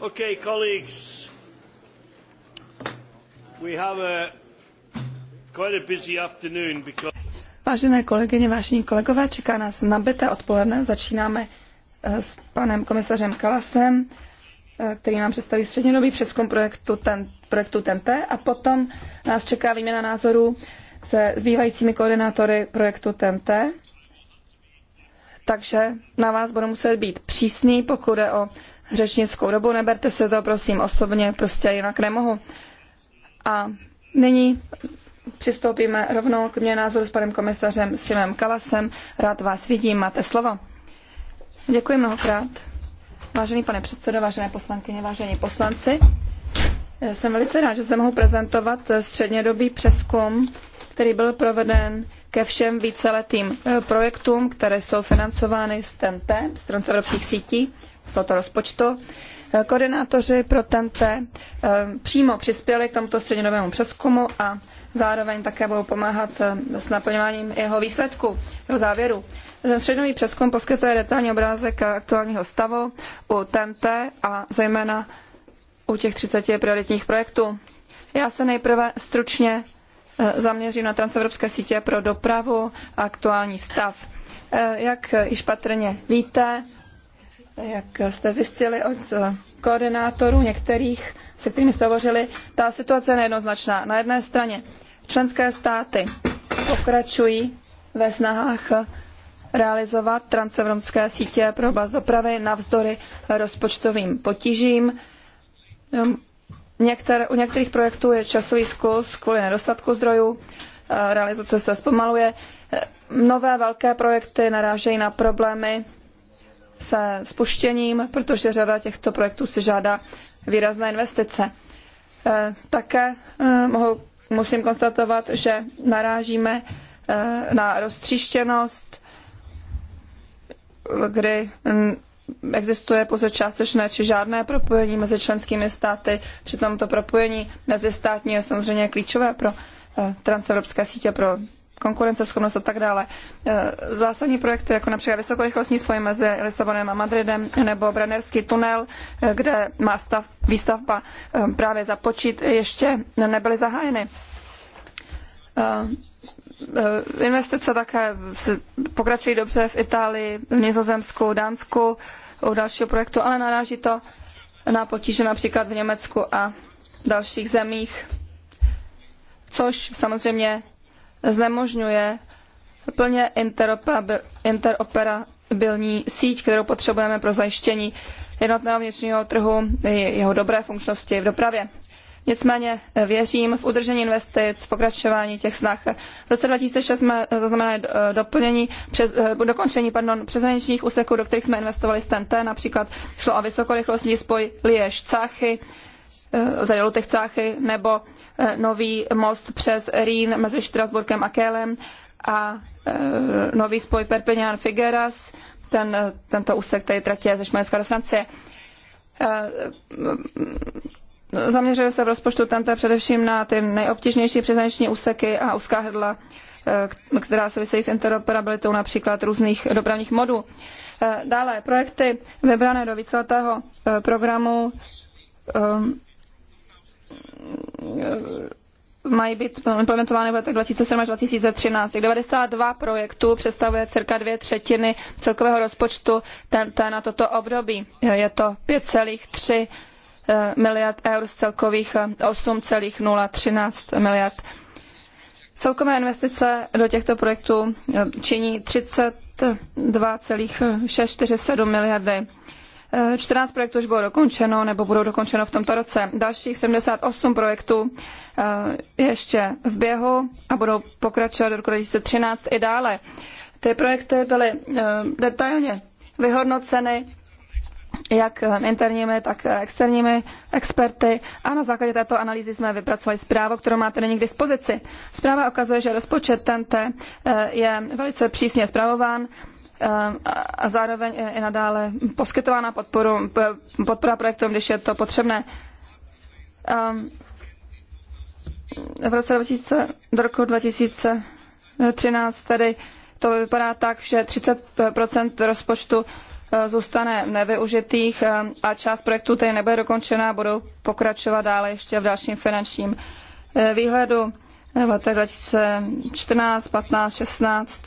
Okay, colleagues, we have a quite a busy afternoon because... Vážené kolegyně, vážení kolegové, čeká nás nabité odpoledne. Začínáme eh, s panem komisařem Kalasem, eh, který nám představí střednědobý přeskum projektu, ten, projektu TNT a potom nás čeká výměna názorů se zbývajícími koordinátory projektu TNT takže na vás budu muset být přísný, pokud je o řečnickou dobu. Neberte se to, prosím, osobně, prostě jinak nemohu. A nyní přistoupíme rovnou k mě názoru s panem komisařem Simem Kalasem. Rád vás vidím, máte slovo. Děkuji mnohokrát. Vážený pane předsedo, vážené poslankyně, vážení poslanci, jsem velice rád, že se mohu prezentovat střednědobý přeskum který byl proveden ke všem víceletým eh, projektům, které jsou financovány z TNT, z transevropských sítí, z tohoto rozpočtu. Eh, koordinátoři pro TNT eh, přímo přispěli k tomuto střednědobému přeskumu a zároveň také budou pomáhat s naplňováním jeho výsledku, jeho závěru. Ten střednědobý přeskum poskytuje detailní obrázek aktuálního stavu u TNT a zejména u těch 30 prioritních projektů. Já se nejprve stručně zaměřím na transevropské sítě pro dopravu a aktuální stav. Eh, jak již patrně víte, jak jste zjistili od eh, koordinátorů některých, se kterými jste hovořili, ta situace je nejednoznačná. Na jedné straně členské státy pokračují ve snahách realizovat transevropské sítě pro oblast dopravy navzdory rozpočtovým potížím u některých projektů je časový sklus kvůli nedostatku zdrojů, eh, realizace se zpomaluje. Eh, nové velké projekty narážejí na problémy se spuštěním, protože řada těchto projektů si žádá výrazné investice. Eh, také mohu, musím konstatovat, že narážíme na roztříštěnost, kdy mm, existuje pouze částečné či žádné propojení mezi členskými státy. Přitom to propojení mezi státní je samozřejmě klíčové pro eh, transevropské sítě, pro konkurenceschopnost a tak dále. Eh, zásadní projekty, jako například vysokorychlostní spoj mezi Lisabonem a Madridem nebo Brennerský tunel, eh, kde má stav, výstavba právě započít, ještě nebyly zahájeny. Eh, investice také pokračují dobře v Itálii, v Nizozemsku, Dánsku, u dalšího projektu, ale naráží to na potíže například v Německu a dalších zemích, což samozřejmě znemožňuje plně interoperabilní síť, kterou potřebujeme pro zajištění jednotného vnitřního trhu, jeho dobré funkčnosti v dopravě. Nicméně eh, věřím v udržení investic, v pokračování těch snah. V roce 2006 jsme eh, zaznamenali eh, doplnění, přes, dokončení pardon, přeshraničních úseků, do kterých jsme investovali z TNT. Například šlo o vysokorychlostní spoj Liež Cáchy, tedy Lutech Cáchy, nebo nový most přes Rýn mezi Štrasburkem a Kélem a nový spoj Perpignan Figueras, ten, tento úsek tady tratě ze Španělska do Francie. Zaměřuje se v rozpočtu tento především na ty nejobtížnější přeshraniční úseky a úzká hrdla, eh, která souvisejí s interoperabilitou například různých dopravních modů. Eh, dále projekty vybrané do víceletého eh, programu mají být implementovány v letech 2007 až 2013. 92 projektů představuje cirka dvě třetiny celkového rozpočtu TNT na toto období. Je to 5,3 Eh, miliard eur z celkových 8,013 eh, miliard. Celkové investice do těchto projektů eh, činí 32,647 miliardy. 14 projektů už bylo dokončeno nebo budou dokončeno v tomto roce. Dalších 78 projektů je ještě v běhu a budou pokračovat do roku 2013 i dále. Ty projekty byly detailně vyhodnoceny jak eh, interními, tak eh, externími experty a na základě této analýzy jsme vypracovali zprávu, kterou máte nyní k dispozici. Zpráva ukazuje, že rozpočet TNT eh, je velice přísně zpravován a zároveň i nadále poskytována podporu, podpora projektům, když je to potřebné. V roce 2000, do roku 2013 tedy to vypadá tak, že 30 rozpočtu Eh, zůstane nevyužitých eh, a část projektů tedy nebude dokončena a budou pokračovat dále ještě v dalším finančním eh, výhledu v letech 2014, 15, 16,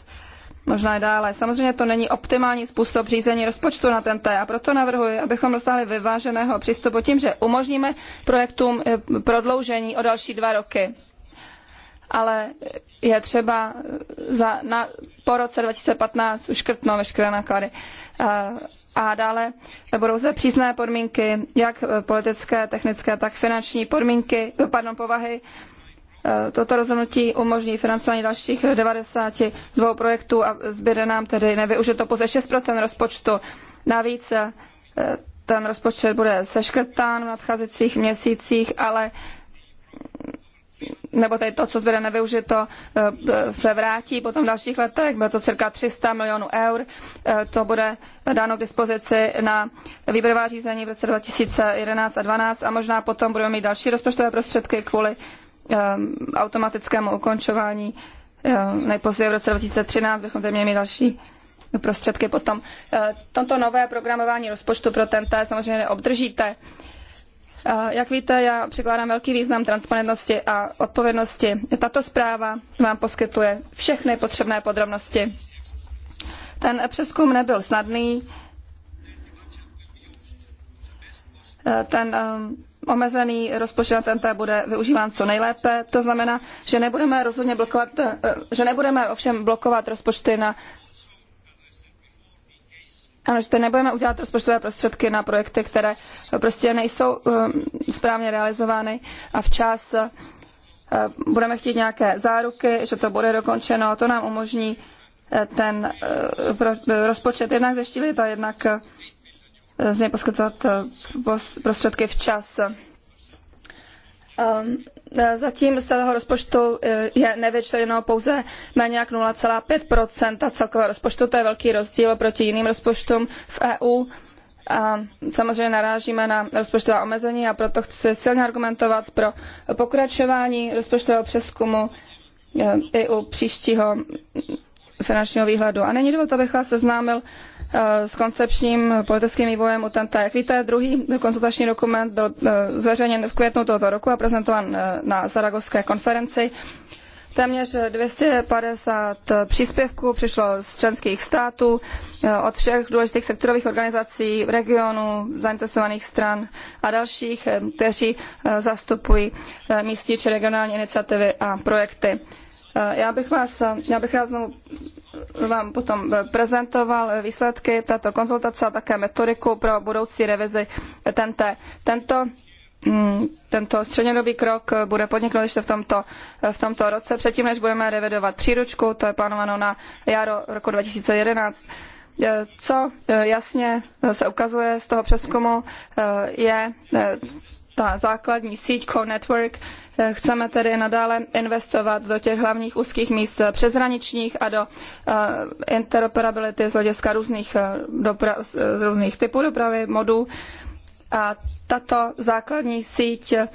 možná i dále. Samozřejmě to není optimální způsob řízení rozpočtu na TNT a proto navrhuji, abychom dostali vyváženého přístupu tím, že umožníme projektům prodloužení o další dva roky ale je třeba za, na, po roce 2015 uškrtnout veškeré náklady. A dále budou zde přísné podmínky, jak politické, technické, tak finanční podmínky, pardon, povahy. E, toto rozhodnutí umožní financování dalších 92 projektů a zbyde nám tedy nevyužito pouze 6 rozpočtu. Navíc e, ten rozpočet bude seškrtán v nadcházejících měsících, ale nebo tady to, co zbyde nevyužito, eh, se vrátí potom v dalších letech. Bylo to cirka 300 milionů eur. Eh, to bude dáno k dispozici na výběrová řízení v roce 2011 a 2012 a možná potom budeme mít další rozpočtové prostředky kvůli eh, automatickému ukončování. Nejpozději v roce 2013 bychom tady měli mít další prostředky potom. Toto nové programování rozpočtu pro TNT samozřejmě obdržíte. Jak víte, já přikládám velký význam transparentnosti a odpovědnosti. Tato zpráva vám poskytuje všechny potřebné podrobnosti. Ten přeskum nebyl snadný. E, ten um, omezený rozpočet tento bude využíván co nejlépe. To znamená, že nebudeme rozhodně blokovat, e, že nebudeme ovšem blokovat rozpočty na ano, že nebudeme udělat rozpočtové prostředky na projekty, které prostě nejsou eh, správně realizovány a včas uh, budeme chtít nějaké záruky, že to bude dokončeno. To nám umožní eh, ten uh, pro, rozpočet jednak zeštílit a jednak z něj poskytovat prostředky včas. Ehm, e, zatím z celého rozpočtu e, je nevyčleněno pouze méně jak 0,5 celkového rozpočtu. To je velký rozdíl proti jiným rozpočtům v EU. A samozřejmě narážíme na rozpočtová omezení a proto chci silně argumentovat pro pokračování rozpočtového přeskumu e, i u příštího finančního výhledu. A není dovolte, abych vás seznámil Eh, s koncepčním politickým vývojem u TNT. Jak víte, druhý konzultační dokument byl eh, zveřejněn v květnu tohoto roku a prezentován eh, na Zaragovské konferenci. Téměř 250 příspěvků přišlo z členských států, od všech důležitých sektorových organizací, regionů, zainteresovaných stran a dalších, kteří zastupují místní či regionální iniciativy a projekty. Já bych, vás, já bych rád znovu vám potom eh, prezentoval eh, výsledky této konzultace a také metodiku pro budoucí revizi TNT. Tento mm, tento střednědobý krok bude podniknout ještě v tomto, eh, v tomto roce, předtím, než budeme revidovat příručku, to je plánováno na jaro roku 2011. Co jasně se ukazuje z toho přeskumu, je ta základní síť Core Network, Chceme tedy nadále investovat do těch hlavních úzkých míst přeshraničních a do eh, interoperability z hlediska různých, eh, dopra- různých typů dopravy, modů. A tato základní síť eh,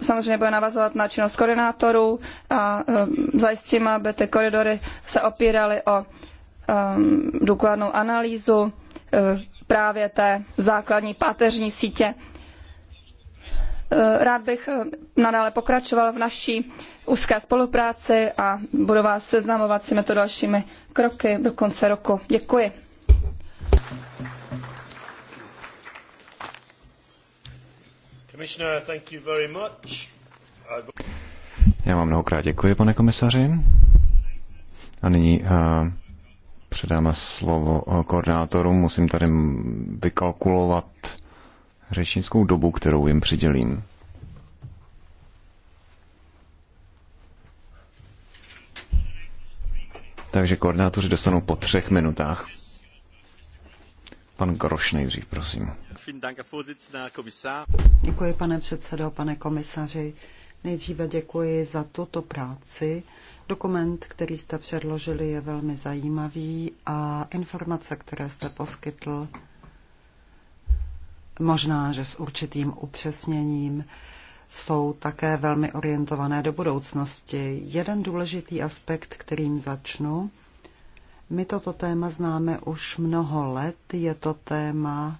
samozřejmě bude navazovat na činnost koordinátorů a zajistíme, aby ty koridory se opíraly o důkladnou analýzu právě té základní páteřní sítě Eh, rád bych eh, nadále pokračoval v naší úzké spolupráci a budu vás seznamovat s těmito dalšími kroky do konce roku. Děkuji. Já vám mnohokrát děkuji, pane komisaři. A nyní uh, předáme slovo koordinátorům. Musím tady vykalkulovat řečnickou dobu, kterou jim přidělím. Takže koordinátoři dostanou po třech minutách. Pan Groš nejdřív, prosím. Děkuji, pane předsedo, pane komisaři. Nejdříve děkuji za tuto práci. Dokument, který jste předložili, je velmi zajímavý a informace, které jste poskytl, Možná, že s určitým upřesněním jsou také velmi orientované do budoucnosti. Jeden důležitý aspekt, kterým začnu, my toto téma známe už mnoho let. Je to téma,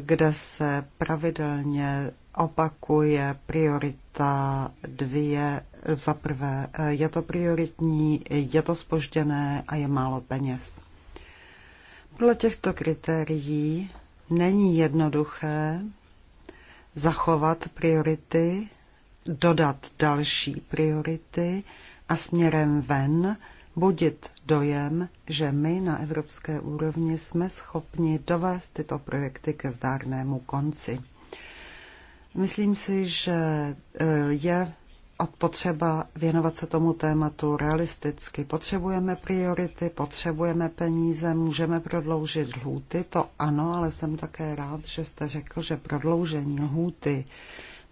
kde se pravidelně opakuje priorita dvě. Za prvé, je to prioritní, je to spožděné a je málo peněz. Podle těchto kritérií není jednoduché zachovat priority, dodat další priority a směrem ven budit dojem, že my na evropské úrovni jsme schopni dovést tyto projekty ke zdárnému konci. Myslím si, že eh, je potřeba věnovat se tomu tématu realisticky. Potřebujeme priority, potřebujeme peníze, můžeme prodloužit lhůty, to ano, ale jsem také rád, že jste řekl, že prodloužení lhůty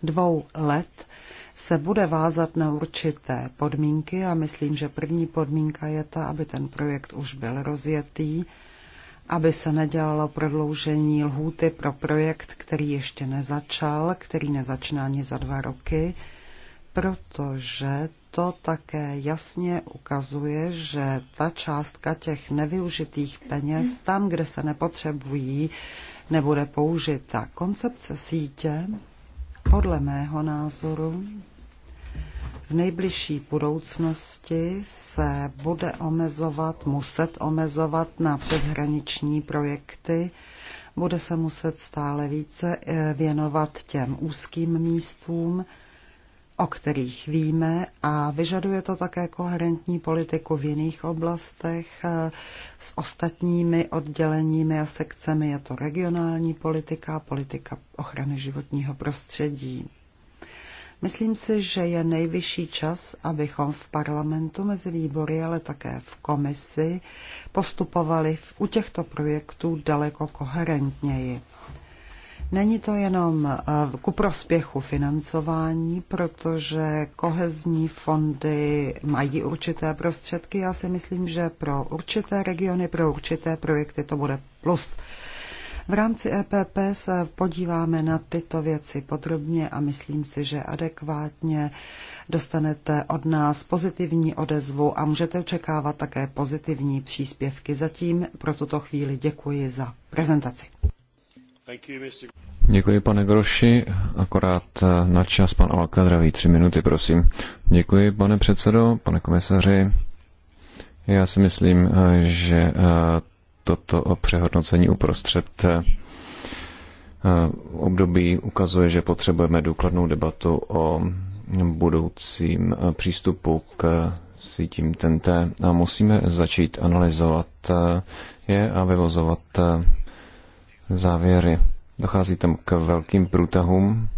dvou let se bude vázat na určité podmínky a myslím, že první podmínka je ta, aby ten projekt už byl rozjetý, aby se nedělalo prodloužení lhůty pro projekt, který ještě nezačal, který nezačne ani za dva roky, protože to také jasně ukazuje, že ta částka těch nevyužitých peněz tam, kde se nepotřebují, nebude použita. Koncepce sítě podle mého názoru v nejbližší budoucnosti se bude omezovat, muset omezovat na přeshraniční projekty, bude se muset stále více eh, věnovat těm úzkým místům, o kterých víme a vyžaduje to také koherentní politiku v jiných oblastech eh, s ostatními odděleními a sekcemi. Je to regionální politika, politika ochrany životního prostředí. Myslím si, že je nejvyšší čas, abychom v parlamentu mezi výbory, ale také v komisi postupovali v, u těchto projektů daleko koherentněji. Není to jenom eh, ku prospěchu financování, protože kohezní fondy mají určité prostředky. Já si myslím, že pro určité regiony, pro určité projekty to bude plus. V rámci EPP se podíváme na tyto věci podrobně a myslím si, že adekvátně dostanete od nás pozitivní odezvu a můžete očekávat také pozitivní příspěvky. Zatím pro tuto chvíli děkuji za prezentaci. Děkuji, pane Groši. Akorát eh, na čas pan Alkadraví, tři minuty, prosím. Děkuji, pane předsedo, pane komisaři. Já si myslím, eh, že eh, toto přehodnocení uprostřed období ukazuje, že potřebujeme důkladnou debatu o budoucím přístupu k sítím TNT a musíme začít analyzovat je a vyvozovat závěry. Dochází tam k velkým průtahům,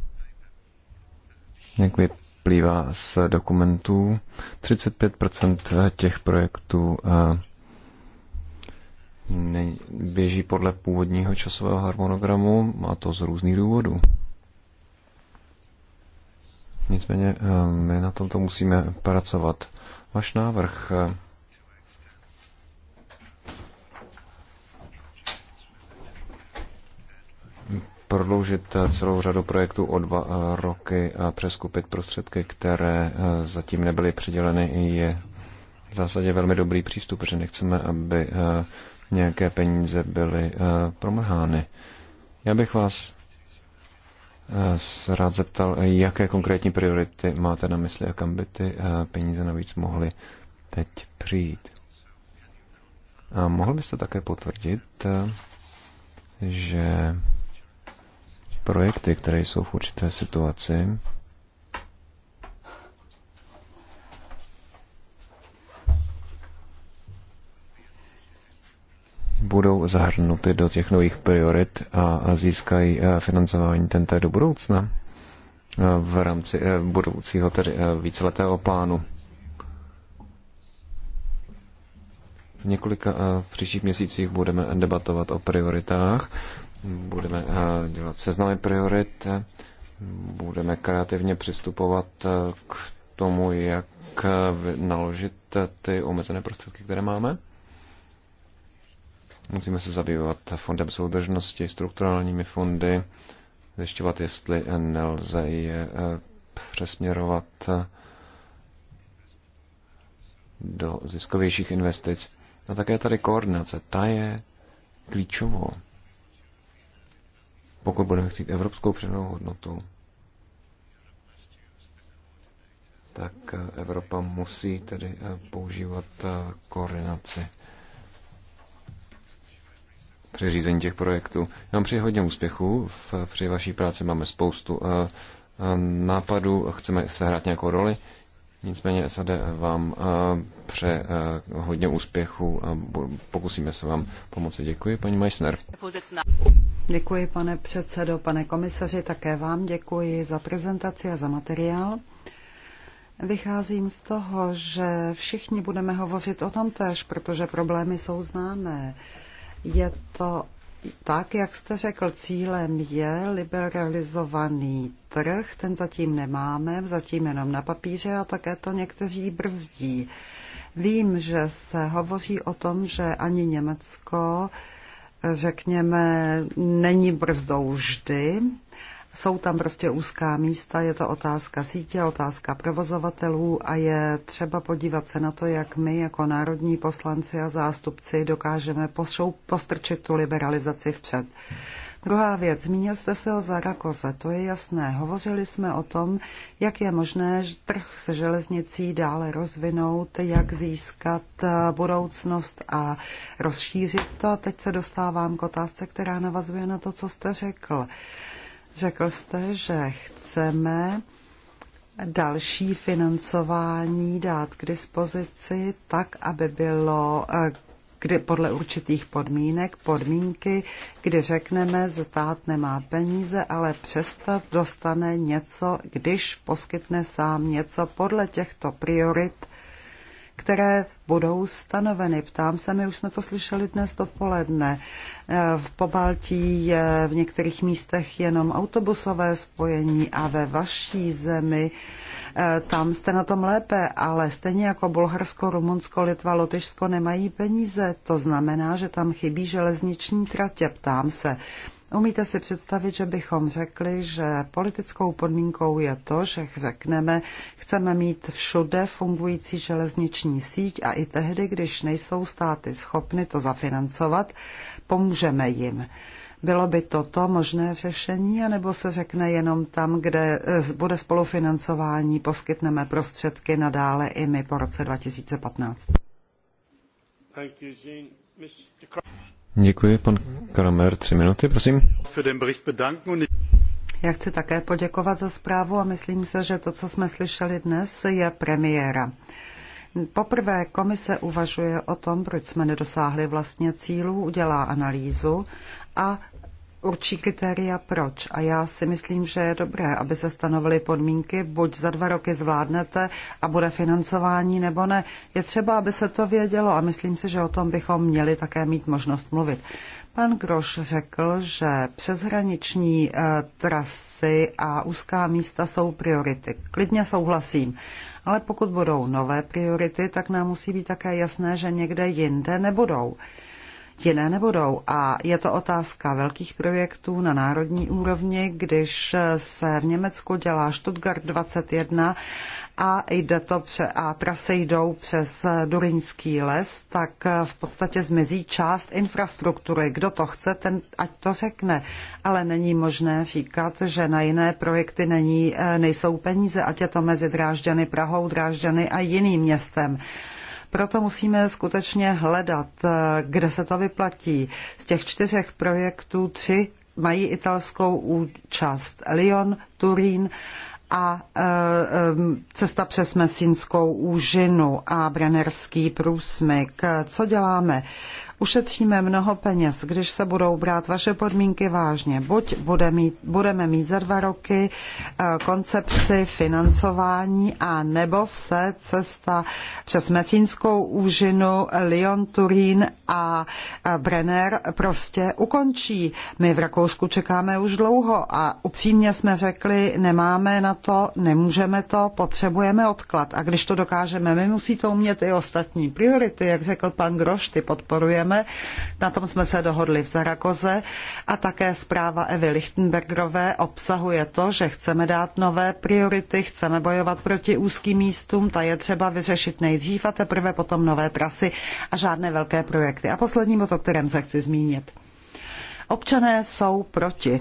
jak vyplývá z dokumentů. 35% těch projektů eh, běží podle původního časového harmonogramu a to z různých důvodů. Nicméně eh, my na tomto musíme pracovat. Váš návrh eh, prodloužit eh, celou řadu projektů o dva eh, roky a přeskupit prostředky, které eh, zatím nebyly přiděleny, je v zásadě velmi dobrý přístup, protože nechceme, aby nějaké peníze byly promrhány. Já bych vás rád zeptal, jaké konkrétní priority máte na mysli a kam by ty peníze navíc mohly teď přijít. A mohl byste také potvrdit, že projekty, které jsou v určité situaci, budou zahrnuty do těch nových priorit a získají e, financování tenté do budoucna e, v rámci e, budoucího tedy víceletého plánu. V několika příštích měsících budeme debatovat o prioritách budeme eh, dělat seznamy priorit, budeme kreativně přistupovat eh, k tomu, jak eh, naložit ty omezené prostředky, které máme. Musíme se zabývat fondem soudržnosti, strukturálními fondy, zjišťovat, jestli nelze je přesměrovat do ziskovějších investic. A také tady koordinace, ta je klíčovou pokud budeme chtít evropskou přenou hodnotu, tak eh, Evropa musí tedy eh, používat eh, koordinaci při řízení těch projektů. Já vám přeji hodně úspěchů, v, při vaší práci máme spoustu nápadů, chceme sehrát nějakou roli. Nicméně SAD vám eh, pře eh, hodně úspěchu a pokusíme se vám pomoci. Děkuji, paní Meissner. Děkuji, pane předsedo, pane komisaři, také vám děkuji za prezentaci a za materiál. Vycházím z toho, že všichni budeme hovořit o tom též, protože problémy jsou známé. Je to tak, jak jste řekl, cílem je liberalizovaný trh, ten zatím nemáme, zatím jenom na papíře a také to někteří brzdí. Vím, že se hovoří o tom, že ani Německo, řekněme, není brzdou vždy, jsou tam prostě úzká místa, je to otázka sítě, otázka provozovatelů a je třeba podívat se na to, jak my jako národní poslanci a zástupci dokážeme postrčit tu liberalizaci vpřed. Druhá věc, zmínil jste se o Zarakoze, to je jasné. Hovořili jsme o tom, jak je možné trh se železnicí dále rozvinout, jak získat eh, budoucnost a rozšířit to. A teď se dostávám k otázce, která navazuje na to, co jste řekl. Řekl jste, že chceme další financování dát k dispozici tak, aby bylo eh, kdy podle určitých podmínek, podmínky, kdy řekneme, že tát nemá peníze, ale přestat dostane něco, když poskytne sám něco podle těchto priorit které budou stanoveny. Ptám se, my už jsme to slyšeli dnes dopoledne. Eh, v Pobaltí je v některých místech jenom autobusové spojení a ve vaší zemi eh, tam jste na tom lépe, ale stejně jako Bulharsko, Rumunsko, Litva, Lotyšsko nemají peníze. To znamená, že tam chybí železniční tratě. Ptám se, Umíte si představit, že bychom řekli, že politickou podmínkou je to, že řekneme, chceme mít všude fungující železniční síť a i tehdy, když nejsou státy schopny to zafinancovat, pomůžeme jim. Bylo by toto možné řešení, anebo se řekne jenom tam, kde eh, bude spolufinancování, poskytneme prostředky nadále i my po roce 2015? Děkuji, pan Kramer, tři minuty, prosím. Já chci také poděkovat za zprávu a myslím se, že to, co jsme slyšeli dnes, je premiéra. Poprvé komise uvažuje o tom, proč jsme nedosáhli vlastně cílů, udělá analýzu a určí kritéria proč. A já si myslím, že je dobré, aby se stanovily podmínky, buď za dva roky zvládnete a bude financování nebo ne. Je třeba, aby se to vědělo a myslím si, že o tom bychom měli také mít možnost mluvit. Pan Groš řekl, že přeshraniční eh, trasy a úzká místa jsou priority. Klidně souhlasím. Ale pokud budou nové priority, tak nám musí být také jasné, že někde jinde nebudou jiné nebudou. A je to otázka velkých projektů na národní úrovni, když se v Německu dělá Stuttgart 21 a, jde to pře- a trasy jdou přes Durinský les, tak v podstatě zmizí část infrastruktury. Kdo to chce, ten ať to řekne. Ale není možné říkat, že na jiné projekty není, eh, nejsou peníze, ať je to mezi Drážďany Prahou, Drážďany a jiným městem. Proto musíme skutečně hledat, eh, kde se to vyplatí. Z těch čtyřech projektů tři mají italskou účast. Lyon, Turín a eh, eh, cesta přes Mesínskou úžinu a Brennerský průsmyk. Co děláme? Ušetříme mnoho peněz, když se budou brát vaše podmínky vážně. Buď bude mít, budeme mít za dva roky eh, koncepci financování a nebo se cesta přes Mesínskou úžinu, Lyon, Turín a eh, Brenner prostě ukončí. My v Rakousku čekáme už dlouho a upřímně jsme řekli, nemáme na to, nemůžeme to, potřebujeme odklad. A když to dokážeme, my musí to umět i ostatní priority, jak řekl pan Groš, ty podporujeme chceme. Na tom jsme se dohodli v Zarakoze a také zpráva Evy Lichtenbergerové obsahuje to, že chceme dát nové priority, chceme bojovat proti úzkým místům, ta je třeba vyřešit nejdřív a teprve potom nové trasy a žádné velké projekty. A poslední bod, o kterém se chci zmínit. Občané jsou proti.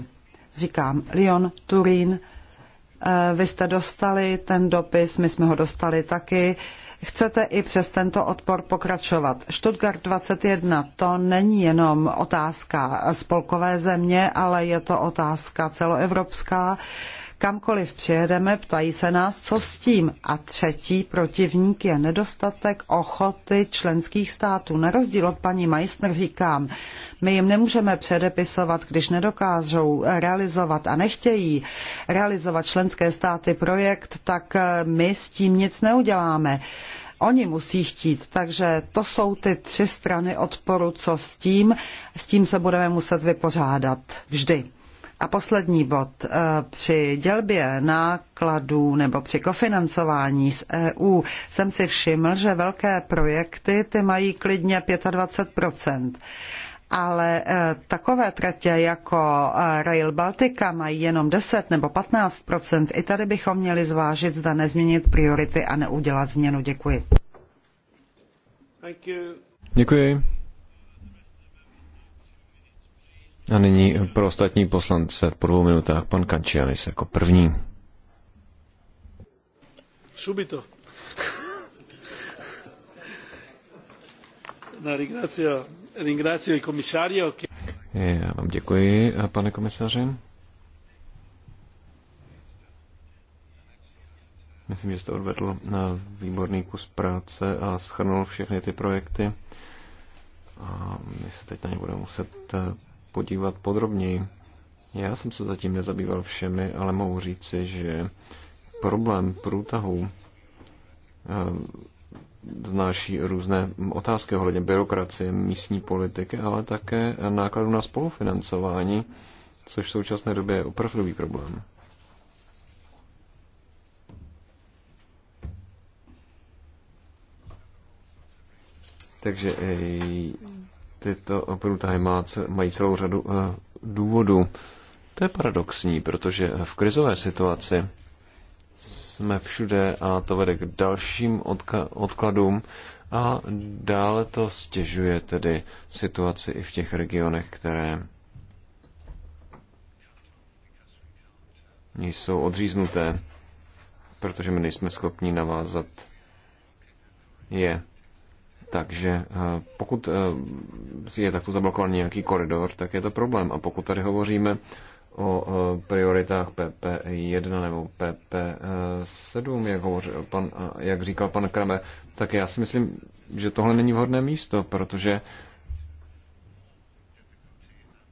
Říkám, Lyon, Turín, eh, vy jste dostali ten dopis, my jsme ho dostali taky. Chcete i přes tento odpor pokračovat. Stuttgart 21 to není jenom otázka spolkové země, ale je to otázka celoevropská. Kamkoliv přijedeme, ptají se nás, co s tím. A třetí protivník je nedostatek ochoty členských států. Na rozdíl od paní Meissner říkám, my jim nemůžeme předepisovat, když nedokážou realizovat a nechtějí realizovat členské státy projekt, tak eh, my s tím nic neuděláme oni musí chtít. Takže to jsou ty tři strany odporu, co s tím. S tím se budeme muset vypořádat vždy. A poslední bod. Eh, při dělbě nákladů nebo při kofinancování z EU jsem si všiml, že velké projekty ty mají klidně 25 ale eh, takové tratě jako eh, Rail Baltica mají jenom 10 nebo 15 I tady bychom měli zvážit, zda nezměnit priority a neudělat změnu. Děkuji. Děkuji. A nyní pro ostatní poslance po dvou minutách pan Kančianis jako první. Subito. Na no, ringrazio, ringrazio Já vám děkuji, pane komisaři. Myslím, že jste odvedl na eh, výborný kus práce a schrnul všechny ty projekty. A my se teď na ně budeme muset eh, podívat podrobněji. Já jsem se zatím nezabýval všemi, ale mohu říci, že problém průtahu eh, znáší různé otázky ohledně byrokracie, místní politiky, ale také nákladů na spolufinancování, což v současné době je opravdový problém. Takže eh, tyto průtahy má, mají celou řadu eh, důvodů. To je paradoxní, protože v krizové situaci jsme všude a to vede k dalším odkladům a dále to stěžuje tedy situaci i v těch regionech, které jsou odříznuté, protože my nejsme schopni navázat je takže eh, pokud eh, je takto zablokovan nějaký koridor, tak je to problém. A pokud tady hovoříme o eh, prioritách PP1 nebo PP7, jak, hovořil pan, jak říkal pan Kramer, tak já si myslím, že tohle není vhodné místo, protože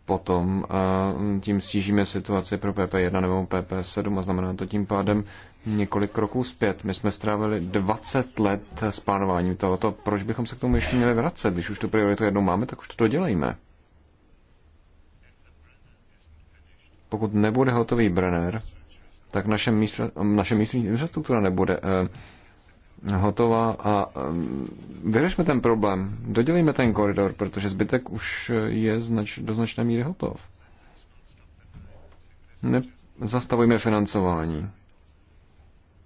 potom eh, tím stížíme situaci pro PP1 nebo PP7 a znamená to tím pádem několik kroků zpět. My jsme strávili 20 let s plánováním tohoto. Proč bychom se k tomu ještě měli vracet? Když už tu prioritu jednou máme, tak už to dodělejme. Pokud nebude hotový Brenner, tak naše, místr, naše místní infrastruktura nebude eh, hotová a vyřešme ten problém, dodělíme ten koridor, protože zbytek už je znač, do značné míry hotov. Nezastavujme financování.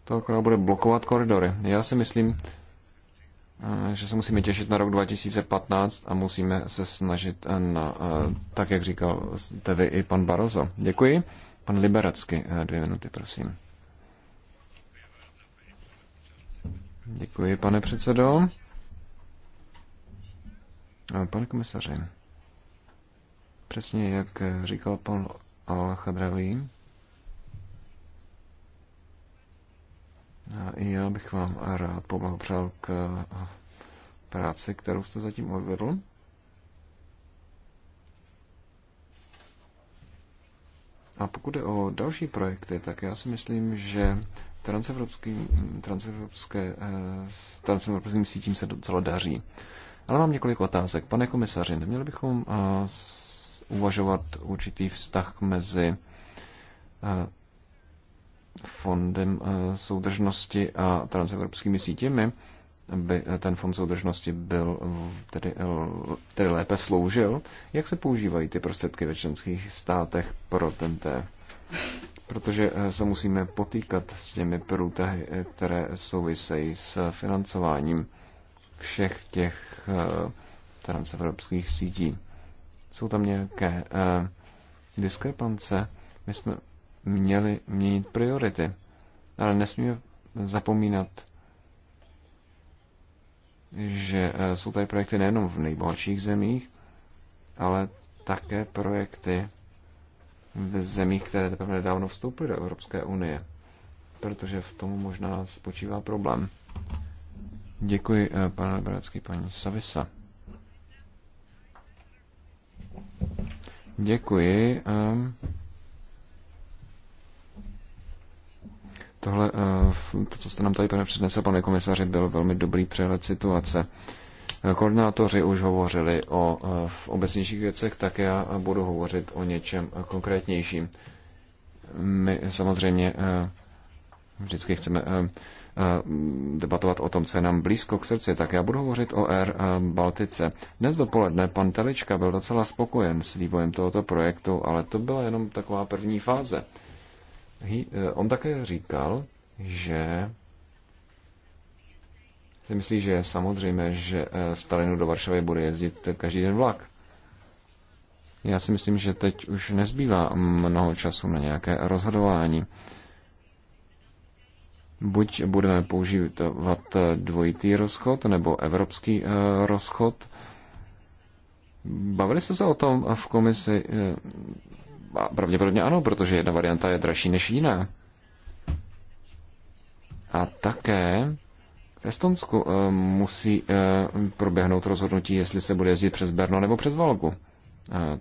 To akorát bude blokovat koridory. Já si myslím, eh, že se musíme těšit na rok 2015 a musíme se snažit na, eh, tak jak říkal jste vy i pan Barozo. Děkuji. Pan Liberacky, eh, dvě minuty, prosím. Děkuji, pane předsedo. Pane komisaři, přesně jak říkal pan al i já bych vám rád poblahopřál k práci, kterou jste zatím odvedl. A pokud je o další projekty, tak já si myslím, že Eh, transevropským, sítím se docela daří. Ale mám několik otázek. Pane komisaři, neměli bychom eh, uvažovat určitý vztah mezi eh, fondem soudržnosti a transevropskými sítěmi, aby ten fond soudržnosti byl tedy, tedy lépe sloužil. Jak se používají ty prostředky ve členských státech pro tento? protože eh, se musíme potýkat s těmi průtahy, eh, které souvisejí s financováním všech těch eh, transevropských sítí. Jsou tam nějaké diskrepance. My jsme měli měnit priority, ale nesmíme zapomínat, že jsou tady projekty nejenom v nejbohatších zemích, ale také projekty, v zemích, které teprve nedávno vstoupily do Evropské unie. Protože v tom možná spočívá problém. Děkuji, eh, pane Liberecký, paní Savisa. Děkuji. Eh. Tohle, eh, to, co jste nám tady přednesl, pane komisaři, byl velmi dobrý přehled situace koordinátoři už hovořili o e, v obecnějších věcech, tak já budu hovořit o něčem konkrétnějším. My samozřejmě e, vždycky chceme e, debatovat o tom, co je nám blízko k srdci, tak já budu hovořit o R Baltice. Dnes dopoledne pan Telička byl docela spokojen s vývojem tohoto projektu, ale to byla jenom taková první fáze. On také říkal, že si myslí, že je samozřejmé, že eh, z Talinu do Varšavy bude jezdit každý den vlak. Já si myslím, že teď už nezbývá mnoho času na nějaké rozhodování. Buď budeme používat eh, dvojitý rozchod nebo evropský eh, rozchod. Bavili jste se o tom v komisi? Pravděpodobně ano, protože jedna varianta je dražší než jiná. A také v Estonsku eh, musí eh, proběhnout rozhodnutí, jestli se bude jezdit přes Berno nebo přes Valgu. Eh,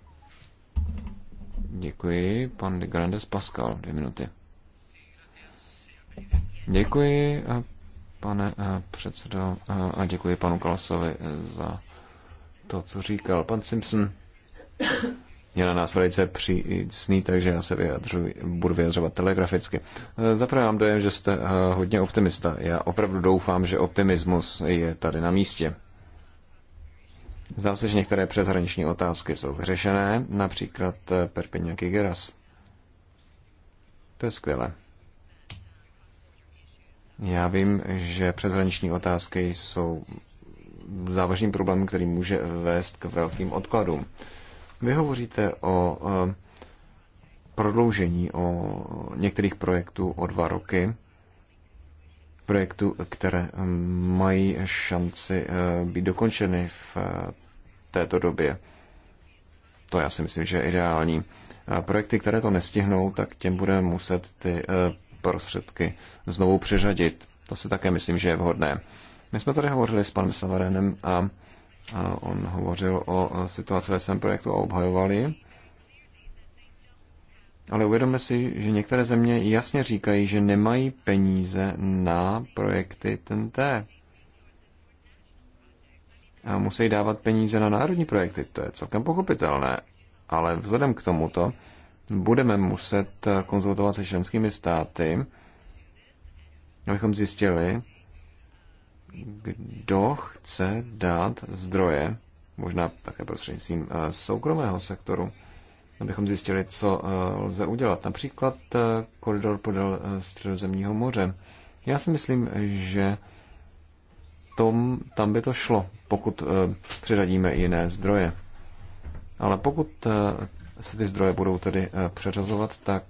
děkuji. Pan de Grandes Pascal, dvě minuty. Děkuji, pane předsedo, a děkuji panu Kalasovi za to, co říkal. Pan Simpson je na nás velice přísný, takže já se vyjadřu, budu vyjadřovat telegraficky. Zaprvé mám dojem, že jste eh, hodně optimista. Já opravdu doufám, že optimismus je tady na místě. Zdá se, že některé přeshraniční otázky jsou vyřešené, například eh, Perpignan Geras. To je skvělé. Já vím, že přeshraniční otázky jsou závažným problémem, který může vést k velkým odkladům. Vy hovoříte o eh, prodloužení o některých projektů o dva roky, projektů, které mm, mají šanci eh, být dokončeny v eh, této době. To já si myslím, že je ideální. projekty, které to nestihnou, tak těm budeme muset ty prostředky znovu přiřadit. To si také myslím, že je vhodné. My jsme tady hovořili s panem Savarenem a On hovořil o situaci ve svém projektu a obhajovali. Ale uvědomme si, že některé země jasně říkají, že nemají peníze na projekty TNT. A musí dávat peníze na národní projekty. To je celkem pochopitelné. Ale vzhledem k tomuto budeme muset konzultovat se členskými státy, abychom zjistili, kdo chce dát zdroje, možná také prostřednictvím eh, soukromého sektoru, abychom zjistili, co eh, lze udělat. Například eh, koridor podél Středozemního moře. Já si myslím, že tom, tam by to šlo, pokud přiradíme jiné zdroje. Ale pokud se ty zdroje budou tedy přeřazovat, tak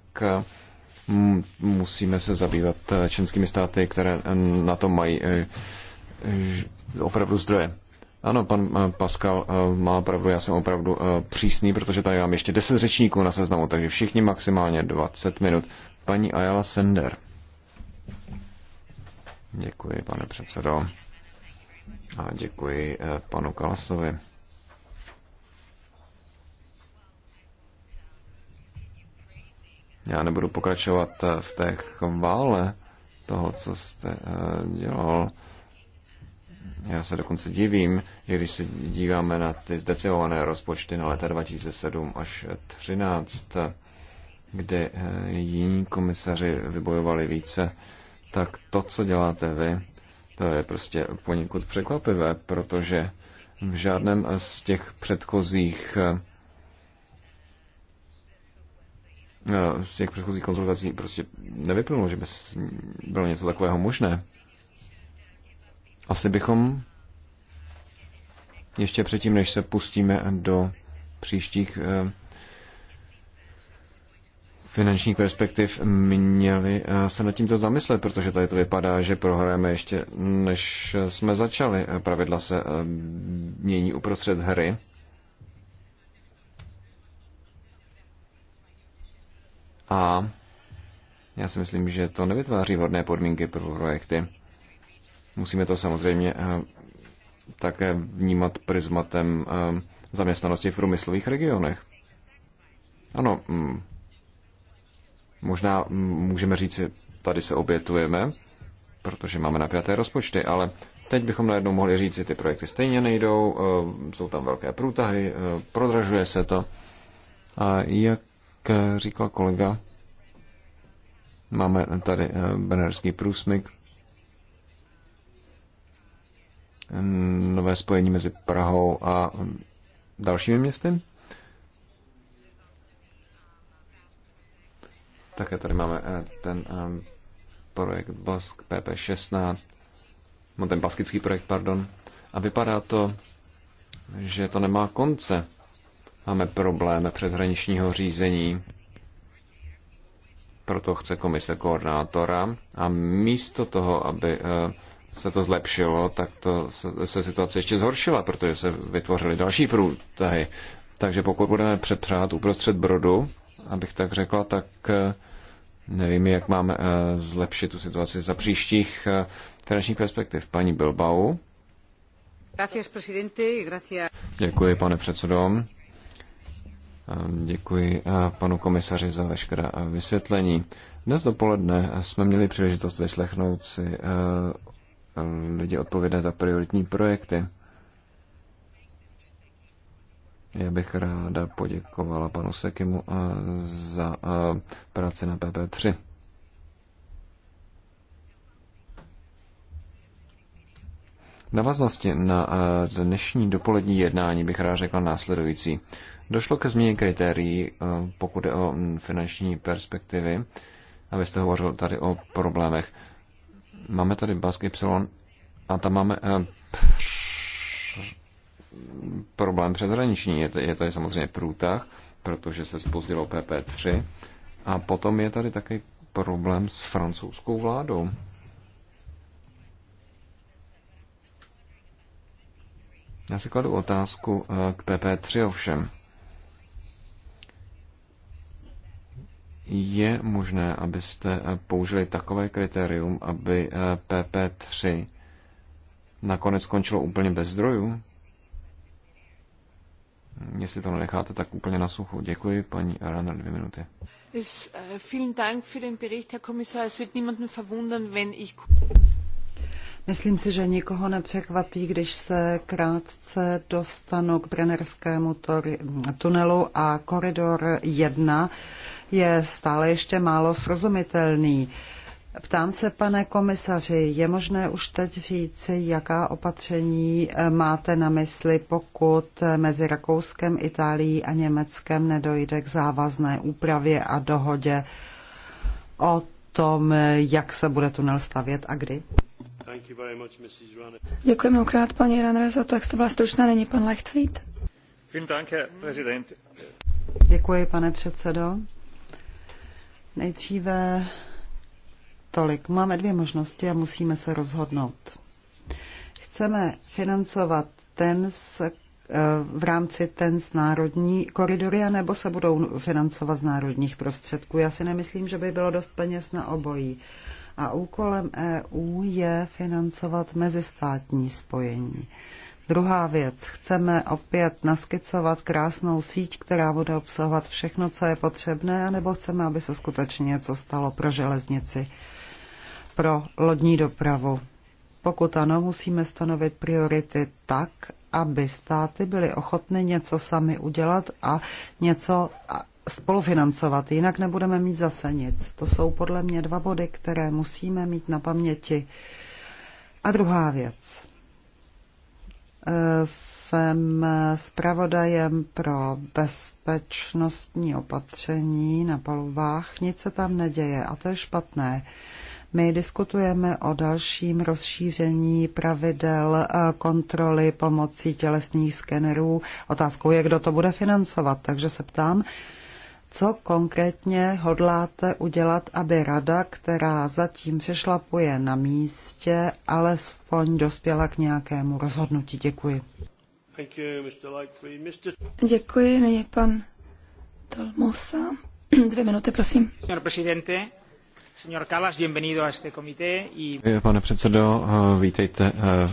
musíme se zabývat členskými státy, které na to mají Eh, opravdu zdroje. Ano, pan eh, Pascal eh, má pravdu, já jsem opravdu přísný, protože tady mám ještě 10 řečníků na seznamu, takže všichni maximálně 20 minut. Paní Ayala Sender. Děkuji, pane předsedo. A děkuji panu Kalasovi. Já nebudu pokračovat v té chvále toho, co jste dělal já se dokonce divím, že když se díváme na ty zdecimované rozpočty na leta 2007 až 2013, kde eh, jiní komisaři vybojovali více, tak to, co děláte vy, to je prostě poněkud překvapivé, protože v žádném z těch předchozích eh, z těch předchozích konzultací prostě nevyplnulo, že by bylo něco takového možné. Asi bychom ještě předtím, než se pustíme do příštích eh, finančních perspektiv měli eh, se nad tímto zamyslet, protože tady to vypadá, že prohrajeme ještě než jsme začali. Eh, pravidla se mění uprostřed hry. A já si myslím, že to nevytváří vhodné podmínky pro projekty. Musíme to samozřejmě eh, také vnímat prismatem eh, zaměstnanosti v průmyslových regionech. Ano, mm, možná mm, můžeme říct, tady se obětujeme, protože máme napjaté rozpočty, ale teď bychom najednou mohli říct, že ty projekty stejně nejdou, eh, jsou tam velké průtahy, prodražuje se to. A jak říkal kolega, máme tady benerský průsmyk, Mm, nové spojení mezi Prahou a dalšími městy? Také tady máme eh, ten eh, projekt Bask PP16, no ten baskický projekt, pardon. A vypadá to, že to nemá konce. Máme problém předhraničního řízení, proto chce komise koordinátora a místo toho, aby eh, se to zlepšilo, tak to se, se situace ještě zhoršila, protože se vytvořily další průtahy. Takže pokud budeme přepřát uprostřed brodu, abych tak řekla, tak eh, nevím, jak máme eh, zlepšit tu situaci za příštích eh, finančních perspektiv. Paní Bilbao. Děkuji, pane předsedo. Děkuji panu komisaři za veškerá vysvětlení. Dnes dopoledne jsme měli příležitost vyslechnout si lidi odpovědat za prioritní projekty. Já bych ráda poděkovala panu Sekimu za práci na PP3. V navaznosti na dnešní dopolední jednání bych rád řekla následující. Došlo ke změně kritérií, pokud je o finanční perspektivy, abyste hovořil tady o problémech. Máme tady Bask Y a tam máme eh, problém přeshraniční. Je, to, je tady samozřejmě průtah, protože se spozdilo PP3. A potom je tady taky problém s francouzskou vládou. Já si kladu otázku eh, k PP3 ovšem. je možné, abyste eh, použili takové kritérium, aby eh, PP3 nakonec skončilo úplně bez zdrojů? Jestli to nenecháte tak úplně na suchu. Děkuji, paní Arana, dvě minuty. Myslím si, že nikoho nepřekvapí, když se krátce dostanu k Brennerskému tunelu a koridor 1 je stále ještě málo srozumitelný. Ptám se, pane komisaři, je možné už teď říci, jaká opatření eh, máte na mysli, pokud eh, mezi Rakouskem, Itálií a Německem nedojde k závazné úpravě a dohodě o tom, eh, jak se bude tunel stavět a kdy? Děkuji mnohokrát, paní Ranere, za to, jak jste byla stručná. Není pan Lechtfried? Děkuji, pane předsedo. Nejdříve tolik. Máme dvě možnosti a musíme se rozhodnout. Chceme financovat ten z, eh, v rámci ten z národní koridory, anebo se budou financovat z národních prostředků. Já si nemyslím, že by bylo dost peněz na obojí. A úkolem EU je financovat mezistátní spojení. Druhá věc, chceme opět naskicovat krásnou síť, která bude obsahovat všechno, co je potřebné, anebo chceme, aby se skutečně něco stalo pro železnici, pro lodní dopravu. Pokud ano, musíme stanovit priority tak, aby státy byly ochotny něco sami udělat a něco spolufinancovat, jinak nebudeme mít zase nic. To jsou podle mě dva body, které musíme mít na paměti. A druhá věc jsem zpravodajem pro bezpečnostní opatření na palubách. Nic se tam neděje a to je špatné. My diskutujeme o dalším rozšíření pravidel eh, kontroly pomocí tělesných skenerů. Otázkou je, kdo to bude financovat, takže se ptám, co konkrétně hodláte udělat, aby rada, která zatím přešlapuje na místě, alespoň dospěla k nějakému rozhodnutí? Děkuji. Děkuji, je pan Tolmosa. Dvě minuty, prosím. Pane předsedo, eh, vítejte eh,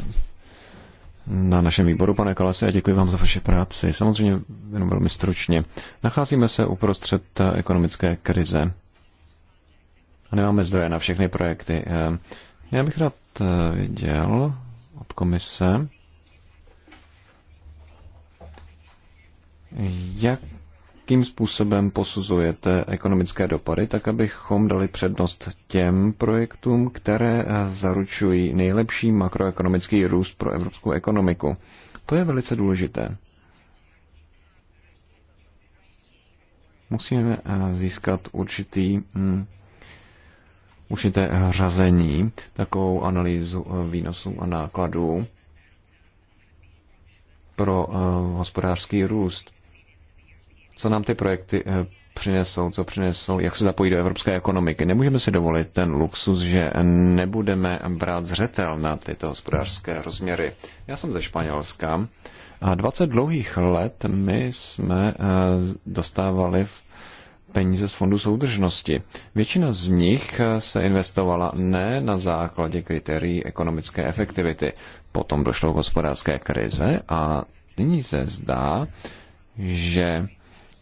na našem výboru, pane Kalase, a děkuji vám za vaše práci. Samozřejmě jenom velmi stručně. Nacházíme se uprostřed ekonomické krize a nemáme zdroje na všechny projekty. Eh, já bych rád eh, viděl od komise, jak jakým způsobem posuzujete ekonomické dopady, tak abychom dali přednost těm projektům, které eh, zaručují nejlepší makroekonomický růst pro evropskou ekonomiku. To je velice důležité. Musíme eh, získat určitý hm, určité řazení, takovou analýzu eh, výnosů a nákladů pro hospodářský růst co nám ty projekty eh, přinesou, co přinesou, jak se zapojí do evropské ekonomiky. Nemůžeme si dovolit ten luxus, že nebudeme brát zřetel na tyto hospodářské rozměry. Já jsem ze Španělska a 20 dlouhých let my jsme eh, dostávali v peníze z Fondu soudržnosti. Většina z nich eh, se investovala ne na základě kritérií ekonomické efektivity. Potom došlo k hospodářské krize a nyní se zdá, že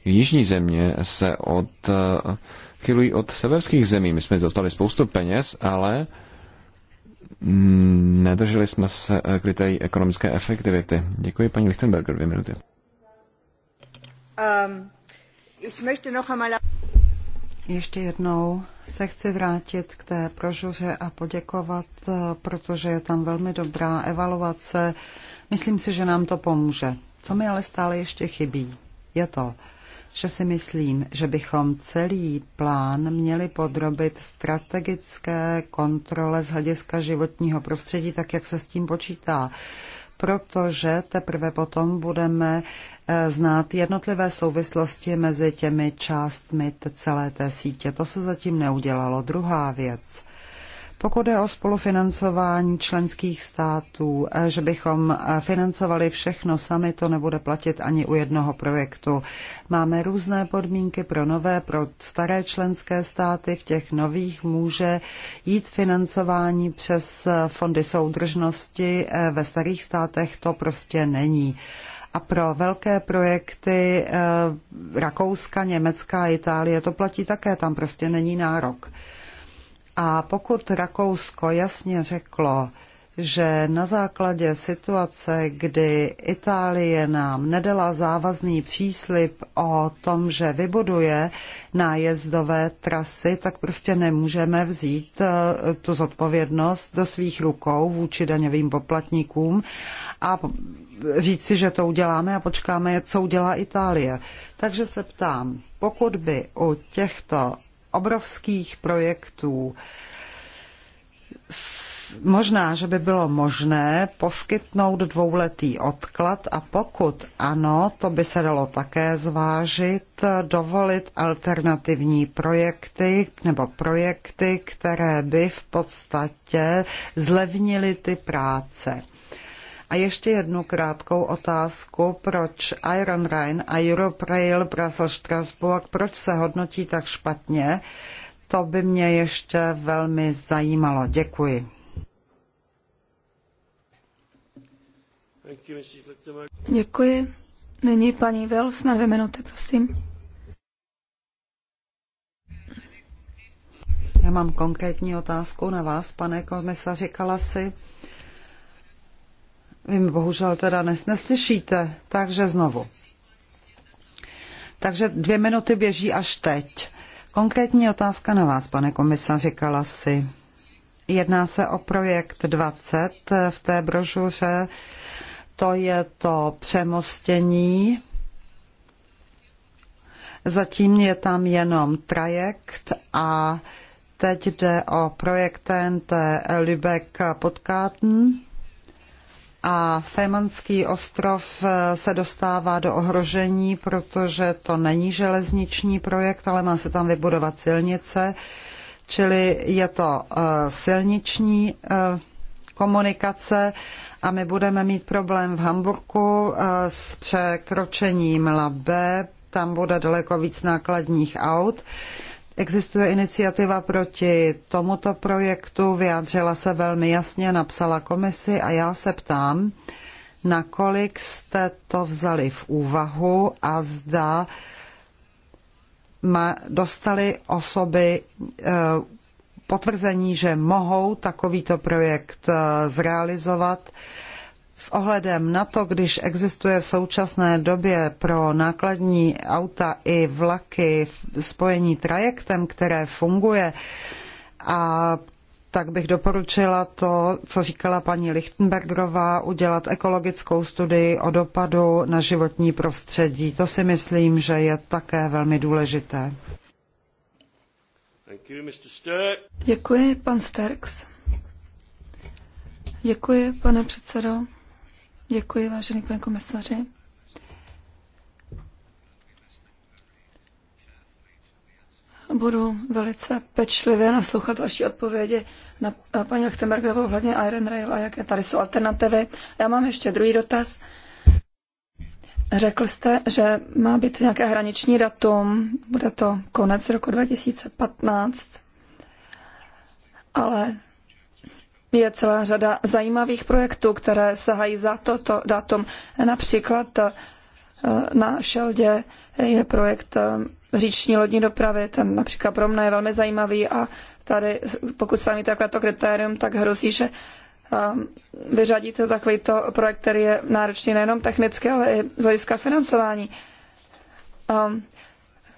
jižní země se od, eh, chylují od severských zemí. My jsme dostali spoustu peněz, ale mm, nedrželi jsme se eh, kritérií ekonomické efektivity. Děkuji, paní Lichtenberger, dvě minuty. Um, ich noch einmal... Ještě jednou se chci vrátit k té prožuře a poděkovat, eh, protože je tam velmi dobrá evaluace. Myslím si, že nám to pomůže. Co mi ale stále ještě chybí, je to že si myslím, že bychom celý plán měli podrobit strategické kontrole z hlediska životního prostředí, tak jak se s tím počítá protože teprve potom budeme eh, znát jednotlivé souvislosti mezi těmi částmi celé té sítě. To se zatím neudělalo. Druhá věc. Pokud je o spolufinancování členských států, eh, že bychom eh, financovali všechno sami, to nebude platit ani u jednoho projektu. Máme různé podmínky pro nové, pro staré členské státy. V těch nových může jít financování přes eh, fondy soudržnosti. Ve starých státech to prostě není a pro velké projekty Rakouska, Německa Itálie to platí také, tam prostě není nárok. A pokud Rakousko jasně řeklo, že na základě situace, kdy Itálie nám nedala závazný příslip o tom, že vybuduje nájezdové trasy, tak prostě nemůžeme vzít e, tu zodpovědnost do svých rukou vůči daňovým poplatníkům a říct si, že to uděláme a počkáme, co udělá Itálie. Takže se ptám, pokud by u těchto obrovských projektů. Možná, že by bylo možné poskytnout dvouletý odklad a pokud ano, to by se dalo také zvážit, dovolit alternativní projekty nebo projekty, které by v podstatě zlevnily ty práce. A ještě jednu krátkou otázku, proč Iron Rhine a Rail Brasel Strasbourg, proč se hodnotí tak špatně? To by mě ještě velmi zajímalo. Děkuji. Děkuji. Nyní paní Wells na dvě minuty, prosím. Já mám konkrétní otázku na vás, pane komisaři Kalasi. si. Vy mě bohužel teda nes, neslyšíte, takže znovu. Takže dvě minuty běží až teď. Konkrétní otázka na vás, pane komisaři Kalasi. Jedná se o projekt 20 v té brožuře. To je to přemostění. Zatím je tam jenom trajekt a teď jde o projekt TNT Lübeck Podkáten a Fémanský ostrov eh, se dostává do ohrožení, protože to není železniční projekt, ale má se tam vybudovat silnice, čili je to eh, silniční eh, komunikace a my budeme mít problém v Hamburku s překročením Labe, tam bude daleko víc nákladních aut Existuje iniciativa proti tomuto projektu, vyjádřila se velmi jasně, napsala komisi a já se ptám, nakolik jste to vzali v úvahu a zda dostali osoby e, potvrzení, že mohou takovýto projekt e, zrealizovat s ohledem na to, když existuje v současné době pro nákladní auta i vlaky spojení trajektem, které funguje, a tak bych doporučila to, co říkala paní Lichtenbergerová, udělat ekologickou studii o dopadu na životní prostředí. To si myslím, že je také velmi důležité. Děkuji, pan Sterks. Děkuji, pane předsedo. Děkuji, vážený pane komisaři. Budu velice pečlivě naslouchat vaší odpovědi na paní Lechtenbergovou ohledně Iron Rail a jaké tady jsou alternativy. Já mám ještě druhý dotaz. Řekl jste, že má být nějaké hraniční datum, bude to konec roku 2015, ale je celá řada zajímavých projektů, které sahají za toto datum. Například eh, na Šeldě je projekt eh, říční lodní dopravy, ten například pro mne je velmi zajímavý a tady, pokud stavíte takovéto kritérium, tak hrozí, že eh, vyřadíte takovýto projekt, který je náročný nejenom technicky, ale i z hlediska financování.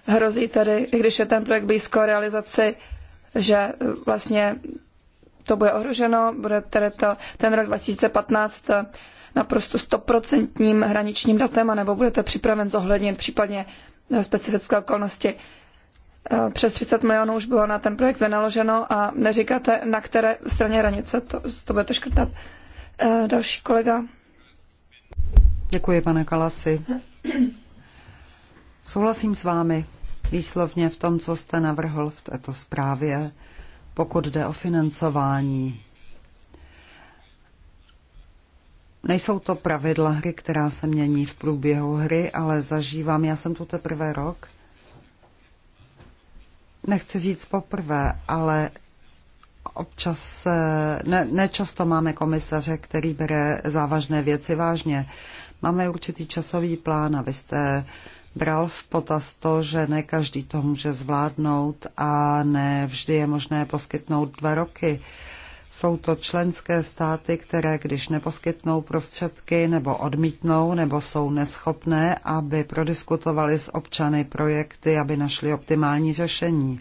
Hrozí tedy, i když je ten projekt blízko realizaci, že vlastně to bude ohroženo, bude tedy to, ten rok 2015 naprosto stoprocentním hraničním datem, anebo budete připraven zohlednit případně specifické okolnosti. Přes 30 milionů už bylo na ten projekt vynaloženo a neříkáte, na které straně hranice to, to budete škrtat. Eh, další kolega. Děkuji, pane Kalasi. Souhlasím s vámi výslovně v tom, co jste navrhl v této zprávě pokud jde o financování. Nejsou to pravidla hry, která se mění v průběhu hry, ale zažívám, já jsem tu teprve rok, nechci říct poprvé, ale občas, ne, nečasto máme komisaře, který bere závažné věci vážně. Máme určitý časový plán a vy jste uh, bral v potaz to, že ne každý to může zvládnout a ne vždy je možné poskytnout dva roky. Jsou to členské státy, které když neposkytnou prostředky nebo odmítnou nebo jsou neschopné, aby prodiskutovali s občany projekty, aby našli optimální řešení.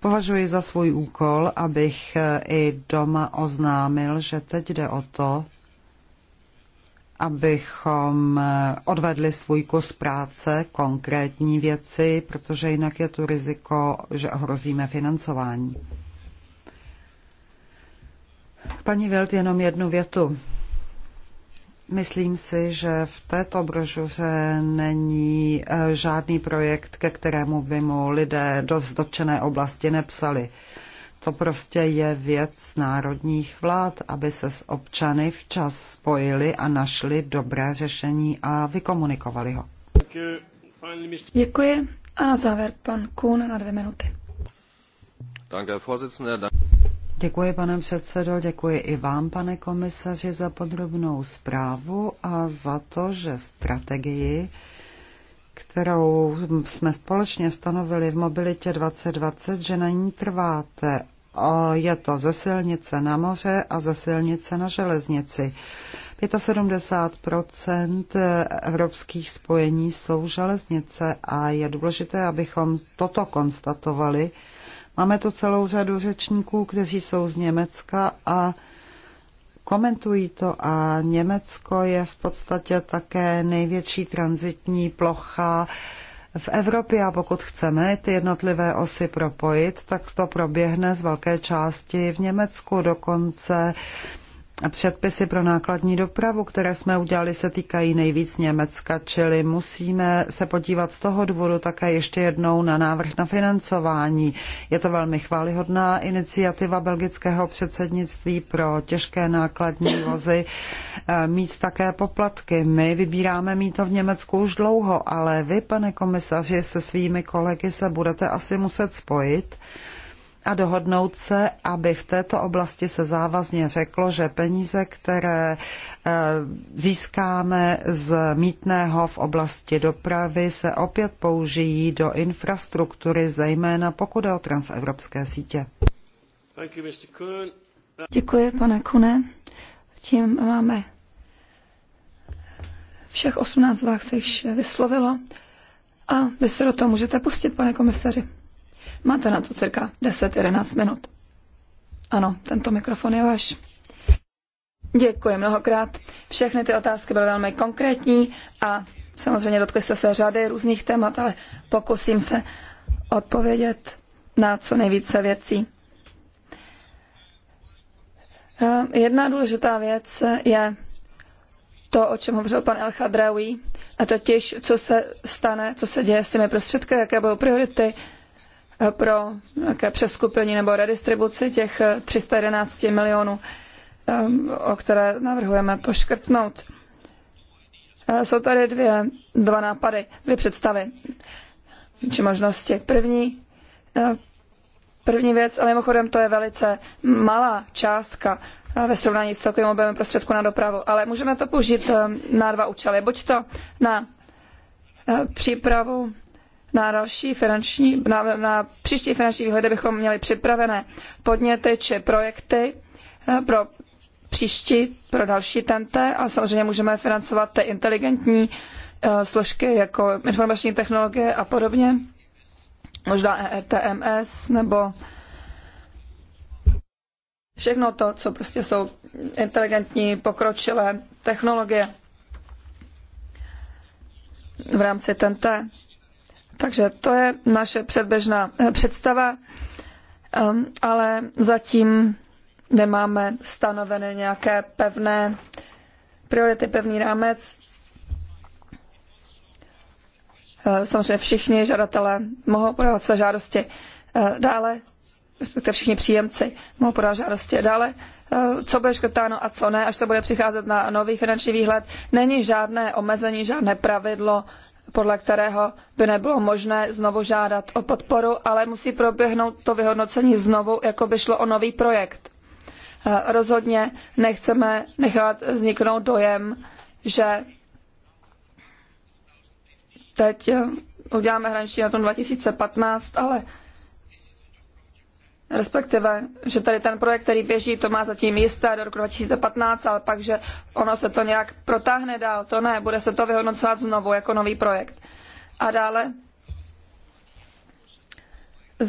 Považuji za svůj úkol, abych i doma oznámil, že teď jde o to, abychom eh, odvedli svůj kus práce, konkrétní věci, protože jinak je tu riziko, že ohrozíme financování. K paní Vilt, jenom jednu větu. Myslím si, že v této brožuře není eh, žádný projekt, ke kterému by mu lidé dost dotčené oblasti nepsali. To prostě je věc národních vlád, aby se s občany včas spojili a našli dobré řešení a vykomunikovali ho. Děkuji. A na závěr pan Kuhn na dvě minuty. Děkuji, pane předsedo, děkuji i vám, pane komisaři, za podrobnou zprávu a za to, že strategii, kterou jsme společně stanovili v Mobilitě 2020, že na ní trváte je to ze silnice na moře a ze silnice na železnici. 75 evropských spojení jsou železnice a je důležité, abychom toto konstatovali. Máme tu celou řadu řečníků, kteří jsou z Německa a komentují to a Německo je v podstatě také největší transitní plocha v Evropě a pokud chceme ty jednotlivé osy propojit, tak to proběhne z velké části v Německu, dokonce a Předpisy pro nákladní dopravu, které jsme udělali, se týkají nejvíc Německa, čili musíme se podívat z toho důvodu také ještě jednou na návrh na financování. Je to velmi chválihodná iniciativa belgického předsednictví pro těžké nákladní vozy eh, mít také poplatky. My vybíráme mít to v Německu už dlouho, ale vy, pane komisaři, se svými kolegy se budete asi muset spojit a dohodnout se, aby v této oblasti se závazně řeklo, že peníze, které eh, získáme z mítného v oblasti dopravy, se opět použijí do infrastruktury, zejména pokud je o transevropské sítě. Děkuji, pane Kune. Tím máme všech 18 vás se již vyslovilo a vy se do toho můžete pustit, pane komisaři. Máte na to cirka 10-11 minut. Ano, tento mikrofon je váš. Děkuji mnohokrát. Všechny ty otázky byly velmi konkrétní a samozřejmě dotkli jste se řady různých témat, ale pokusím se odpovědět na co nejvíce věcí. Eh, jedna důležitá věc je to, o čem hovořil pan Elcha Draui, a totiž, co se stane, co se děje s těmi prostředky, jaké budou priority, pro nějaké přeskupení nebo redistribuci těch 311 milionů, ehm, o které navrhujeme to škrtnout. E, jsou tady dvě, dva nápady, dvě představy či možnosti. První, e, první věc, a mimochodem to je velice malá částka e, ve srovnání s celkovým objemem prostředku na dopravu, ale můžeme to použít na dva účely. Buď to na přípravu na, další finanční, na, na příští finanční výhledy bychom měli připravené podněty či projekty eh, pro příští, pro další TNT, ale samozřejmě můžeme financovat ty inteligentní eh, složky jako informační technologie a podobně, možná ERTMS nebo všechno to, co prostě jsou inteligentní, pokročilé technologie v rámci TNT. Takže to je naše předběžná eh, představa, ehm, ale zatím nemáme stanovené nějaké pevné priority, pevný rámec. Eh, samozřejmě všichni žadatelé mohou podávat své žádosti eh, dále, respektive všichni příjemci mohou podávat žádosti dále. Co bude škrtáno a co ne, až se bude přicházet na nový finanční výhled, není žádné omezení, žádné pravidlo, podle kterého by nebylo možné znovu žádat o podporu, ale musí proběhnout to vyhodnocení znovu, jako by šlo o nový projekt. Eh, rozhodně nechceme nechat vzniknout dojem, že teď eh, uděláme hraniční na tom 2015, ale respektive, že tady ten projekt, který běží, to má zatím jisté do roku 2015, ale pak, že ono se to nějak protáhne dál, to ne, bude se to vyhodnocovat znovu jako nový projekt. A dále,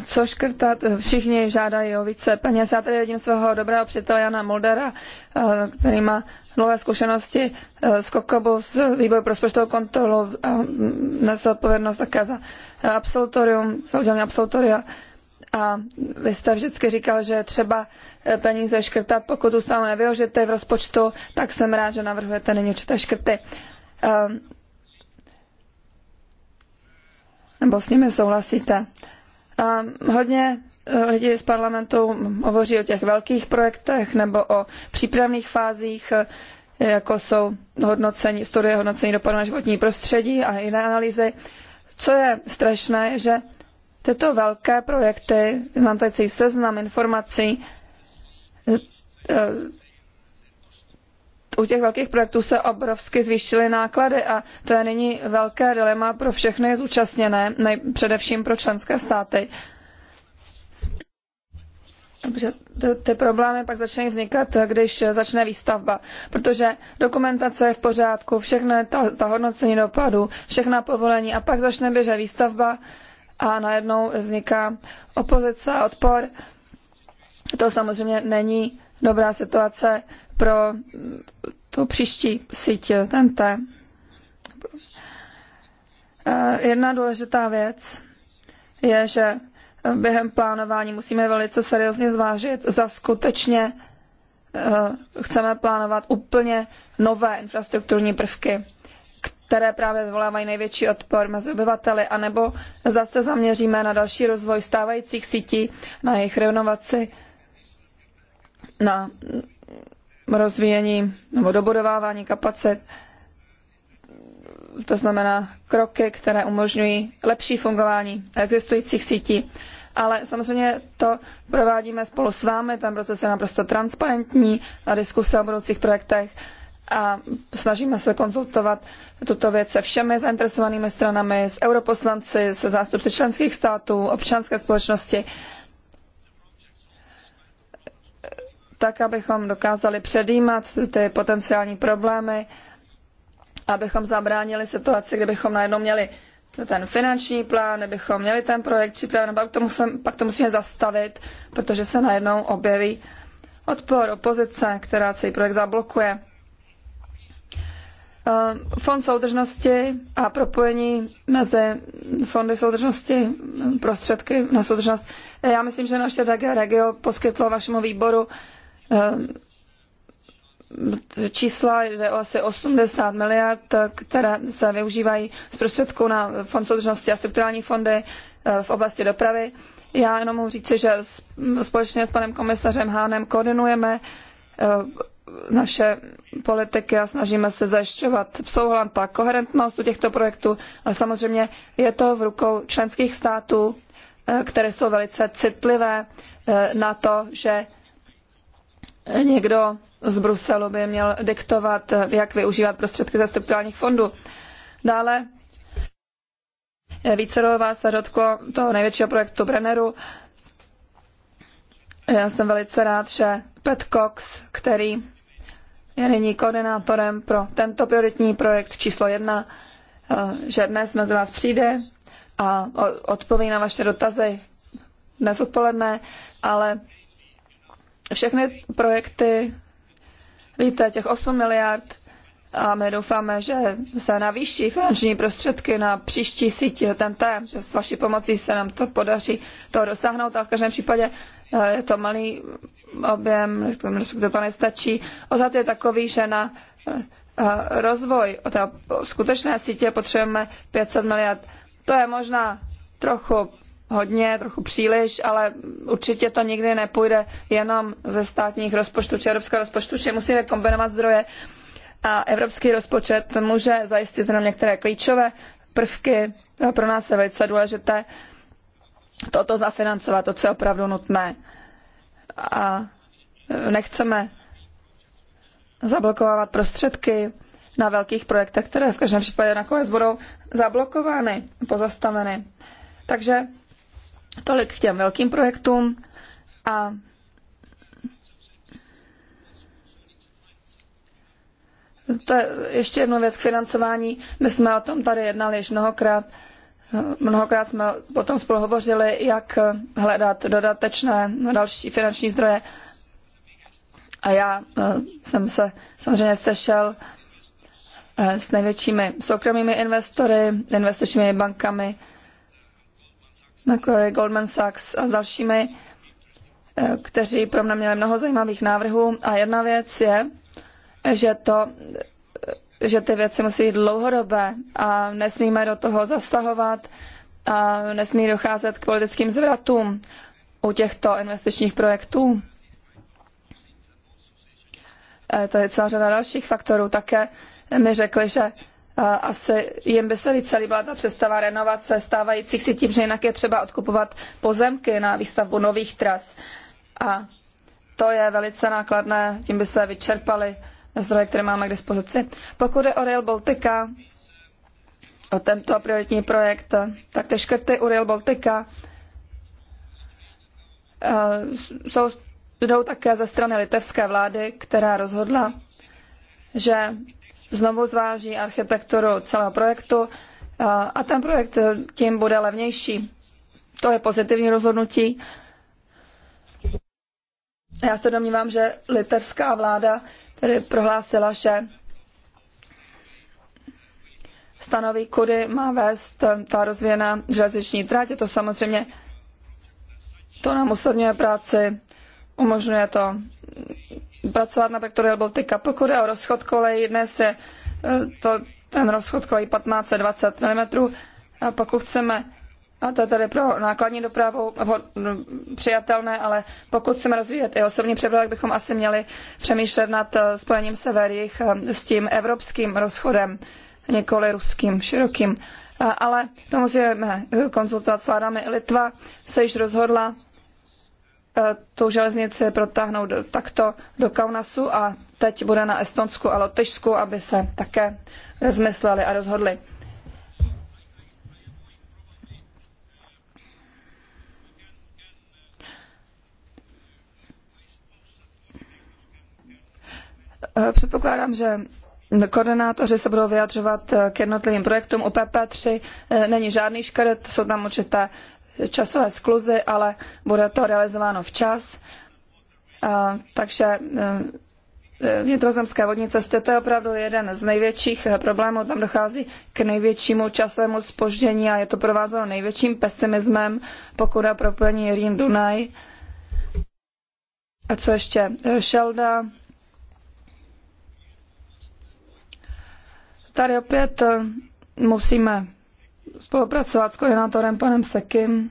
co škrtat, všichni žádají o více peněz. Já tady vidím svého dobrého přítele Jana Moldera, eh, který má dlouhé zkušenosti eh, z Kokobu, z výboru pro rozpočtovou kontrolu a mm, nese odpovědnost také za eh, absolutorium, za udělení absolutoria. A vy jste vždycky říkal, že třeba eh, peníze škrtat, pokud zůstanou nevyhožity v rozpočtu, tak jsem rád, že navrhujete nyní určité škrty. Ehm, nebo s nimi souhlasíte. Ehm, hodně eh, lidi z parlamentu hovoří o těch velkých projektech nebo o přípravných fázích, eh, jako jsou hodnocení, studie hodnocení dopadu na životní prostředí a jiné analýzy. Co je strašné, že Tyto velké projekty, mám tady celý seznam informací, eh, u těch velkých projektů se obrovsky zvýšily náklady a to je nyní velké dilema pro všechny zúčastněné, nej, především pro členské státy. Protože ty problémy pak začínají vznikat, když začne výstavba. Protože dokumentace je v pořádku, všechny ta, ta hodnocení dopadu, všechna povolení a pak začne běžet výstavba a najednou vzniká opozice a odpor. To samozřejmě není dobrá situace pro tu příští síť TNT. Eh, jedna důležitá věc je, že během plánování musíme velice seriózně zvážit, zda skutečně eh, chceme plánovat úplně nové infrastrukturní prvky které právě vyvolávají největší odpor mezi obyvateli, anebo zda se zaměříme na další rozvoj stávajících sítí, na jejich renovaci, na rozvíjení nebo dobudovávání kapacit, to znamená kroky, které umožňují lepší fungování existujících sítí. Ale samozřejmě to provádíme spolu s vámi, ten proces je naprosto transparentní, na diskuse o budoucích projektech a snažíme se konzultovat tuto věc se všemi zainteresovanými stranami, s europoslanci, se zástupci členských států, občanské společnosti, tak, abychom dokázali předjímat ty potenciální problémy, abychom zabránili situaci, kdybychom najednou měli ten finanční plán, kdybychom měli ten projekt připraven, pak to, musím, pak to musíme zastavit, protože se najednou objeví odpor opozice, která celý projekt zablokuje. Eh, fond soudržnosti a propojení mezi fondy soudržnosti, prostředky na soudržnost. Eh, já myslím, že naše DG Regio poskytlo vašemu výboru eh, čísla, jde o asi 80 miliard, které se využívají z prostředků na fond soudržnosti a strukturální fondy v oblasti dopravy. Já jenom mohu říci, že společně s panem komisařem Hánem koordinujeme naše politiky a snažíme se zajišťovat souhlad a koherentnost u těchto projektů. A samozřejmě je to v rukou členských států, eh, které jsou velice citlivé eh, na to, že někdo z Bruselu by měl diktovat, eh, jak využívat prostředky ze strukturálních fondů. Dále více vás se dotklo toho největšího projektu Brenneru. Já jsem velice rád, že Pat Cox, který je nyní koordinátorem pro tento prioritní projekt číslo jedna, eh, že dnes mezi vás přijde a odpoví na vaše dotazy dnes odpoledne, ale všechny projekty, víte, těch 8 miliard a my doufáme, že se navýší finanční prostředky na příští síť TNT, že s vaší pomocí se nám to podaří to dosáhnout a v každém případě eh, je to malý objem, respektive to nestačí. Odhad je takový, že na eh, rozvoj té skutečné sítě potřebujeme 500 miliard. To je možná trochu hodně, trochu příliš, ale určitě to nikdy nepůjde jenom ze státních rozpočtů či evropského rozpočtu, či musíme kombinovat zdroje. A evropský rozpočet může zajistit jenom některé klíčové prvky, pro nás je velice důležité toto zafinancovat, to, co je opravdu nutné a nechceme zablokovat prostředky na velkých projektech, které v každém případě nakonec budou zablokovány, pozastaveny. Takže tolik k těm velkým projektům a To je ještě jedna věc k financování. My jsme o tom tady jednali již mnohokrát. Mnohokrát jsme o tom spolu hovořili, jak hledat dodatečné další finanční zdroje. A já eh, jsem se samozřejmě sešel eh, s největšími soukromými investory, investičními bankami, Macquarie, Goldman Sachs a s dalšími, eh, kteří pro mě měli mnoho zajímavých návrhů. A jedna věc je, že to že ty věci musí být dlouhodobé a nesmíme do toho zasahovat a nesmí docházet k politickým zvratům u těchto investičních projektů. E, to je celá řada dalších faktorů. Také mi řekli, že e, asi jim by se více líbila ta představa renovace stávajících tím, že jinak je třeba odkupovat pozemky na výstavbu nových tras. A to je velice nákladné, tím by se vyčerpali zdroje, které máme k dispozici. Pokud je o Rail Baltica, o tento prioritní projekt, tak ty škrty u Rail Baltica eh, jsou, jdou také ze strany litevské vlády, která rozhodla, že znovu zváží architekturu celého projektu eh, a ten projekt tím bude levnější. To je pozitivní rozhodnutí. Já se domnívám, že litevská vláda tedy prohlásila, že stanoví, kudy má vést ta rozvíjená železniční trať. Je to samozřejmě, to nám usadňuje práci, umožňuje to pracovat na takto Baltika. Pokud je o rozchod kolejí, dnes je e, to ten rozchod kolejí 15-20 mm. A pokud chceme a to je tedy pro nákladní dopravu přijatelné, ale pokud chceme rozvíjet i osobní přepravu, tak bychom asi měli přemýšlet nad eh, spojením severích eh, s tím evropským rozchodem, nikoli ruským, širokým. Ale to musíme konzultovat s vládami. Litva se již rozhodla eh, tu železnici protáhnout takto do Kaunasu a teď bude na Estonsku a Lotyšsku, aby se také rozmysleli a rozhodli. Eh, předpokládám, že koordinátoři se budou vyjadřovat eh, k jednotlivým projektům. U PP3 eh, není žádný škrt, jsou tam určité časové skluzy, ale bude to realizováno včas. Takže vnitrozemské vodní cesty, to je opravdu jeden z největších problémů. Tam dochází k největšímu časovému spoždění a je to provázeno největším pesimismem, pokud je propojení Rýn Dunaj. A co ještě? Šelda, Tady opět eh, musíme spolupracovat s koordinátorem panem Sekim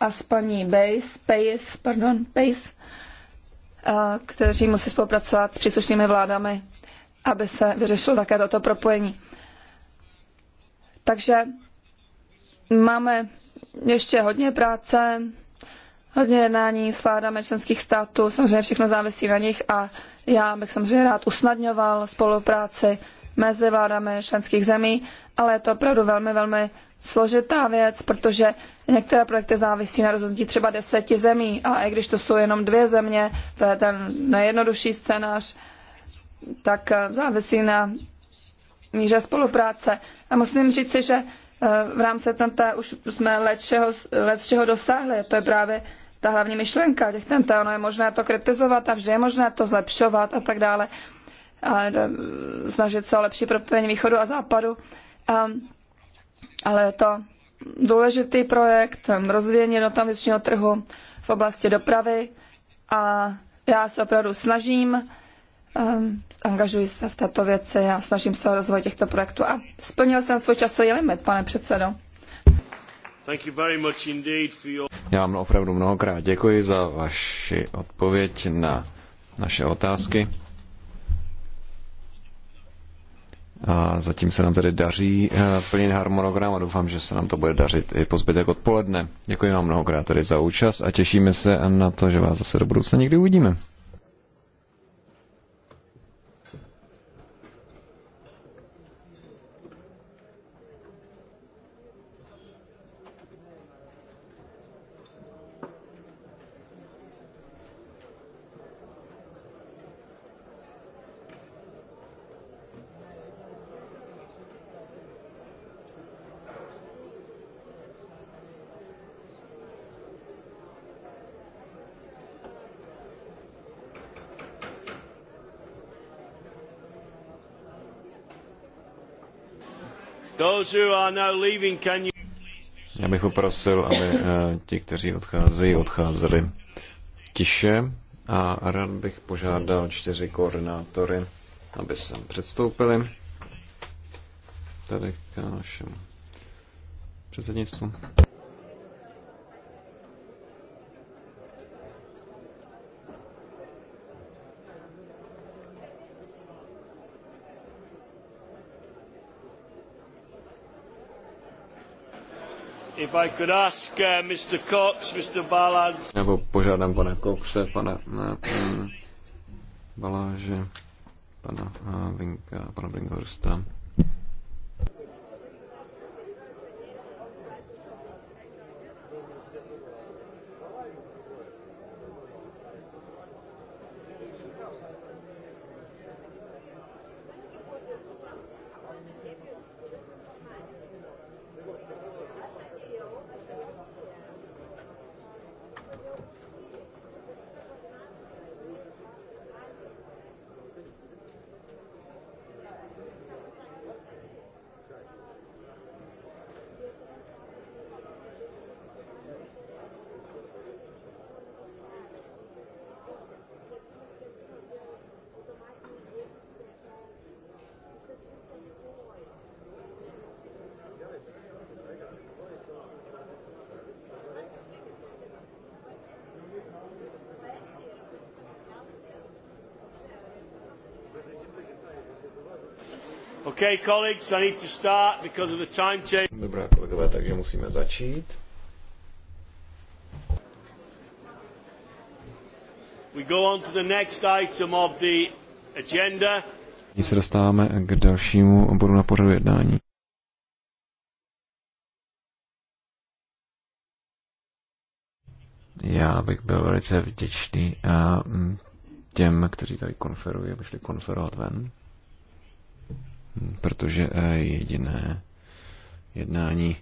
a s paní Base, Pace, pardon, Pace, eh, kteří musí spolupracovat s příslušnými vládami, aby se vyřešilo také toto propojení. Takže máme ještě hodně práce, hodně jednání s vládami členských států, samozřejmě všechno závisí na nich a já bych samozřejmě rád usnadňoval spolupráci mezi vládami členských zemí, ale je to opravdu velmi, velmi složitá věc, protože některé projekty závisí na rozhodnutí třeba deseti zemí a i když to jsou jenom dvě země, to je ten nejjednodušší scénář, tak eh, závisí na míře spolupráce. A musím říci, že eh, v rámci TNT už jsme lepšího dosáhli. To je právě ta hlavní myšlenka těch ten, ono je možné to kritizovat a vždy je možné to zlepšovat a tak dále a e, snažit se o lepší propojení východu a západu. Um, ale je to důležitý projekt, rozvíjení jednotného vnitřního trhu v oblasti dopravy a já se opravdu snažím, um, angažuji se v této věci a snažím se o rozvoj těchto projektů a splnil jsem svůj časový limit, pane předsedo. Já vám opravdu mnohokrát děkuji za vaši odpověď na naše otázky. A zatím se nám tedy daří eh, plnit harmonogram a doufám, že se nám to bude dařit i po zbytek odpoledne. Děkuji vám mnohokrát tedy za účast a těšíme se na to, že vás zase do budoucna někdy uvidíme. Já bych poprosil, aby eh, ti, kteří odcházejí, odcházeli tiše a rád bych požádal čtyři koordinátory, aby se předstoupili tady k našemu předsednictvu. If uh, Nebo požádám pana Coxe, pana eh, ne, Baláže, pana eh, Vinka, pana Brinkhorsta. Okay, colleagues, I need to start because of the time change. Dobrá, kolegové, takže musíme začít. We go on to the next item of the agenda. Nyní se dostáváme k dalšímu oboru na pořadu jednání. Já bych byl velice vděčný a těm, kteří tady konferují, aby šli konferovat ven protože eh, jediné jednání,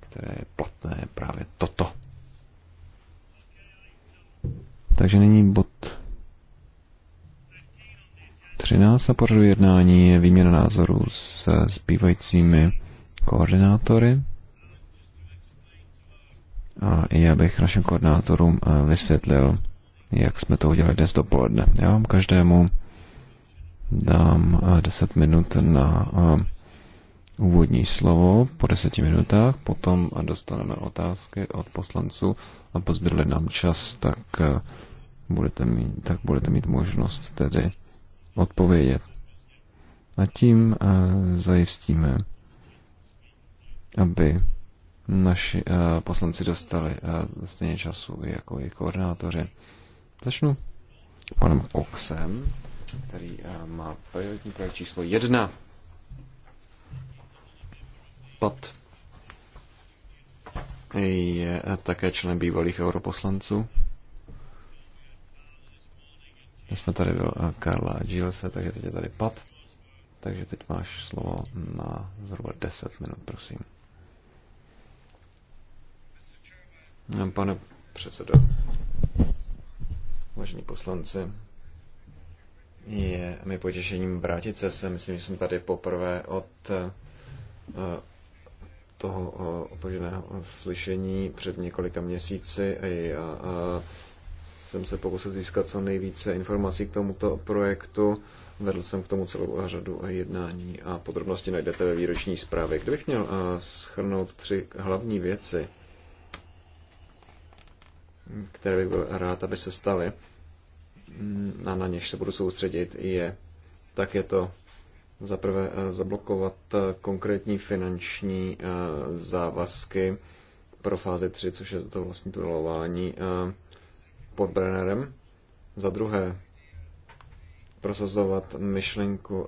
které je platné, je právě toto. Takže nyní bod 13 na pořadu jednání je výměna názorů s zbývajícími koordinátory. A já bych našim koordinátorům eh, vysvětlil, jak jsme to udělali dnes dopoledne. Já vám každému dám 10 eh, minut na eh, úvodní slovo po deseti minutách, potom dostaneme otázky od poslanců a pozbydli nám čas, tak eh, budete mít, tak budete mít možnost tedy odpovědět. A tím zajistíme, aby naši poslanci dostali stejně času jako i koordinátoři. Začnu panem Koksem který eh, má prioritní projekt číslo jedna. Pat je eh, také člen bývalých europoslanců. Já jsme tady byl eh, Karla Gilesa, takže teď je tady Pat. Takže teď máš slovo na zhruba 10 minut, prosím. Pane předsedo, vážení poslanci, je mi potěšením vrátit se se. Myslím, že jsem tady poprvé od eh, toho eh, opoženého slyšení před několika měsíci. A eh, jsem se pokusil získat co nejvíce informací k tomuto projektu. Vedl jsem k tomu celou řadu jednání a podrobnosti najdete ve výroční zprávě. Kdybych měl schrnout tři hlavní věci, které bych byl rád, aby se staly, a na něž se budu soustředit, je, tak je to zaprvé eh, zablokovat eh, konkrétní finanční eh, závazky pro fázi 3, což je to vlastní tunelování pod Brennerem. Za druhé, prosazovat myšlenku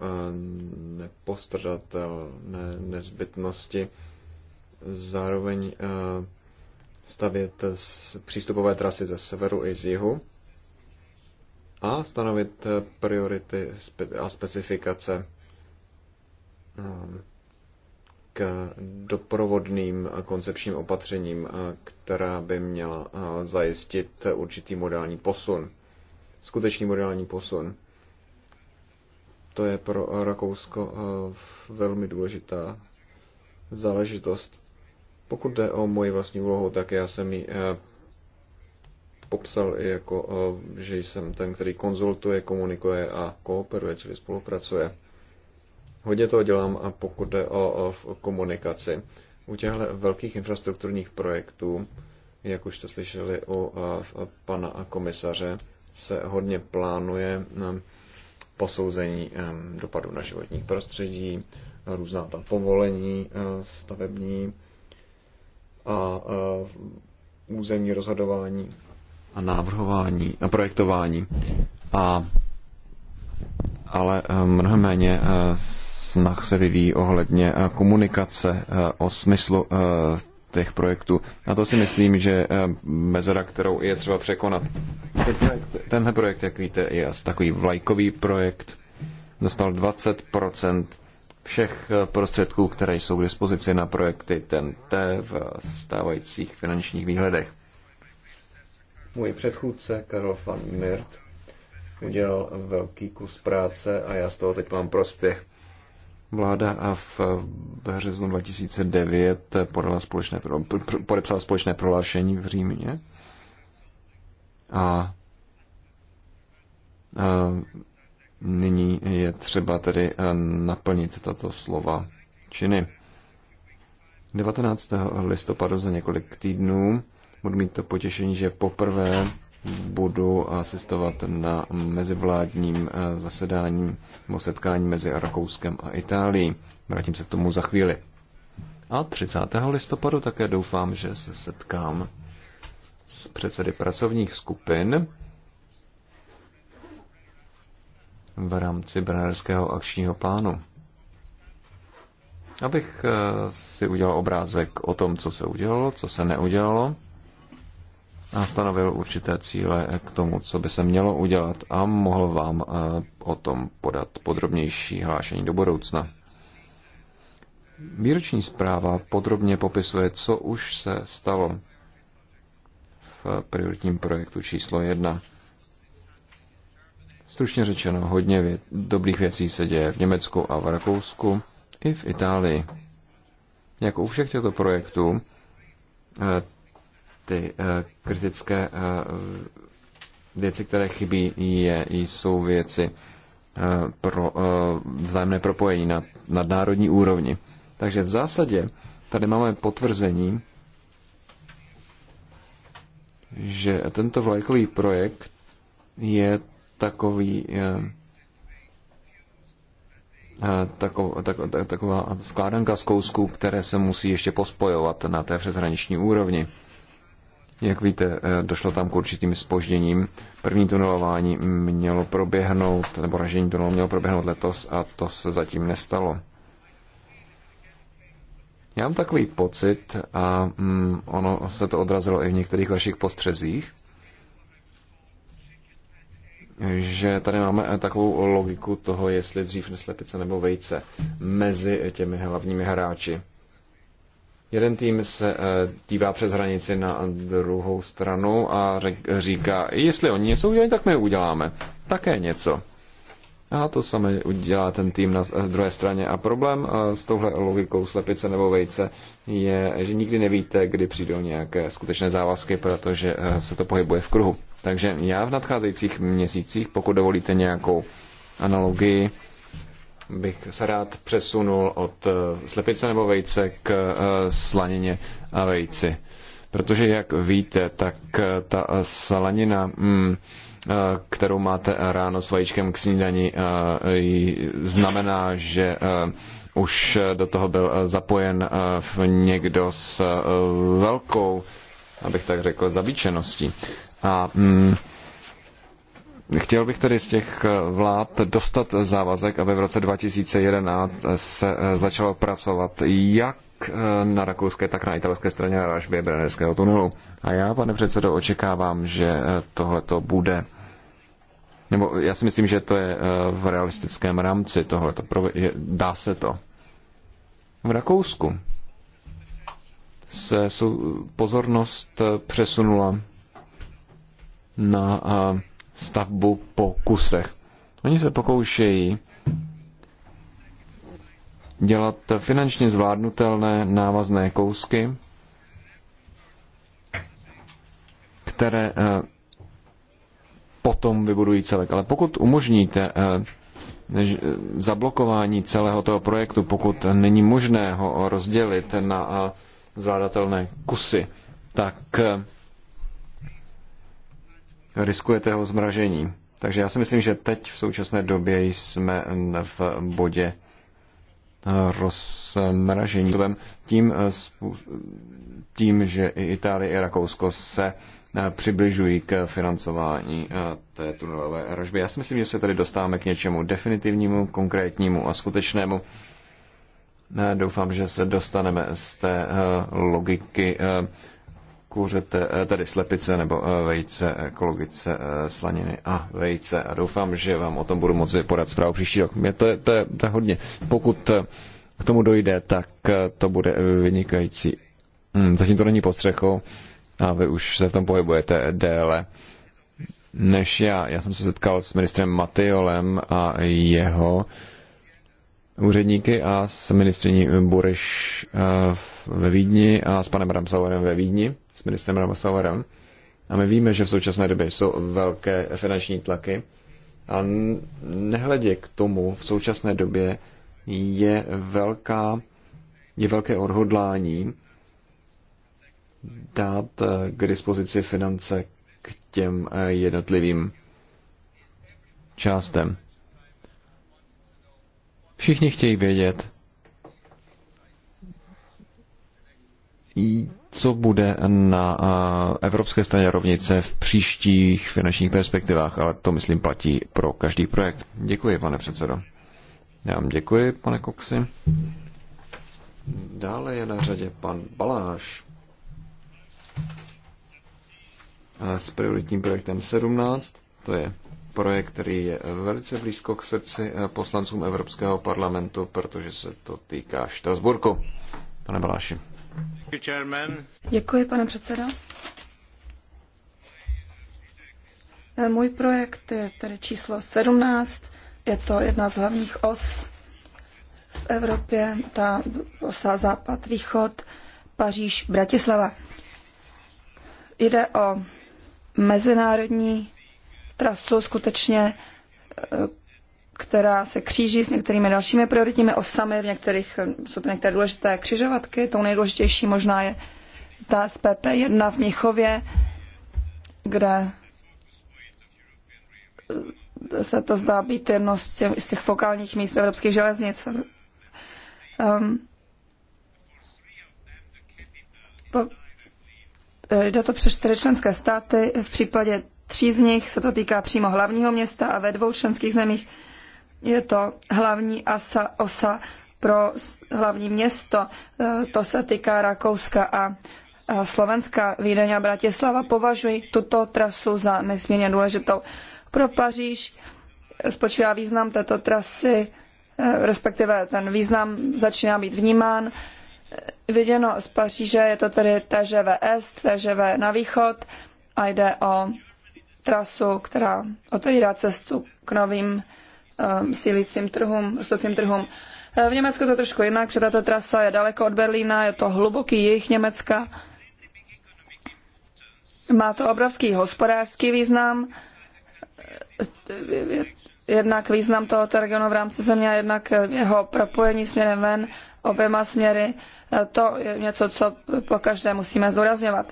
nepostradatelné nezbytnosti, zároveň stavět přístupové trasy ze severu i z jihu a stanovit priority a specifikace um, k doprovodným koncepčním opatřením, která by měla zajistit určitý modální posun, skutečný modální posun. To je pro Rakousko velmi důležitá záležitost. Pokud jde o moji vlastní úlohu, tak já jsem ji popsal i jako, eh, že jsem ten, který konzultuje, komunikuje a kooperuje, čili spolupracuje. Hodně toho dělám, a pokud jde o, o komunikaci. U těchto velkých infrastrukturních projektů, jak už jste slyšeli u eh, pana komisaře, se hodně plánuje eh, posouzení dopadu na životní prostředí, různá tam povolení stavební a územní rozhodování a návrhování a projektování. A, ale eh, mnohem méně eh, snah se vyvíjí ohledně eh, komunikace o smyslu těch projektů. A to si myslím, že mezera, kterou je třeba překonat. Tenhle projekt, jak víte, je asi takový vlajkový projekt. Dostal 20% všech prostředků, které jsou k dispozici na projekty TNT v stávajících finančních výhledech. Můj předchůdce Karol van Mirt udělal velký kus práce a já z toho teď mám prospěch. Vláda a v březnu 2009 podala společné, podepsala společné prohlášení v Římě a, a nyní je třeba tedy naplnit tato slova činy. 19. listopadu za několik týdnů budu mít to potěšení, že poprvé budu asistovat eh, na mezivládním eh, zasedání nebo setkání mezi Rakouskem a Itálií. Vrátím se k tomu za chvíli. A 30. listopadu také doufám, že se setkám s předsedy pracovních skupin v rámci Brnerského akčního plánu. Abych eh, si udělal obrázek o tom, co se udělalo, co se neudělalo a stanovil určité cíle k tomu, co by se mělo udělat a mohl vám eh, o tom podat podrobnější hlášení do budoucna. Výroční zpráva podrobně popisuje, co už se stalo v prioritním projektu číslo 1. Stručně řečeno, hodně vě- dobrých věcí se děje v Německu a v Rakousku i v Itálii. Jako u všech těchto projektů, eh, ty eh, kritické eh, věci, které chybí, je, jsou věci eh, pro vzájemné propojení na nadnárodní úrovni. Takže v zásadě tady máme potvrzení, že tento vlajkový projekt je takový taková, taková skládanka z kousků, které se musí ještě pospojovat na té přeshraniční úrovni. Jak víte, eh, došlo tam k určitým spožděním. První tunelování mělo proběhnout, nebo ražení tunelu mělo proběhnout letos a to se zatím nestalo. Já mám takový pocit, a mm, ono se to odrazilo i v některých vašich postřezích, že tady máme eh, takovou logiku toho, jestli dřív neslepice nebo vejce mezi těmi hlavními hráči. Jeden tým se eh, dívá přes hranici na druhou stranu a říká, jestli oni něco udělají, tak my uděláme také něco. A to samé udělá ten tým na eh, druhé straně. A problém eh, s touhle logikou slepice nebo vejce je, že nikdy nevíte, kdy přijdou nějaké skutečné závazky, protože se to pohybuje v kruhu. Takže já v nadcházejících měsících, pokud dovolíte nějakou analogii, bych se rád přesunul od eh, slepice nebo vejce k eh, slanině a vejci. Protože, jak víte, tak eh, ta slanina, mm, kterou máte ráno s vajíčkem k snídani, znamená, že už do toho byl zapojen někdo s velkou, abych tak řekl, zabíčeností. A mm, Chtěl bych tedy z těch eh, vlád dostat závazek, aby v roce 2011 se eh, začalo pracovat jak eh, na rakouské, tak na italské straně ražbě Brenerského tunelu. A já, pane předsedo, očekávám, že tohle to bude nebo já si myslím, že to je v realistickém rámci tohle. Dá se to. V Rakousku se pozornost přesunula na stavbu po kusech. Oni se pokoušejí dělat finančně zvládnutelné návazné kousky, které eh, potom vybudují celek. Ale pokud umožníte eh, eh, zablokování celého toho projektu, pokud není možné ho rozdělit na zvládatelné kusy, tak riskujete ho zmražení. Takže já si myslím, že teď v současné době jsme v bodě eh, rozmražení. Tím, eh, tím, že i Itálie, i Rakousko se eh, přibližují k financování té tunelové ražby. Já si myslím, že se tady dostáváme k něčemu definitivnímu, konkrétnímu a skutečnému. Doufám, že se dostaneme z té logiky kuřete, eh, tedy slepice nebo eh, vejce, ekologice, eh, slaniny a vejce. A doufám, že vám o tom budu moci podat zprávu příští rok. Mě to, je, to, je, to je hodně. Pokud k tomu dojde, tak to bude vynikající. Hmm, zatím to není pod střechou a vy už se v tom pohybujete déle než já. Já jsem se setkal s ministrem Matiolem a jeho úředníky a s ministriní Bureš ve Vídni a s panem Ramsauerem ve Vídni s ministrem Ramasavarem. A my víme, že v současné době jsou velké finanční tlaky. A nehledě k tomu, v současné době je, velká, je velké odhodlání dát eh, k dispozici finance k těm eh, jednotlivým částem. Všichni chtějí vědět, co bude na eh, evropské straně rovnice v příštích finančních perspektivách, ale to, myslím, platí pro každý projekt. Děkuji, pane předsedo. Já vám děkuji, pane Koksi. Dále je na řadě pan Baláš eh, s prioritním projektem 17. To je projekt, který je velice blízko k srdci eh, poslancům Evropského parlamentu, protože se to týká Štrasburku. Pane Baláši. Děkuji, pane předsedo. Eh, můj projekt je tedy číslo 17. Je to jedna z hlavních os v Evropě, ta osa západ-východ, Paříž-Bratislava. Jde o mezinárodní trasu skutečně eh, která se kříží s některými dalšími prioritními osami, v některých jsou to některé důležité křižovatky. Tou nejdůležitější možná je ta SPP 1 v Mnichově, kde eh, se to zdá být jedno z těch, z těch fokálních míst evropských železnic. Um, po, eh, jde to přes čtyři členské státy. V případě tří z nich se to týká přímo hlavního města a ve dvou členských zemích je to hlavní asa, osa pro hlavní město. E, to se týká Rakouska a Slovenska. Vídeň a Bratislava považují tuto trasu za nesmírně důležitou. Pro Paříž spočívá význam této trasy, e, respektive ten význam začíná být vnímán. E, viděno z Paříže je to tedy TGV Est, TGV na východ a jde o trasu, která otevírá cestu k novým Eh, sílícím trhům, rostoucím trhům. Eh, v Německu to trošku jinak, protože tato trasa je daleko od Berlína, je to hluboký jih Německa. Má to obrovský hospodářský význam, eh, jednak význam tohoto regionu v rámci země a jednak jeho propojení směrem ven oběma směry. To je něco, co po každé musíme zdůrazňovat.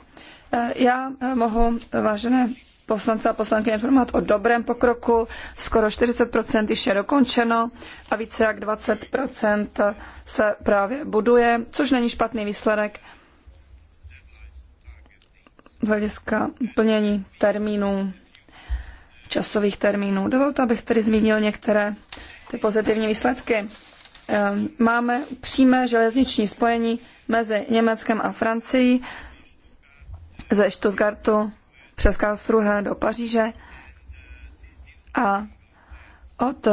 Já mohu, vážené poslance a poslanky informovat o dobrém pokroku. Skoro 40% již je dokončeno a více jak 20% se právě buduje, což není špatný výsledek z hlediska plnění termínů, časových termínů. Dovolte, abych tedy zmínil některé ty pozitivní výsledky. Ehm, máme přímé železniční spojení mezi Německem a Francií ze Stuttgartu přes Karlsruhe do Paříže a od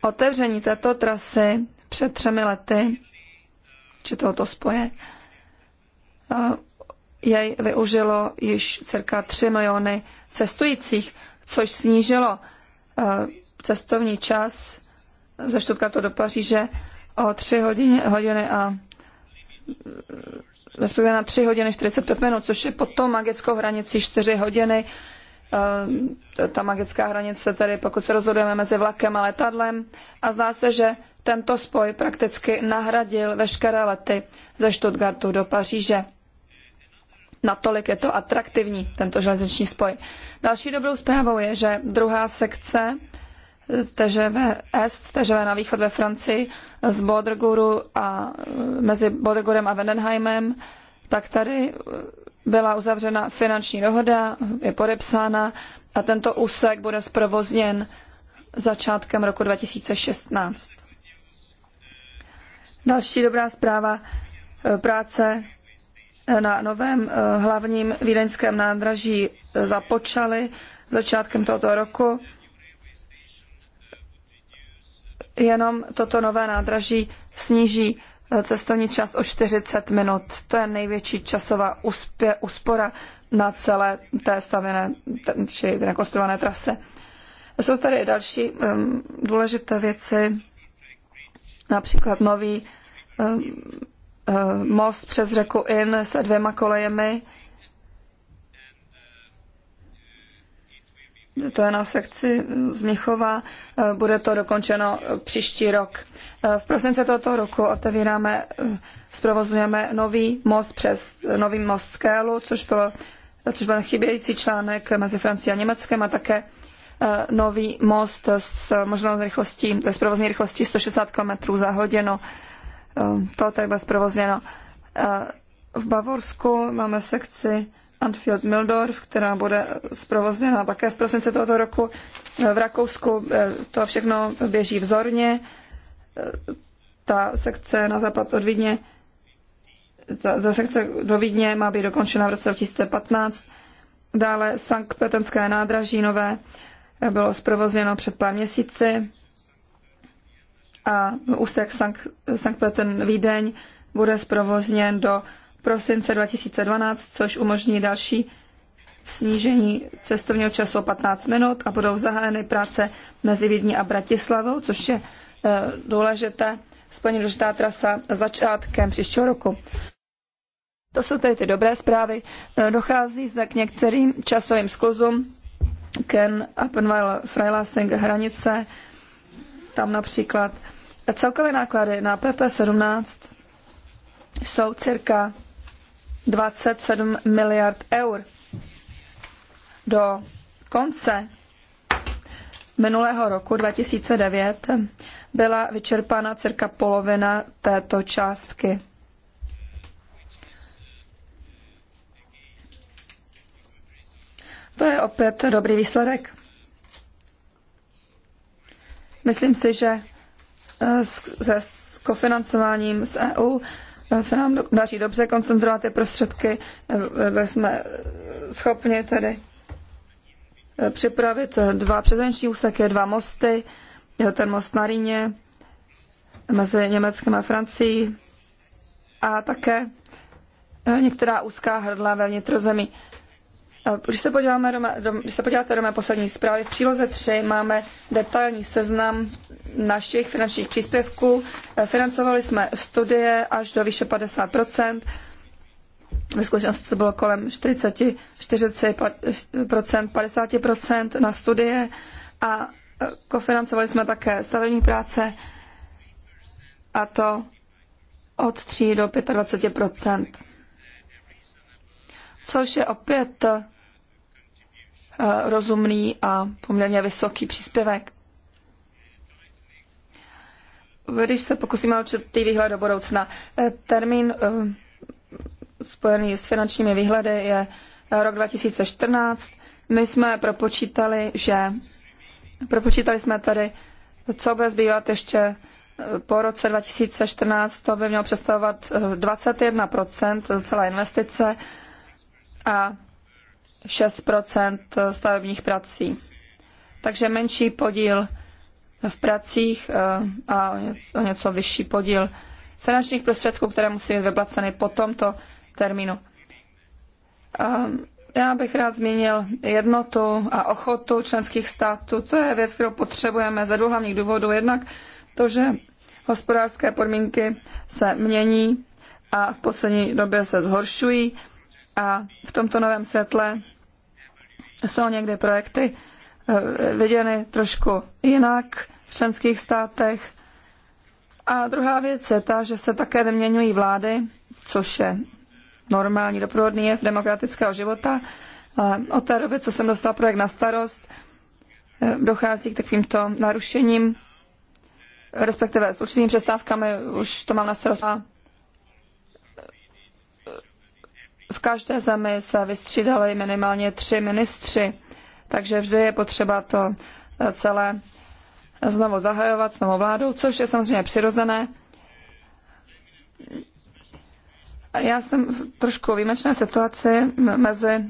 otevření této trasy před třemi lety, či tohoto spoje, eh, jej využilo již cirka 3 miliony cestujících, což snížilo eh, cestovní čas ze Stuttgartu do Paříže o 3 hodiny, hodiny a respektive na 3 hodiny 45 minut, což je pod tou magickou hranicí 4 hodiny. Eh, ta magická hranice tedy, pokud se rozhodujeme mezi vlakem a letadlem. A zdá se, že tento spoj prakticky nahradil veškeré lety ze Stuttgartu do Paříže. Natolik je to atraktivní, tento železniční spoj. Další dobrou zprávou je, že druhá sekce ve Est, TŽV na východ ve Francii, z Bodrguru a mezi Bodrgurem a Vendenheimem, tak tady byla uzavřena finanční dohoda, je podepsána a tento úsek bude zprovozněn začátkem roku 2016. Další dobrá zpráva eh, práce eh, na novém eh, hlavním vídeňském nádraží započaly začátkem tohoto roku jenom toto nové nádraží sníží eh, cestovní čas o 40 minut. To je největší časová úspě, úspora na celé té stavěné či rekonstruované trase. Jsou tady další um, důležité věci, například nový um, um, most přes řeku In se dvěma kolejemi, to je na sekci z Měchova, bude to dokončeno příští rok. V prosinci tohoto roku otevíráme, zprovozujeme nový most přes nový most Skélu, což, bylo, což byl chybějící článek mezi Francií a Německem a také eh, nový most s možnou rychlostí, s provozní rychlostí 160 km za hodinu. Eh, to tak bude zprovozněno. Eh, v Bavorsku máme sekci Anfield Mildorf, která bude zprovozněna také v prosinci tohoto roku v Rakousku. Eh, to všechno běží vzorně. Eh, ta sekce na západ od Vídně, ta, ta sekce do Vídně má být dokončena v roce 2015. Dále Sankt Petenské nádraží nové eh, bylo zprovozněno před pár měsíci a úsek Sankt Peten Vídeň bude zprovozněn do prosince 2012, což umožní další snížení cestovního času o 15 minut a budou zahájeny práce mezi Vídní a Bratislavou, což je eh, důležité, splně důležitá trasa začátkem příštího roku. To jsou tedy ty dobré zprávy. Eh, dochází zde k některým časovým skluzům. Ken Appenweil Freilassing hranice, tam například celkové náklady na PP17 jsou cirka 27 miliard eur. Do konce minulého roku 2009 byla vyčerpána cirka polovina této částky. To je opět dobrý výsledek. Myslím si, že eh, se s kofinancováním z EU Eh, se nám daří dobře koncentrovat ty prostředky, byli eh, jsme schopni tedy eh, připravit dva přezenční úseky, dva mosty, ten most na Rýně mezi Německem a Francií a také některá úzká hrdla ve vnitrozemí. Když se, podíváme do mé, do, když se podíváte do mé poslední zprávy, v příloze 3 máme detailní seznam našich finančních příspěvků. E, financovali jsme studie až do výše 50 ve skutečnosti to bylo kolem 40, 40 50 na studie a e, kofinancovali jsme také stavební práce a to od 3 do 25 což je opět Eh, rozumný a poměrně vysoký příspěvek. Když se pokusíme ty výhled do budoucna, eh, termín eh, spojený s finančními výhledy je rok 2014. My jsme propočítali, že propočítali jsme tady, co bude zbývat ještě po roce 2014, to by mělo představovat 21% celé investice a 6 stavebních prací. Takže menší podíl v pracích eh, a o něco vyšší podíl finančních prostředků, které musí být vyplaceny po tomto termínu. Eh, já bych rád zmínil jednotu a ochotu členských států. To je věc, kterou potřebujeme ze dvou hlavních důvodů. Jednak to, že hospodářské podmínky se mění a v poslední době se zhoršují a v tomto novém světle jsou někdy projekty eh, viděny trošku jinak v členských státech. A druhá věc je ta, že se také vyměňují vlády, což je normální doprovodný jev demokratického života. Ale od té doby, co jsem dostal projekt na starost, eh, dochází k takovýmto narušením, respektive s určitými přestávkami, už to mám na starost. A v každé zemi se vystřídali minimálně tři ministři, takže vždy je potřeba to celé znovu zahajovat s novou vládou, což je samozřejmě přirozené. Já jsem v trošku výjimečné situaci mezi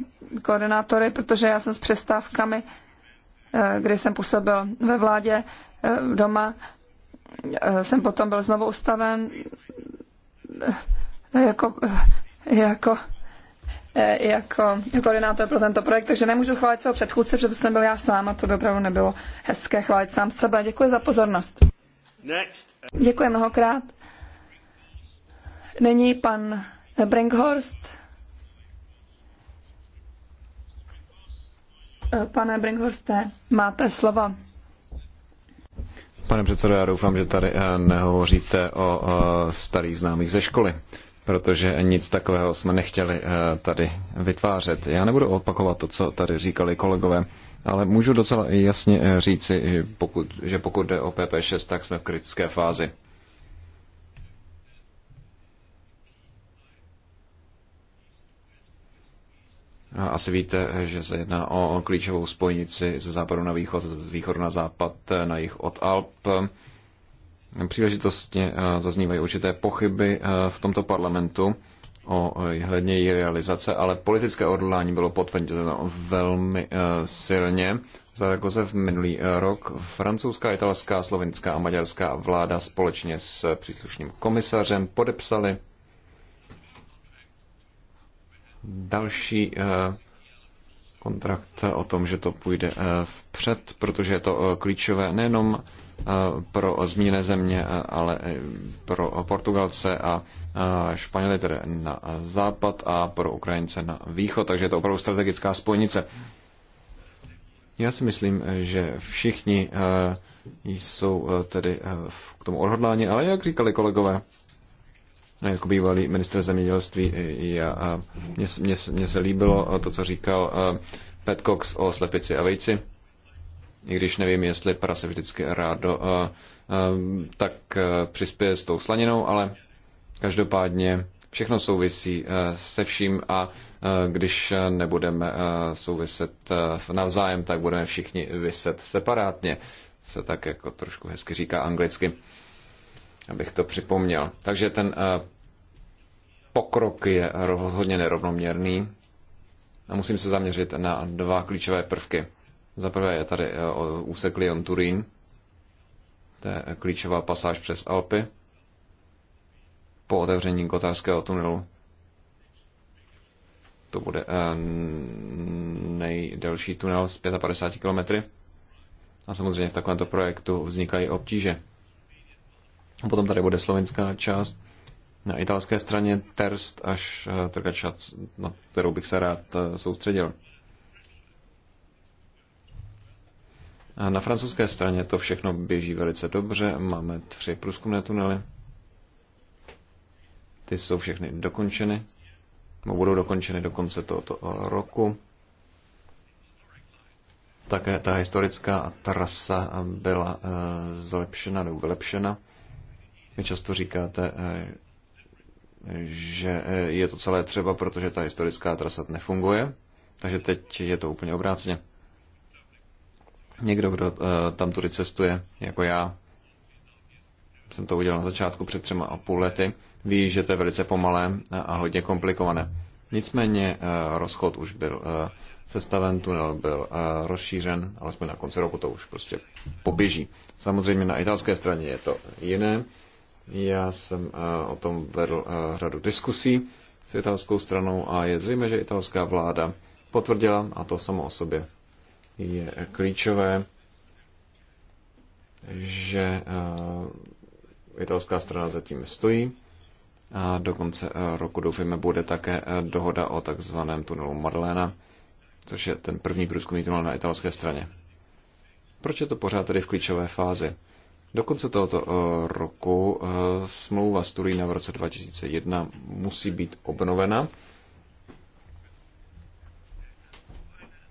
koordinátory, protože já jsem s přestávkami, eh, kdy jsem působil ve vládě eh, doma, eh, jsem potom byl znovu ustaven jako, jako Eh, jako koordinátor pro tento projekt, takže nemůžu chválit svého předchůdce, protože to jsem byl já sám a to by opravdu nebylo hezké chválit sám sebe. Děkuji za pozornost. Next. Děkuji mnohokrát. Nyní pan Brinkhorst. Eh, pane Brinkhorste, máte slovo. Pane předsedo, já doufám, že tady eh, nehovoříte o starých známých ze školy protože nic takového jsme nechtěli eh, tady vytvářet. Já nebudu opakovat to, co tady říkali kolegové, ale můžu docela jasně eh, říci, pokud, že pokud jde o PP6, tak jsme v kritické fázi. Asi víte, že se jedná o klíčovou spojnici ze západu na východ, z východu na západ, eh, na jich od Alp příležitostně eh, zaznívají určité pochyby eh, v tomto parlamentu o eh, hledně její realizace, ale politické odhodlání bylo potvrzeno velmi silně. Zaragoze v minulý rok francouzská, italská, slovinská a maďarská vláda společně s příslušným komisařem podepsali další kontrakt o tom, že to půjde vpřed, protože je to klíčové nejenom Eh, pro zmíněné země, eh, ale pro Portugalce a eh, Španěly tedy na západ a pro Ukrajince na východ, takže je to opravdu strategická spojnice. Já si myslím, že všichni jsou tedy k tomu odhodláni, ale jak říkali kolegové, jako bývalý minister zemědělství, mně se líbilo to, co říkal Pat Cox o slepici a vejci i když nevím, jestli prase vždycky rádo eh, eh, tak eh, přispěje s tou slaninou, ale každopádně všechno souvisí se vším a když nebudeme souviset navzájem, tak budeme všichni vyset separátně. Se tak jako trošku hezky říká anglicky, abych to připomněl. Takže ten pokrok je rozhodně nerovnoměrný a musím se zaměřit na dva klíčové prvky. Za prvé je tady eh, úsek Lyon-Turín, to je klíčová pasáž přes Alpy po otevření Gotárského tunelu. To bude eh, nejdelší tunel z 55 km. A samozřejmě v takovémto projektu vznikají obtíže. A potom tady bude slovenská část. Na italské straně Terst až eh, Trgačat, na kterou bych se rád soustředil. Na francouzské straně to všechno běží velice dobře. Máme tři průzkumné tunely. Ty jsou všechny dokončeny. No, budou dokončeny do konce tohoto roku. Také ta historická trasa byla eh, zlepšena nebo vylepšena. Vy často říkáte, eh, že eh, je to celé třeba, protože ta historická trasa nefunguje. Takže teď je to úplně obráceně. Někdo, kdo eh, tam tudy cestuje, jako já, jsem to udělal na začátku před třema a půl lety, ví, že to je velice pomalé a hodně komplikované. Nicméně eh, rozchod už byl eh, sestaven, tunel byl rozšířen, alespoň na konci roku to už prostě poběží. Samozřejmě na italské straně je to jiné. Já jsem o tom vedl řadu diskusí s italskou stranou a je zřejmé, že italská vláda potvrdila, a to samo o sobě je klíčové, že eh, italská strana zatím stojí. A do konce eh, roku, doufujeme bude také eh, dohoda o takzvaném tunelu Madlena, což je ten první průzkumný tunel na italské straně. Proč je to pořád tedy v klíčové fázi? Do konce tohoto roku smlouva z Turína v roce 2001 musí být obnovena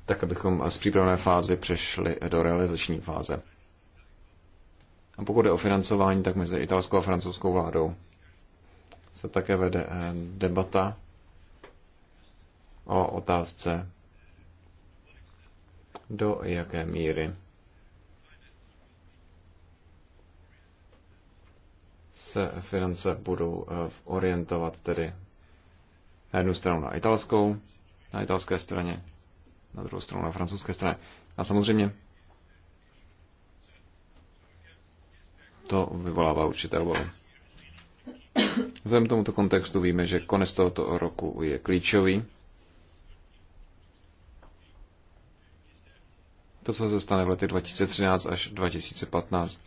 tak abychom z přípravné fázy přešli do realizační fáze. A pokud je o financování, tak mezi italskou a francouzskou vládou se také vede eh, debata o otázce, do jaké míry se finance budou eh, orientovat tedy na jednu stranu na italskou, na italské straně na druhou stranu na francouzské straně. A samozřejmě to vyvolává určité obavy. Vzhledem tomuto kontextu víme, že konec tohoto roku je klíčový. To, co se stane v letech 2013 až 2015,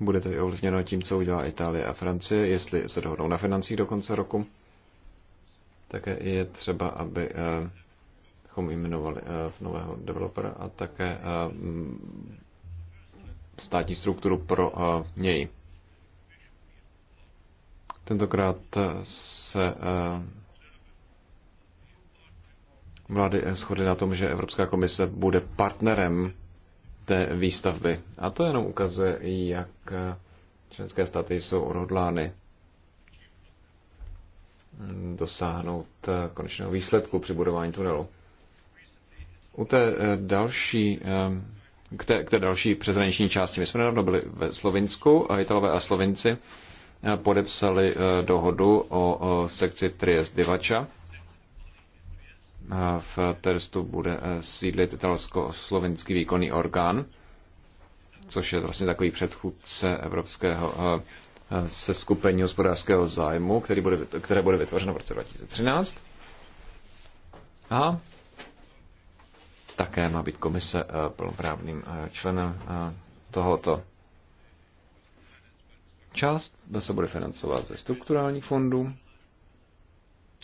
bude tedy ovlivněno tím, co udělá Itálie a Francie, jestli se dohodnou na financích do konce roku také je třeba, aby eh, chom jmenovali eh, nového developera a také eh, mm, státní strukturu pro něj. Tentokrát se vlády shodly na tom, že Evropská komise bude partnerem té výstavby. A to jenom ukazuje, jak členské státy jsou odhodlány dosáhnout eh, konečného výsledku při budování tunelu. U té eh, další, eh, k té, k té další přeshraniční části, my jsme nedávno byli ve Slovinsku a Italové a Slovinci podepsali dohodu o sekci Triest Divača. V Terstu bude sídlit italsko-slovinský výkonný orgán, což je vlastně takový předchůdce Evropského se skupení hospodářského zájmu, který bude, které bude vytvořeno v roce 2013. A také má být komise eh, plnoprávným eh, členem eh, tohoto. Část se bude financovat ze strukturálních fondů,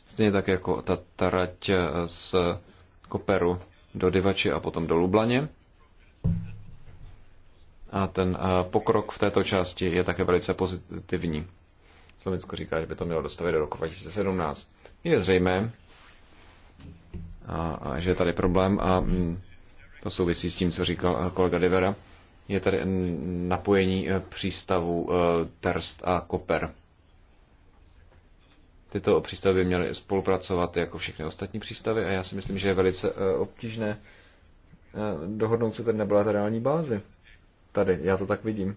stejně tak jako ta tarať z Koperu do Divači a potom do Lublaně. A ten eh, pokrok v této části je také velice pozitivní. Slovensko říká, že by to mělo dostavit do roku 2017. Je zřejmé, a, a že je tady problém a mm, to souvisí s tím, co říkal eh, kolega Divera. Je tady napojení eh, přístavů Terst a Koper. Tyto přístavy by měly spolupracovat jako všechny ostatní přístavy a já si myslím, že je velice obtížné dohodnout se tady na bilaterální bázi tady. Já to tak vidím.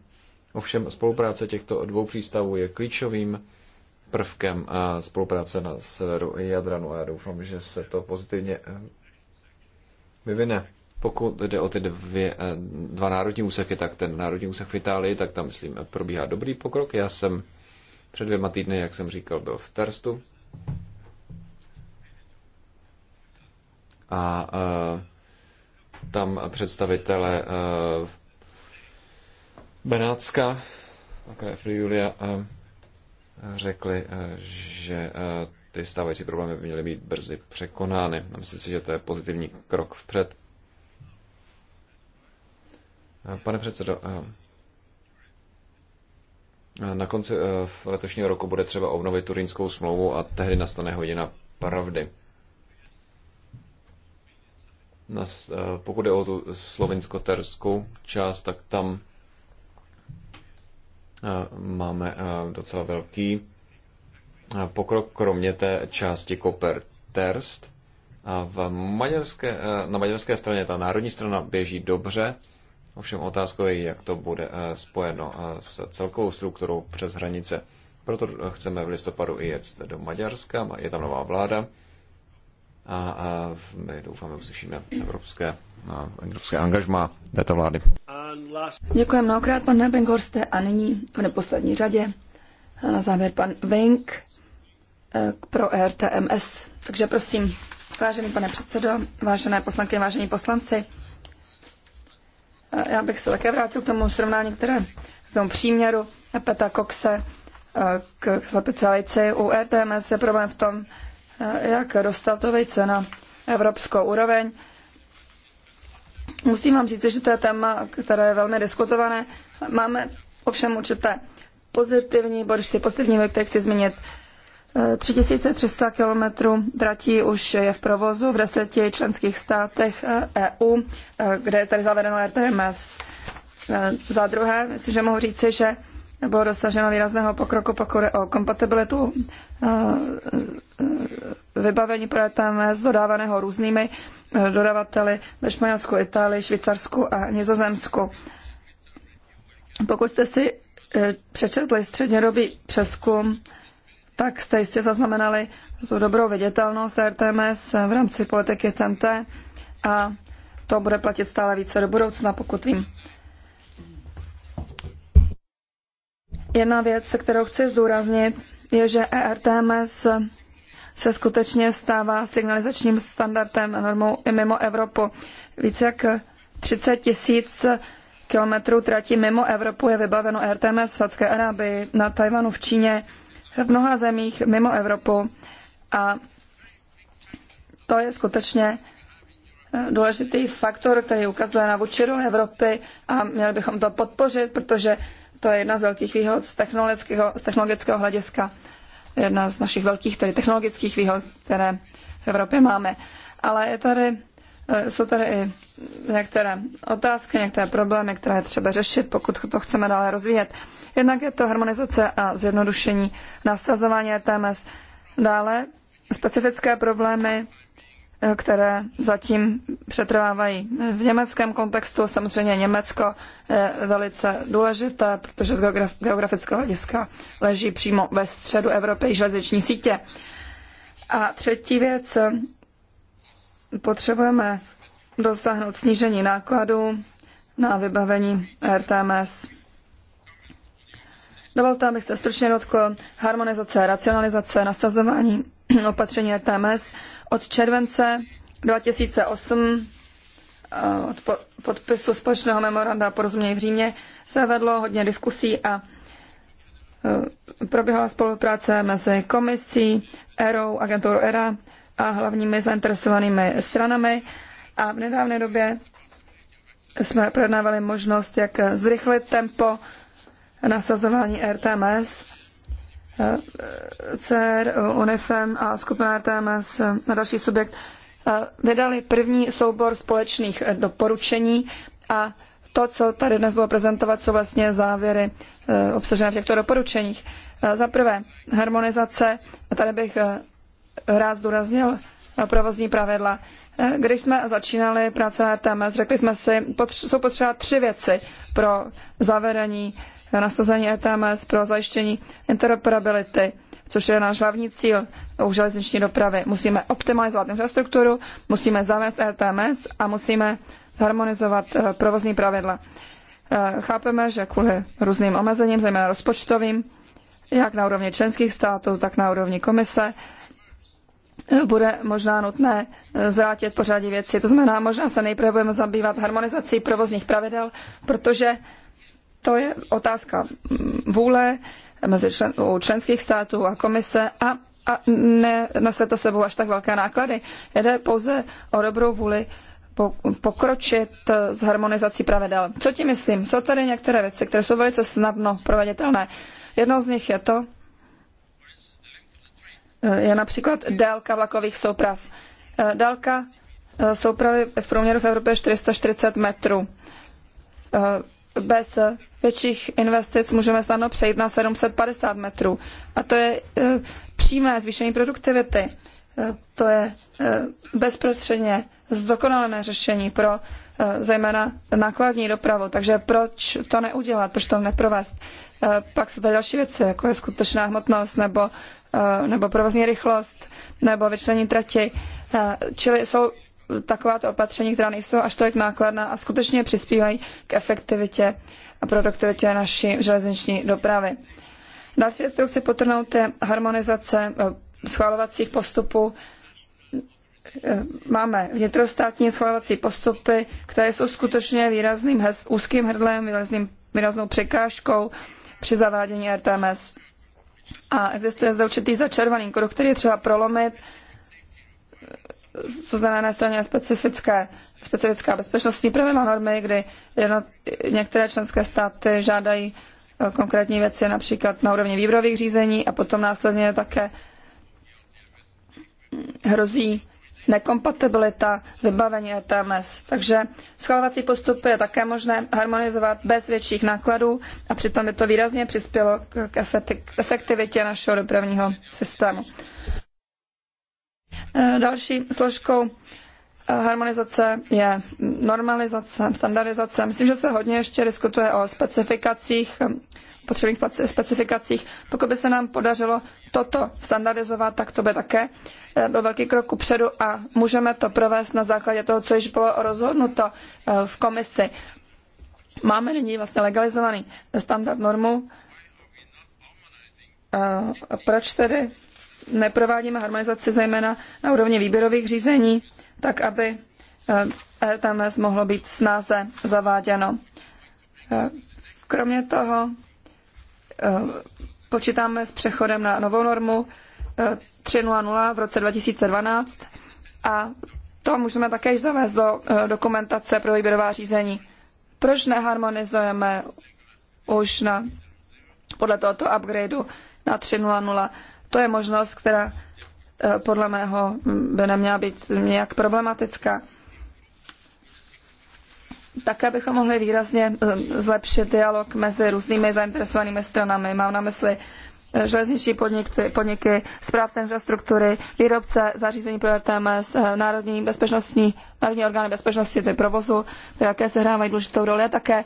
Ovšem spolupráce těchto dvou přístavů je klíčovým prvkem a spolupráce na severu i Jadranu a já doufám, že se to pozitivně eh, vyvine. Pokud jde o ty dvě, eh, dva národní úseky, tak ten národní úsek v Itálii, tak tam, myslím, probíhá dobrý pokrok. Já jsem před dvěma týdny, jak jsem říkal, byl v Terstu. A, a eh, tam představitele a, Benátska a kraje Julia eh, řekli, eh, že eh, ty stávající problémy by měly být brzy překonány. myslím si, že to je pozitivní krok vpřed. Pane předsedo, na konci letošního roku bude třeba obnovit turínskou smlouvu a tehdy nastane hodina pravdy. Pokud je o tu slovinsko-terskou část, tak tam Eh, máme eh, docela velký eh, pokrok, kromě té části Koper-Terst A v maďarské, na maďarské straně ta národní strana běží dobře, ovšem otázkou je, jak to bude spojeno s celkovou strukturou přes hranice. Proto chceme v listopadu i jet do Maďarska, je tam nová vláda a, a my doufáme, uslyšíme evropské, evropské angažma této vlády. Děkuji mnohokrát, pan Nebenghorste, a nyní v neposlední řadě eh, na závěr pan Vink eh, pro e RTMS. Takže prosím, vážený pane předsedo, vážené poslanky, vážení poslanci, eh, já bych se také vrátil k tomu srovnání, které k tomu příměru Peta Coxe k slepice celici U e RTMS je problém v tom, jak dostat to vejce na evropskou úroveň. Musím vám říct, že to je téma, které je velmi diskutované. Máme ovšem určité pozitivní, bo pozitivní pozitivní, které chci zmínit. 3300 eh, kilometrů tratí už je v provozu v deseti členských státech EU, eh, e eh, kde je tady zavedeno RTMS. Za druhé, myslím, že mohu říci, že bylo dosaženo výrazného pokroku, pokud o kompatibilitu eh, eh, vybavení pro z dodávaného různými eh, dodavateli ve Španělsku, Itálii, Švýcarsku a Nizozemsku. Pokud jste si přečetli střednědobý přeskum, tak jste jistě zaznamenali tu dobrou viditelnost RTMS v rámci politiky TNT a to bude platit stále více do budoucna, pokud vím. Jedna věc, kterou chci zdůraznit, je, že ERTMS se skutečně stává signalizačním standardem a normou i mimo Evropu. Více jak 30 tisíc kilometrů tratí mimo Evropu je vybaveno e RTMS v Sadské Arábii, na Tajvanu, v Číně, v mnoha zemích mimo Evropu. A to je skutečně eh, důležitý faktor, který ukazuje na vůči Evropy a měli bychom to podpořit, protože to je jedna z velkých výhod z technologického, z technologického hlediska. Jedna z našich velkých tedy technologických výhod, které v Evropě máme. Ale je tady, eh, jsou tady i některé otázky, některé problémy, které je třeba řešit, pokud to chceme dále rozvíjet. Jednak je to harmonizace a zjednodušení nasazování RTMS. E dále specifické problémy které zatím přetrvávají. V německém kontextu samozřejmě Německo je velice důležité, protože z geografického hlediska leží přímo ve středu Evropy železniční sítě. A třetí věc, potřebujeme dosáhnout snížení nákladů na vybavení RTMS. Dovolte, abych se stručně dotkl harmonizace, racionalizace, nasazování opatření RTMS od července 2008 eh, od podpisu společného memoranda a porozumění v Římě se vedlo hodně diskusí a eh, proběhla spolupráce mezi komisí, ERou, agenturou ERA a hlavními zainteresovanými stranami. A v nedávné době jsme projednávali možnost, jak zrychlit tempo nasazování RTMS CER, UNIFEM a skupina RTMS a další subjekt eh, vydali první soubor společných eh, doporučení a to, co tady dnes bylo prezentovat, jsou vlastně závěry eh, obsažené v těchto doporučeních. Za prvé, harmonizace, tady bych rád zdůraznil provozní pravidla. Když jsme začínali práce na RTMS, řekli jsme si, jsou potřeba tři věci pro zavedení nasazení ETMS pro zajištění interoperability, což je náš hlavní cíl u železniční dopravy. Musíme optimalizovat infrastrukturu, musíme zavést ETMS a musíme harmonizovat eh, provozní pravidla. Eh, chápeme, že kvůli různým omezením, zejména rozpočtovým, jak na úrovni členských států, tak na úrovni komise, eh, bude možná nutné zrátit pořadí věci. To znamená, možná se nejprve budeme zabývat harmonizací provozních pravidel, protože to je otázka vůle mezi člen, u členských států a komise a, a nese to sebou až tak velké náklady. Jde pouze o dobrou vůli pokročit s harmonizací pravidel. Co tím myslím? Jsou tady některé věci, které jsou velice snadno proveditelné. Jednou z nich je to, je například délka vlakových souprav. Délka soupravy v průměru v Evropě 440 metrů. Bez větších investic můžeme snadno přejít na 750 metrů. A to je eh, přímé zvýšení produktivity. Eh, to je eh, bezprostředně zdokonalené řešení pro zejména nákladní dopravu. Takže proč to neudělat, proč to neprovést? Pak jsou tady další věci, jako je skutečná hmotnost nebo, nebo provozní rychlost nebo vyčlení trati. Čili jsou takováto opatření, která nejsou až tolik nákladná a skutečně přispívají k efektivitě produktivitě naší železniční dopravy. Další věc, kterou chci potrhnout, je harmonizace eh, schvalovacích postupů. Eh, máme vnitrostátní schvalovací postupy, které jsou skutečně výrazným hez, úzkým hrdlem, výrazným, výraznou překážkou při zavádění RTMS. A existuje zde určitý začervaný kruh, který je třeba prolomit jsou na jedné straně specifické, specifická bezpečnostní pravidla normy, kdy jedno, některé členské státy žádají eh, konkrétní věci například na úrovni výběrových řízení a potom následně také hrozí nekompatibilita vybavení ETMS. Takže schvalovací postupy je také možné harmonizovat bez větších nákladů a přitom by to výrazně přispělo k efektivitě našeho dopravního systému. Eh, další složkou eh, harmonizace je normalizace, standardizace. Myslím, že se hodně ještě diskutuje o specifikacích, eh, potřebných specifikacích. Pokud by se nám podařilo toto standardizovat, tak to by také byl velký krok kupředu a můžeme to provést na základě toho, co již bylo rozhodnuto v komisi. Máme nyní vlastně legalizovaný standard normu. Proč tedy neprovádíme harmonizaci zejména na úrovni výběrových řízení, tak aby ETMS eh, e, mohlo být snáze zaváděno. Eh, kromě toho eh, počítáme s přechodem na novou normu 3.0.0 v roce 2012 a to můžeme také zavést do dokumentace pro výběrová řízení. Proč neharmonizujeme už na, podle tohoto upgradeu na 3.0.0? to je možnost, která eh, podle mého by neměla být nějak problematická. Také bychom mohli výrazně eh, zlepšit dialog mezi různými zainteresovanými stranami. Mám na mysli eh, železniční podniky, podniky správce infrastruktury, výrobce zařízení pro RTMS, národní, bezpečnostní, národní orgány bezpečnosti, ty provozu, které se hrávají důležitou roli a také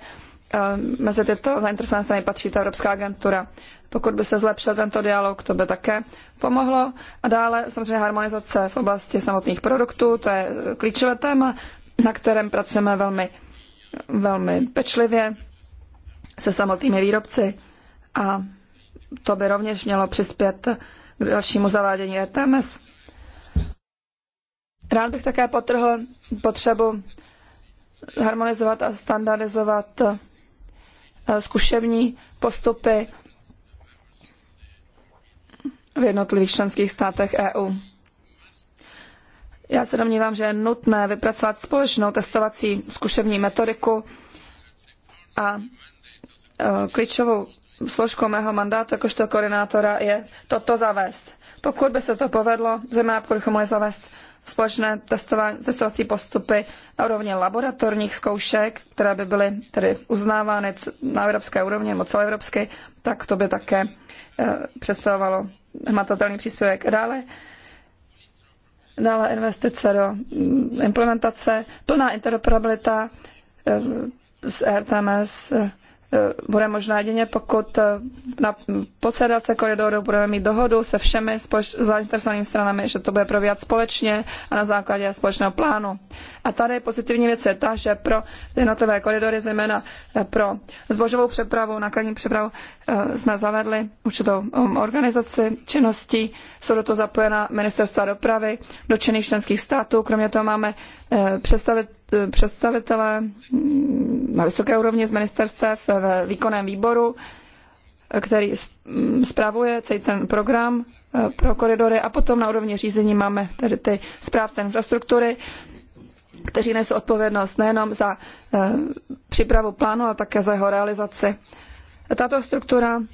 Eh, mezi tyto zainteresované strany patří ta Evropská agentura. Pokud by se zlepšil tento dialog, to by také pomohlo. A dále samozřejmě harmonizace v oblasti samotných produktů, to je klíčové téma, na kterém pracujeme velmi, velmi pečlivě se samotnými výrobci a to by rovněž mělo přispět k dalšímu zavádění RTMS. Rád bych také potrhl potřebu harmonizovat a standardizovat eh, zkušební postupy v jednotlivých členských státech EU. Já se domnívám, že je nutné vypracovat společnou testovací zkušební metodiku a eh, klíčovou složkou mého mandátu jakožto koordinátora je toto zavést. Pokud by se to povedlo, zejména pokud bychom mohli zavést společné testování, testovací postupy na úrovni laboratorních zkoušek, které by byly tedy uznávány na evropské úrovni nebo celoevropsky, tak to by také eh, představovalo hmatatelný příspěvek. Dále dále investice do mm, implementace, plná interoperabilita eh, s RTMS, eh, Eh, bude možná jedině, pokud eh, na podsedace koridoru budeme mít dohodu se všemi společ- zainteresovanými stranami, že to bude probíhat společně a na základě společného plánu. A tady pozitivní věc je ta, že pro jednotlivé koridory, zejména eh, pro zbožovou přepravu, nákladní přepravu, jsme zavedli určitou um, organizaci činností. Jsou do toho zapojena ministerstva dopravy, dotčených členských států. Kromě toho máme Eh, představit, eh, představitele mm, na vysoké úrovni z ministerstev eh, ve výkonném výboru, který zpravuje mm, celý ten program pro koridory a potom na úrovni řízení máme tedy ty správce infrastruktury, kteří nesou odpovědnost nejenom za přípravu plánu, ale také za jeho realizaci. Tato struktura mm,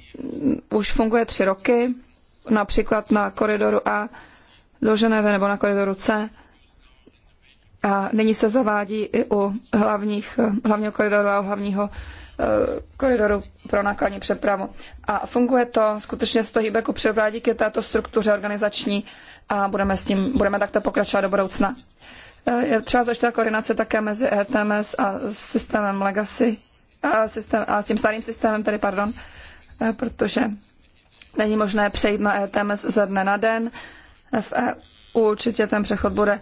už funguje tři roky, například na koridoru A do Ženevy nebo na koridoru C a nyní se zavádí i u hlavních, hlavního koridoru a hlavního eh, koridoru pro nákladní přepravu. A funguje to, skutečně se to hýbe ku díky této struktuře organizační a budeme, s tím, budeme takto pokračovat do budoucna. Eh, je třeba zaštita koordinace také mezi ETMS a systémem Legacy a, systém, a s tím starým systémem, tedy pardon, eh, protože není možné přejít na ETMS ze dne na den. V EU určitě ten přechod bude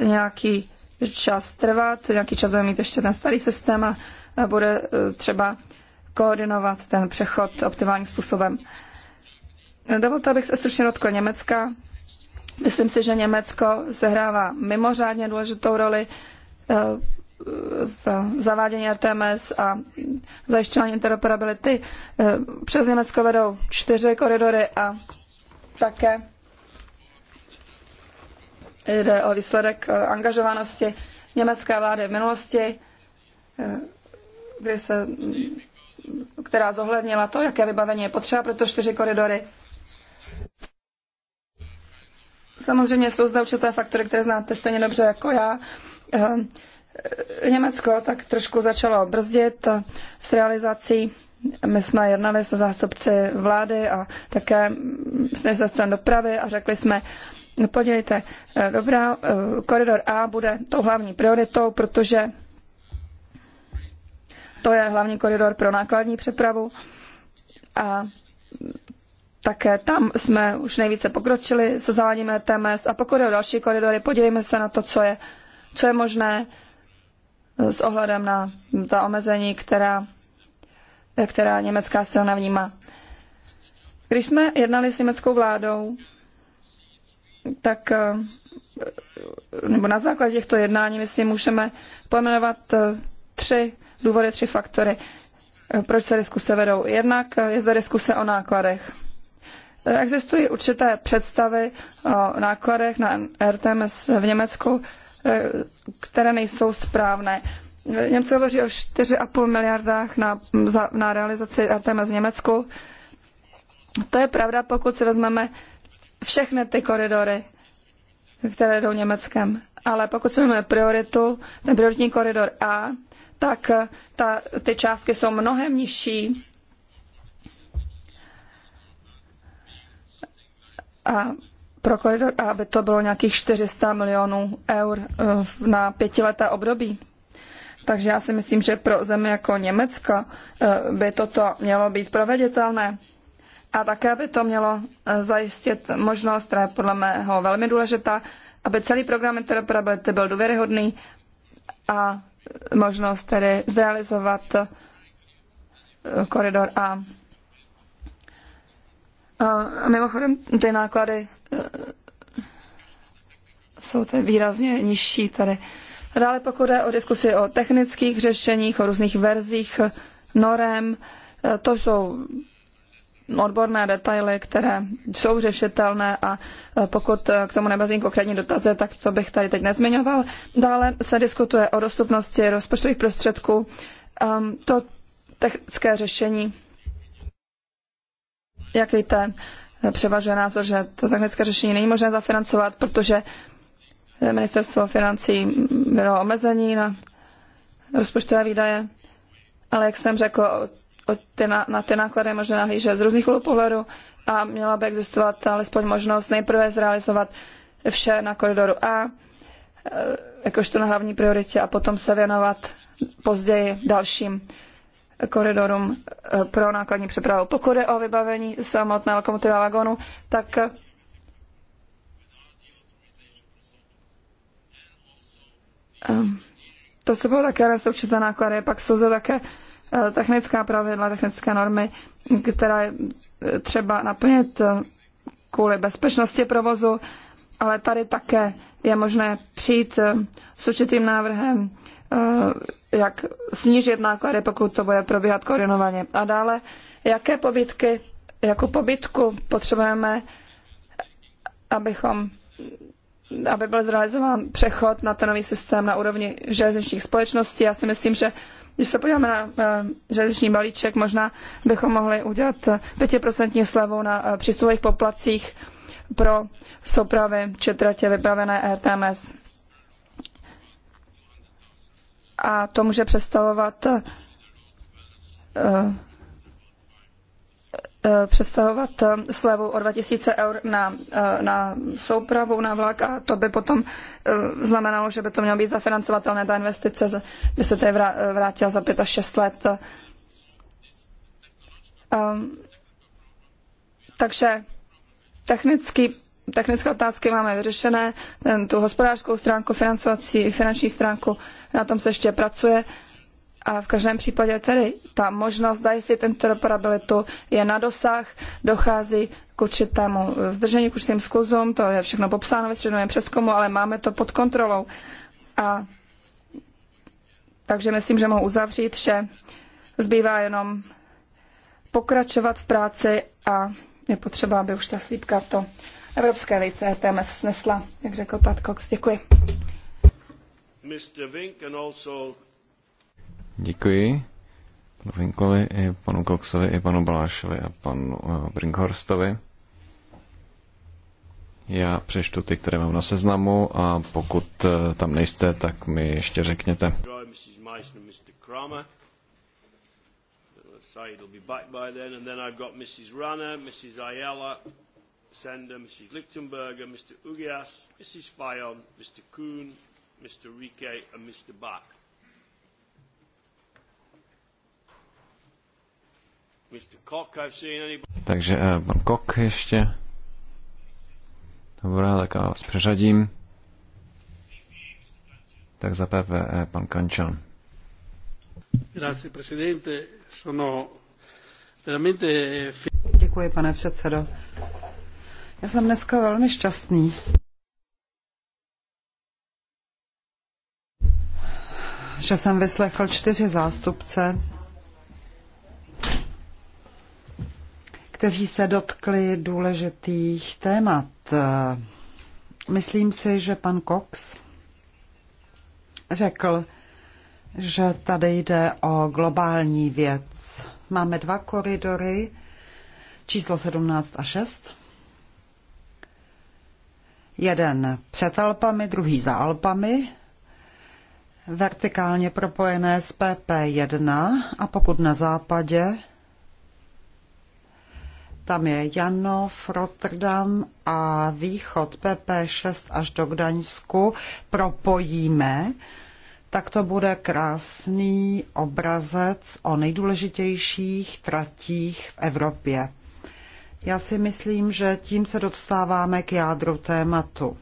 nějaký čas trvat, nějaký čas bude mít ještě ten starý systém a bude e, třeba koordinovat ten přechod optimálním způsobem. Dovolte, abych se stručně dotkl Německa. Myslím si, že Německo sehrává mimořádně důležitou roli e, v zavádění RTMS a zajišťování interoperability. E, přes Německo vedou čtyři koridory a také Jde o výsledek eh, angažovanosti německé vlády v minulosti, eh, kdy se, mm, která zohlednila to, jaké vybavení je potřeba pro to čtyři koridory. Samozřejmě jsou zde určité faktory, které znáte stejně dobře jako já. Eh, Německo tak trošku začalo brzdit s realizací. My jsme jednali se zástupci vlády a také s ministerstvem dopravy a řekli jsme, Podívejte, eh, dobrá, eh, koridor A bude tou hlavní prioritou, protože to je hlavní koridor pro nákladní přepravu a také tam jsme už nejvíce pokročili se zaváděním TMS a pokud je o další koridory, podívejme se na to, co je, co je možné eh, s ohledem na ta omezení, která, která německá strana vnímá. Když jsme jednali s německou vládou, tak eh, nebo na základě těchto jednání, myslím, můžeme pojmenovat eh, tři důvody, tři faktory, eh, proč se diskuse vedou. Jednak je zde diskuse o nákladech. Existují určité představy o nákladech na RTMS v Německu, které nejsou správné. Němci hovoří o 4,5 miliardách na, na realizaci RTMS v Německu. To je pravda, pokud si vezmeme všechny ty koridory, které jdou Německem. Ale pokud jsme měli prioritu, ten prioritní koridor A, tak eh, ta, ty částky jsou mnohem nižší. A pro koridor A by to bylo nějakých 400 milionů eur eh, na pětileté období. Takže já si myslím, že pro země jako Německo eh, by toto mělo být proveditelné. A také by to mělo eh, zajistit možnost, která je podle mého velmi důležitá, aby celý program interoperability byl důvěryhodný a možnost tedy zrealizovat eh, koridor A. A mimochodem, ty náklady eh, jsou tedy výrazně nižší tady. Dále pokud jde o diskusi o technických řešeních, o různých verzích norem, to jsou odborné detaily, které jsou řešitelné a e, pokud e, k tomu nebezvím konkrétní dotazy, tak to bych tady teď nezmiňoval. Dále se diskutuje o dostupnosti rozpočtových prostředků. Ehm, to technické řešení, jak víte, převažuje názor, že to technické řešení není možné zafinancovat, protože e, ministerstvo financí bylo omezení na rozpočtové výdaje. Ale jak jsem řekl, na, ty náklady možná nahlížet z různých pohledu a měla by existovat alespoň možnost nejprve zrealizovat vše na koridoru A, eh, jakožto na hlavní prioritě, a potom se věnovat později dalším koridorům eh, pro nákladní přepravu. Pokud je o vybavení samotné lokomotivy a vagonu, tak eh, to se bylo také určité náklady, pak jsou zde také Eh, technická pravidla, technické normy, které třeba naplnit eh, kvůli bezpečnosti provozu, ale tady také je možné přijít eh, s určitým návrhem, jak snížit náklady, pokud to bude probíhat koordinovaně. A dále, jaké pobytky, jako pobytku potřebujeme, abychom aby byl zrealizován přechod na ten nový systém na úrovni železničních společností. Já si myslím, že když se podíváme na uh, železniční balíček, možná bychom mohli udělat 5% eh, slevu na uh, přístupových poplacích pro soupravy či tratě RTMS. A to může představovat uh, Eh, představovat eh, slevu o 2000 eur na, eh, na soupravu na vlak a to by potom znamenalo, že by to mělo být zafinancovatelné, ta investice by se tedy vrátila za 5 až 6 let. Ehm, takže technicky, technické otázky máme vyřešené, tu hospodářskou stránku, financovací, finanční stránku, na tom se ještě pracuje. A v každém případě tedy ta možnost zajistit interoperabilitu je na dosah, dochází k určitému zdržení, k určitým skluzům, to je všechno popsáno ve středovém přeskumu, ale máme to pod kontrolou. A takže myslím, že mohu uzavřít, že zbývá jenom pokračovat v práci a je potřeba, aby už ta slípka to evropské vejce ETMS snesla, jak řekl Pat Cox. Děkuji. Děkuji panu Vinklovi, i panu Koksovi, i panu Balášovi a panu Brinkhorstovi. Já přečtu ty, které mám na seznamu a pokud tam nejste, tak mi ještě řekněte. Sender, Mrs. Lichtenberger, Mr. Ugias, Mrs. Fayon, Mr. Kuhn, Mr. Rike, and Mr. Bach. Takže eh, pan Kok ještě. Dobrá, tak já vás přeřadím. Tak za PPE pan Kančan. Děkuji, pane předsedo. Já jsem dneska velmi šťastný. že jsem vyslechl čtyři zástupce kteří se dotkli důležitých témat. Myslím si, že pan Cox řekl, že tady jde o globální věc. Máme dva koridory, číslo 17 a 6. Jeden před Alpami, druhý za Alpami, vertikálně propojené s PP1 a pokud na západě, tam je Janov, Rotterdam a východ PP6 až do Gdaňsku propojíme, tak to bude krásný obrazec o nejdůležitějších tratích v Evropě. Já si myslím, že tím se dostáváme k jádru tématu.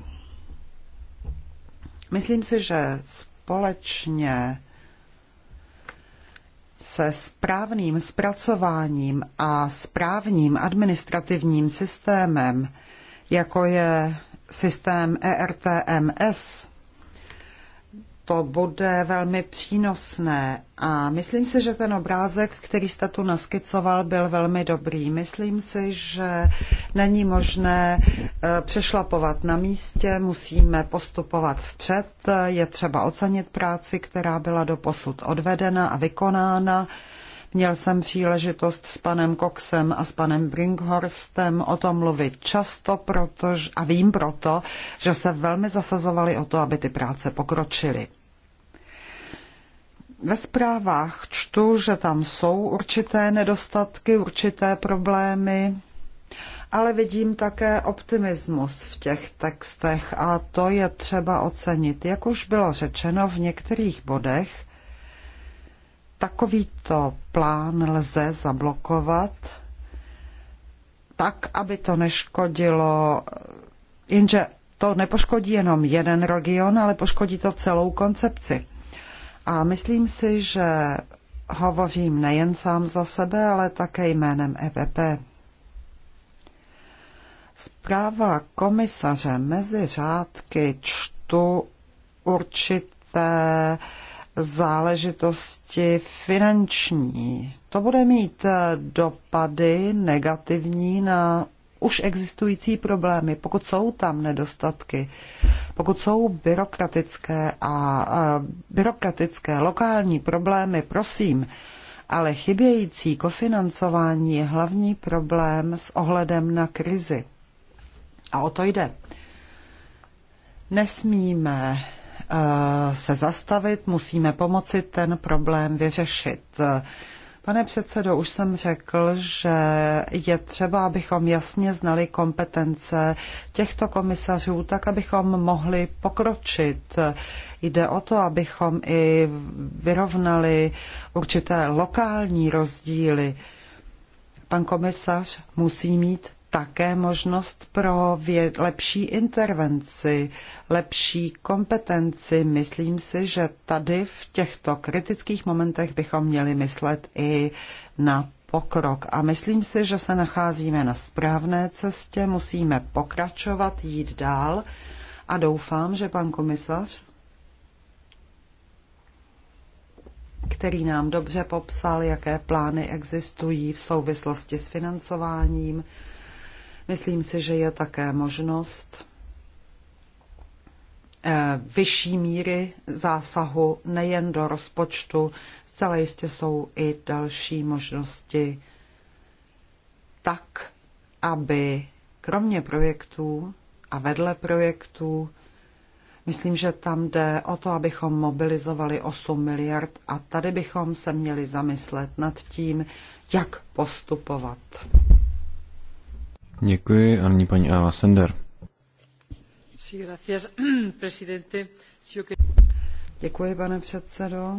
Myslím si, že společně se správným zpracováním a správním administrativním systémem, jako je systém ERTMS, to bude velmi přínosné a myslím si, že ten obrázek, který jste tu naskicoval, byl velmi dobrý. Myslím si, že není možné eh, přešlapovat na místě, musíme postupovat vpřed, je třeba ocenit práci, která byla doposud odvedena a vykonána. Měl jsem příležitost s panem Coxem a s panem Brinkhorstem o tom mluvit často protože, a vím proto, že se velmi zasazovali o to, aby ty práce pokročily ve zprávách čtu, že tam jsou určité nedostatky, určité problémy, ale vidím také optimismus v těch textech a to je třeba ocenit. Jak už bylo řečeno, v některých bodech takovýto plán lze zablokovat tak, aby to neškodilo, jenže to nepoškodí jenom jeden region, ale poškodí to celou koncepci. A myslím si, že hovořím nejen sám za sebe, ale také jménem EPP. Zpráva komisaře mezi řádky čtu určité záležitosti finanční. To bude mít dopady negativní na už existující problémy, pokud jsou tam nedostatky, pokud jsou byrokratické a, a byrokratické lokální problémy, prosím, ale chybějící kofinancování je hlavní problém s ohledem na krizi. A o to jde. Nesmíme uh, se zastavit, musíme pomoci ten problém vyřešit. Uh, Pane předsedo, už jsem řekl, že je třeba, abychom jasně znali kompetence těchto komisařů, tak abychom mohli pokročit. Jde o to, abychom i vyrovnali určité lokální rozdíly. Pan komisař musí mít také možnost pro lepší intervenci, lepší kompetenci. Myslím si, že tady v těchto kritických momentech bychom měli myslet i na pokrok. A myslím si, že se nacházíme na správné cestě, musíme pokračovat, jít dál. A doufám, že pan komisař, který nám dobře popsal, jaké plány existují v souvislosti s financováním, Myslím si, že je také možnost eh, vyšší míry zásahu nejen do rozpočtu, zcela jistě jsou i další možnosti tak, aby kromě projektů a vedle projektů, myslím, že tam jde o to, abychom mobilizovali 8 miliard a tady bychom se měli zamyslet nad tím, jak postupovat. Děkuji a nyní paní Ava Sender. Děkuji, pane předsedo.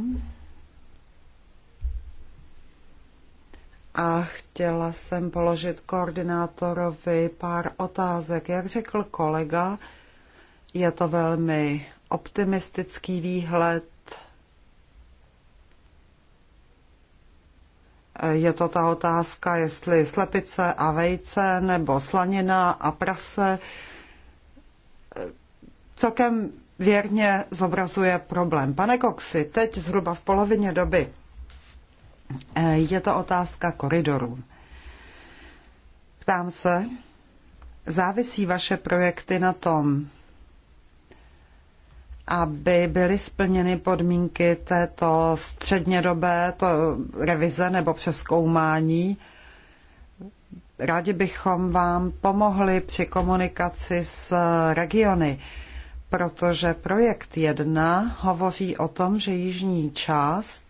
A chtěla jsem položit koordinátorovi pár otázek. Jak řekl kolega, je to velmi optimistický výhled Je to ta otázka, jestli slepice a vejce nebo slanina a prase celkem věrně zobrazuje problém. Pane Koksi, teď zhruba v polovině doby je to otázka koridorů. Ptám se, závisí vaše projekty na tom, aby byly splněny podmínky této střednědobé to revize nebo přeskoumání. Rádi bychom vám pomohli při komunikaci s regiony, protože projekt 1 hovoří o tom, že jižní část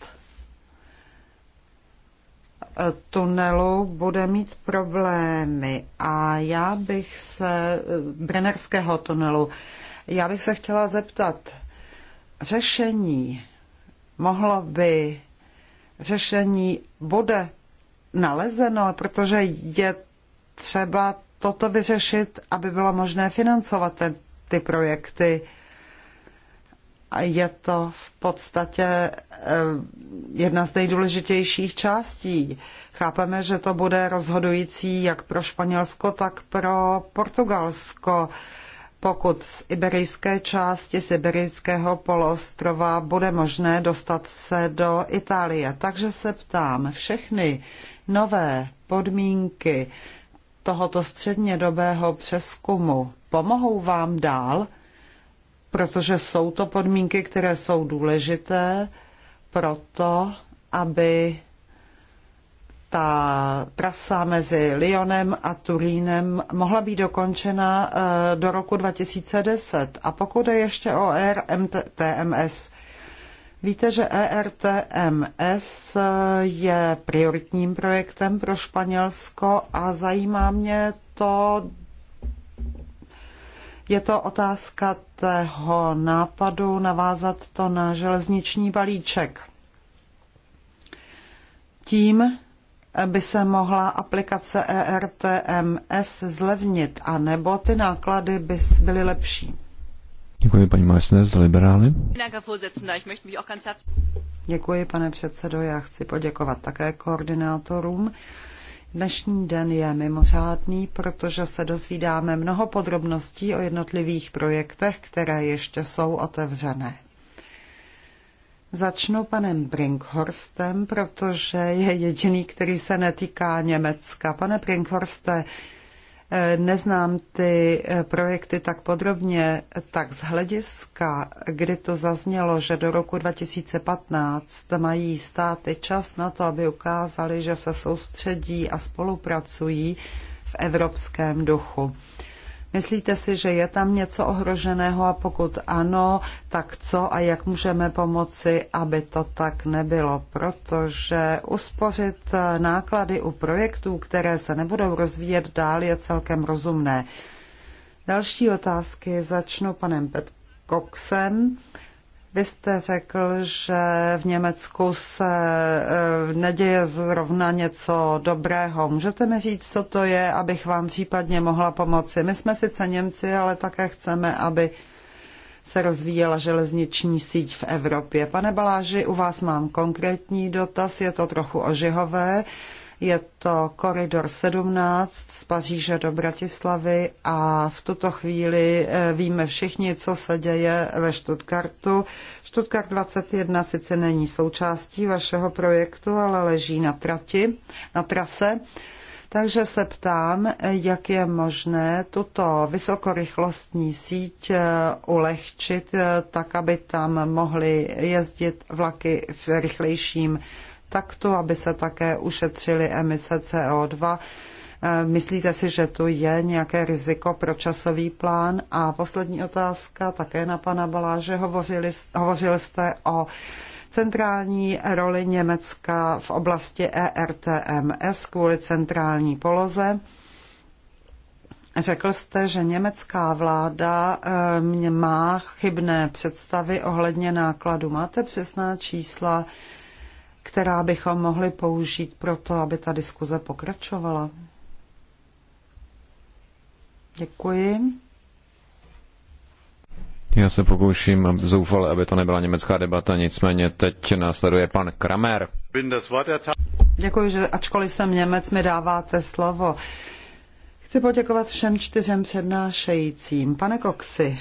tunelu bude mít problémy a já bych se Brennerského tunelu já bych se chtěla zeptat, řešení mohlo by, řešení bude nalezeno, protože je třeba toto vyřešit, aby bylo možné financovat ten, ty projekty. A je to v podstatě eh, jedna z nejdůležitějších částí. Chápeme, že to bude rozhodující jak pro Španělsko, tak pro Portugalsko. Eh, pokud z iberijské části Sibirijského poloostrova bude možné dostat se do Itálie. Takže se ptám, všechny nové podmínky tohoto střednědobého přeskumu pomohou vám dál, protože jsou to podmínky, které jsou důležité pro to, aby ta trasa mezi Lyonem a Turínem mohla být dokončena eh, do roku 2010. A pokud je ještě o ERTMS, víte, že ERTMS eh, je prioritním projektem pro Španělsko a zajímá mě to, je to otázka toho nápadu navázat to na železniční balíček. Tím, by se mohla aplikace ERTMS zlevnit, anebo ty náklady by byly lepší. Děkuji paní Meissner za liberály. Děkuji, pane předsedo. Já chci poděkovat také koordinátorům. Dnešní den je mimořádný, protože se dozvídáme mnoho podrobností o jednotlivých projektech, které ještě jsou otevřené. Začnu panem Brinkhorstem, protože je jediný, který se netýká Německa. Pane Brinkhorste, eh, neznám ty eh, projekty tak podrobně, tak z hlediska, kdy to zaznělo, že do roku 2015 mají státy čas na to, aby ukázali, že se soustředí a spolupracují v evropském duchu. Myslíte si, že je tam něco ohroženého a pokud ano, tak co a jak můžeme pomoci, aby to tak nebylo? Protože uspořit náklady u projektů, které se nebudou rozvíjet dál, je celkem rozumné. Další otázky začnu panem Petkoxem. Vy jste řekl, že v Německu se eh, neděje zrovna něco dobrého. Můžete mi říct, co to je, abych vám případně mohla pomoci? My jsme sice Němci, ale také chceme, aby se rozvíjela železniční síť v Evropě. Pane Baláži, u vás mám konkrétní dotaz, je to trochu ožihové. Je to koridor 17 z Paříže do Bratislavy a v tuto chvíli eh, víme všichni, co se děje ve Stuttgartu. Stuttgart 21 sice není součástí vašeho projektu, ale leží na trati, na trase. Takže se ptám, jak je možné tuto vysokorychlostní síť eh, ulehčit eh, tak, aby tam mohly jezdit vlaky v rychlejším takto, aby se také ušetřily emise CO2. E, myslíte si, že tu je nějaké riziko pro časový plán? A poslední otázka také na pana Baláže. Hovořili, hovořil jste o centrální roli Německa v oblasti ERTMS kvůli centrální poloze. Řekl jste, že německá vláda e, má chybné představy ohledně nákladu. Máte přesná čísla, která bychom mohli použít pro to, aby ta diskuze pokračovala. Děkuji. Já se pokouším zoufale, aby to nebyla německá debata, nicméně teď následuje pan Kramer. Děkuji, že ačkoliv jsem Němec, mi dáváte slovo. Chci poděkovat všem čtyřem přednášejícím. Pane Koxi.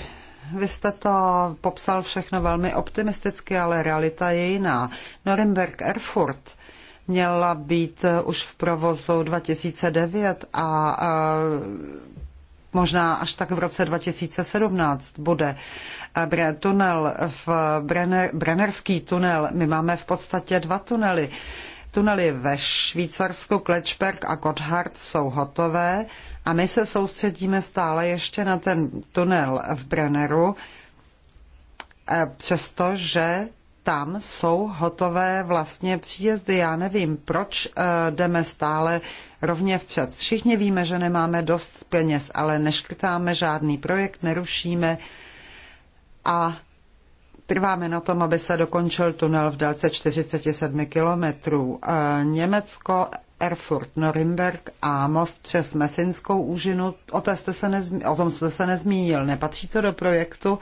Vy jste to popsal všechno velmi optimisticky, ale realita je jiná. Nuremberg Erfurt měla být eh, už v provozu 2009 a eh, možná až tak v roce 2017 bude eh, tunel v Brenner, Brennerský tunel. My máme v podstatě dva tunely. Tunely ve Švýcarsku, Klečberg a Gotthard jsou hotové a my se soustředíme stále ještě na ten tunel v Brenneru, eh, přestože tam jsou hotové vlastně příjezdy. Já nevím, proč eh, jdeme stále rovně vpřed. Všichni víme, že nemáme dost peněz, ale neškrtáme žádný projekt, nerušíme a Trváme na tom, aby se dokončil tunel v délce 47 kilometrů. E, Německo, Erfurt, Norimberg a most přes Mesinskou úžinu, o, té jste se nezmi, o tom jste se nezmínil. Nepatří to do projektu?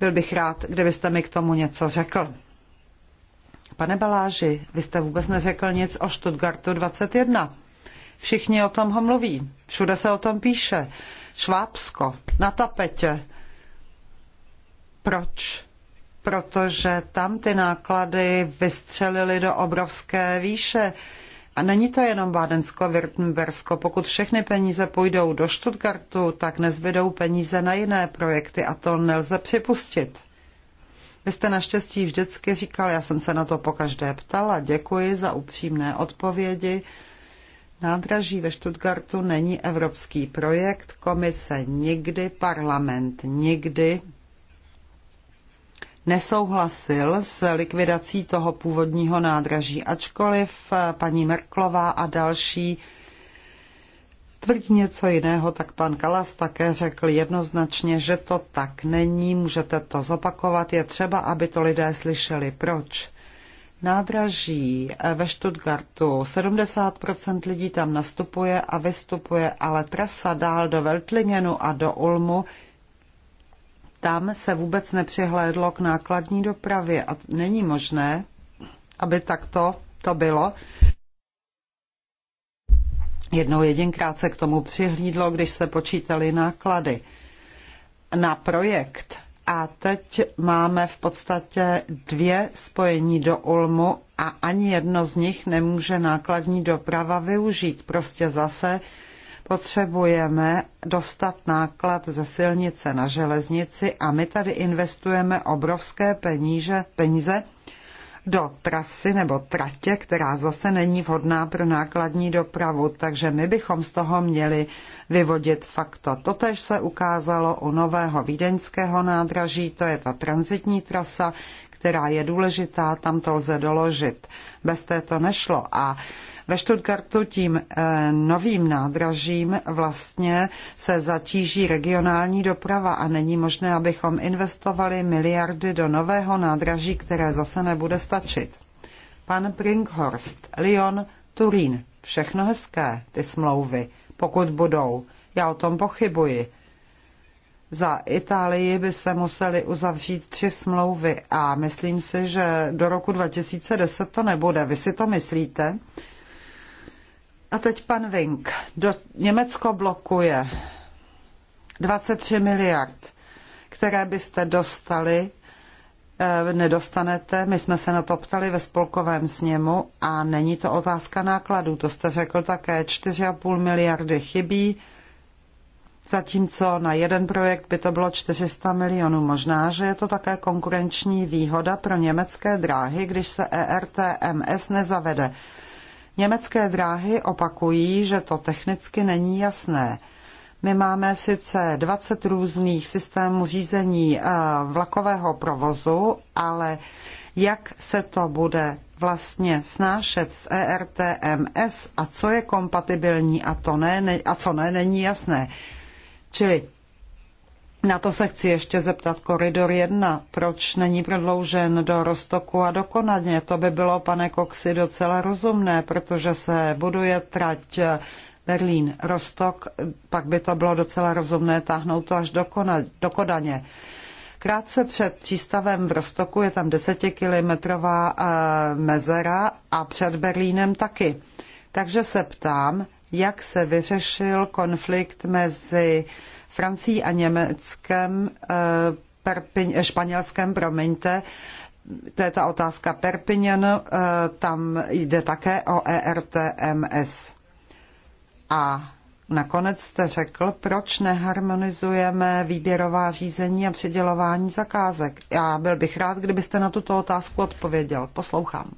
Byl bych rád, kdybyste mi k tomu něco řekl. Pane Baláži, vy jste vůbec neřekl nic o Stuttgartu 21. Všichni o tom ho mluví, všude se o tom píše. Švábsko, na tapetě. Proč protože tam ty náklady vystřelily do obrovské výše. A není to jenom Bádensko-Württembersko. Pokud všechny peníze půjdou do Stuttgartu, tak nezbydou peníze na jiné projekty a to nelze připustit. Vy jste naštěstí vždycky říkal, já jsem se na to pokaždé ptala, děkuji za upřímné odpovědi. Nádraží ve Stuttgartu není evropský projekt, komise nikdy, parlament nikdy nesouhlasil s likvidací toho původního nádraží, ačkoliv eh, paní Merklová a další tvrdí něco jiného, tak pan Kalas také řekl jednoznačně, že to tak není, můžete to zopakovat, je třeba, aby to lidé slyšeli. Proč? Nádraží eh, ve Stuttgartu, 70% lidí tam nastupuje a vystupuje, ale trasa dál do Veltlingenu a do Ulmu tam se vůbec nepřihlédlo k nákladní dopravě a není možné, aby takto to bylo. Jednou jedinkrát se k tomu přihlídlo, když se počítali náklady na projekt. A teď máme v podstatě dvě spojení do Ulmu a ani jedno z nich nemůže nákladní doprava využít. Prostě zase Potřebujeme dostat náklad ze silnice na železnici a my tady investujeme obrovské peníze, peníze do trasy nebo tratě, která zase není vhodná pro nákladní dopravu, takže my bychom z toho měli vyvodit fakto. Totež se ukázalo u nového vídeňského nádraží, to je ta transitní trasa, která je důležitá, tam to lze doložit. Bez té to nešlo. A ve Stuttgartu tím eh, novým nádražím vlastně se zatíží regionální doprava a není možné, abychom investovali miliardy do nového nádraží, které zase nebude stačit. Pan Brinkhorst, Lyon, Turín, všechno hezké, ty smlouvy, pokud budou. Já o tom pochybuji. Za Itálii by se museli uzavřít tři smlouvy a myslím si, že do roku 2010 to nebude. Vy si to myslíte? A teď pan Vink. Do, Německo blokuje 23 miliard, které byste dostali, eh, nedostanete. My jsme se na to ptali ve spolkovém sněmu a není to otázka nákladů. To jste řekl také, 4,5 miliardy chybí, zatímco na jeden projekt by to bylo 400 milionů. Možná, že je to také konkurenční výhoda pro německé dráhy, když se ERTMS nezavede. Německé dráhy opakují, že to technicky není jasné. My máme sice 20 různých systémů řízení eh, vlakového provozu, ale jak se to bude vlastně snášet s ERTMS a co je kompatibilní a, to ne, a co ne, není jasné. Čili na to se chci ještě zeptat. Koridor 1, proč není prodloužen do Rostoku a do To by bylo, pane Koxi docela rozumné, protože se buduje trať eh, Berlín-Rostok, pak by to bylo docela rozumné táhnout to až do, do Kodaně. Krátce před přístavem v Rostoku je tam desetikilometrová eh, mezera a před Berlínem taky. Takže se ptám, jak se vyřešil konflikt mezi uh, Francií a Německem, eh, eh, Španělském, promiňte, to je ta otázka Perpignan, eh, tam jde také o ERTMS. A nakonec jste řekl, proč neharmonizujeme výběrová řízení a přidělování zakázek. Já byl bych rád, kdybyste na tuto otázku odpověděl. Poslouchám.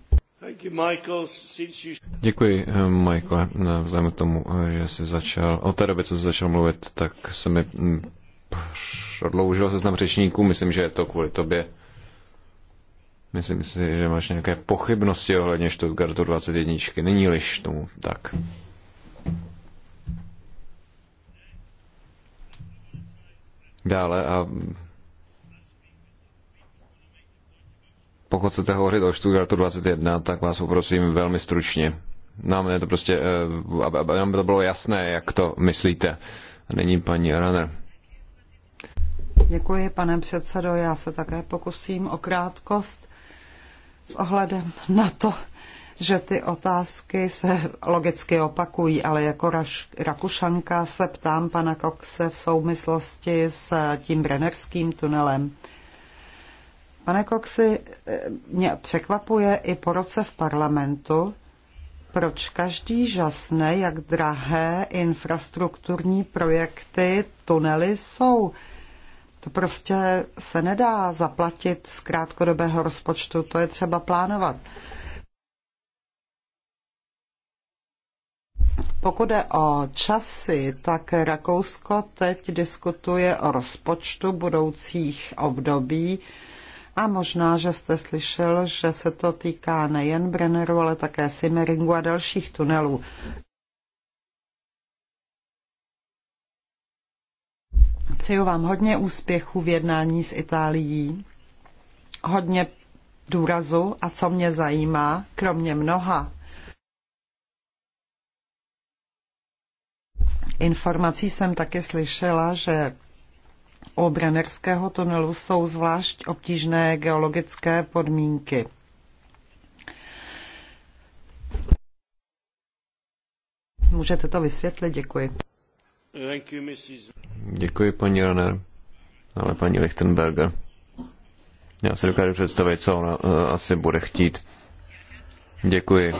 Děkuji, eh, Michael. Vzhledem k tomu, eh, že jsi začal, od té doby, co jsi začal mluvit, tak se mi mm, prodloužil seznam řečníků. Myslím, že je to kvůli tobě. Myslím si, že máš nějaké pochybnosti ohledně Stuttgartu 21. není liš tomu tak. Dále a Pokud chcete hovořit o Stuttgartu 21, tak vás poprosím velmi stručně. Nám no je to prostě, eh, aby, aby nám to bylo jasné, jak to myslíte. Není paní Runner. Děkuji, pane předsedo. Já se také pokusím o krátkost s ohledem na to, že ty otázky se logicky opakují, ale jako Raš, Rakušanka se ptám pana Kokse v souvislosti s tím Brennerským tunelem. Pane Koxy, eh, mě překvapuje i po roce v parlamentu, proč každý žasne, jak drahé infrastrukturní projekty, tunely jsou. To prostě se nedá zaplatit z krátkodobého rozpočtu, to je třeba plánovat. Pokud je o časy, tak Rakousko teď diskutuje o rozpočtu budoucích období a možná, že jste slyšel, že se to týká nejen Brenneru, ale také Simmeringu a dalších tunelů. Přeju vám hodně úspěchu v jednání s Itálií, hodně důrazu a co mě zajímá, kromě mnoha informací jsem také slyšela, že u Brennerského tunelu jsou zvlášť obtížné geologické podmínky. Můžete to vysvětlit? Děkuji. Děkuji, paní Renner. Ale paní Lichtenberger. Já si dokážu představit, co ona eh, asi bude chtít. Děkuji.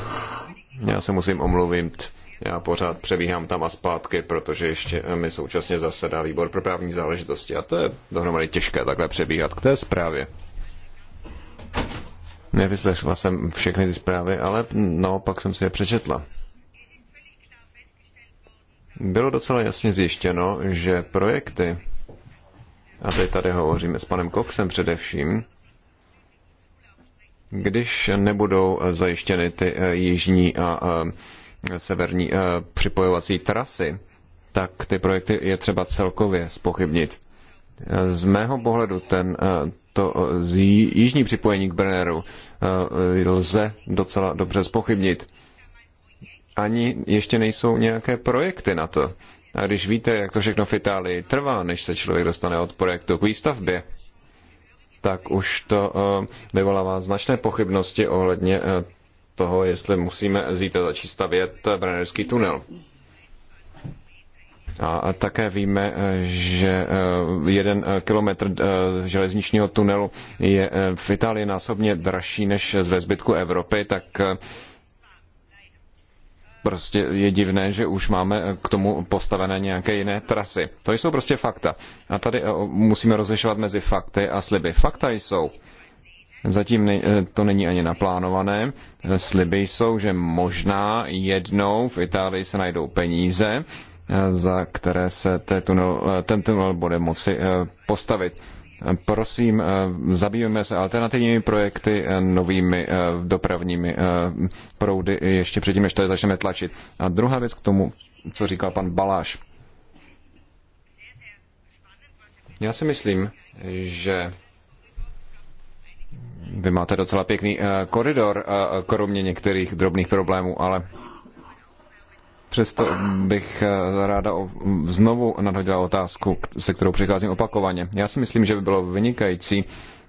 Já se musím omluvit já pořád přebíhám tam a zpátky, protože ještě eh, mi současně zasedá výbor pro právní záležitosti a to je dohromady těžké takhle přebíhat k té zprávě. Nevyslechla jsem všechny ty zprávy, ale naopak jsem si je přečetla. Bylo docela jasně zjištěno, že projekty, a teď tady hovoříme s panem Coxem především, když nebudou zajištěny ty eh, jižní a eh, severní eh, připojovací trasy, tak ty projekty je třeba celkově spochybnit. Z mého pohledu ten, eh, to z jižní připojení k Brenneru eh, lze docela dobře spochybnit. Ani ještě nejsou nějaké projekty na to. A když víte, jak to všechno v Itálii trvá, než se člověk dostane od projektu k výstavbě, tak už to vyvolává značné pochybnosti ohledně toho, jestli musíme zítra začít stavět Brennerský tunel. A také víme, eh, že eh, jeden eh, kilometr železničního tunelu je v Itálii násobně dražší než ve zbytku Evropy, tak prostě je divné, že už máme k tomu postavené nějaké jiné trasy. To jsou prostě fakta. A tady musíme rozlišovat mezi fakty a sliby. Fakta jsou, Zatím eh, to není ani naplánované. Eh, sliby jsou, že možná jednou v Itálii se najdou peníze, eh, za které se tunel, ten tunel bude moci postavit. Prosím, zabývejme se alternativními projekty, novými dopravními proudy ještě předtím, než to začneme tlačit. A druhá věc k tomu, co říkal pan Baláš. Já si myslím, že vy máte docela pěkný eh, koridor, eh, kromě některých drobných problémů, ale přesto bych eh, ráda znovu nadhodila otázku, se kterou přicházím opakovaně. Já si myslím, že by bylo vynikající,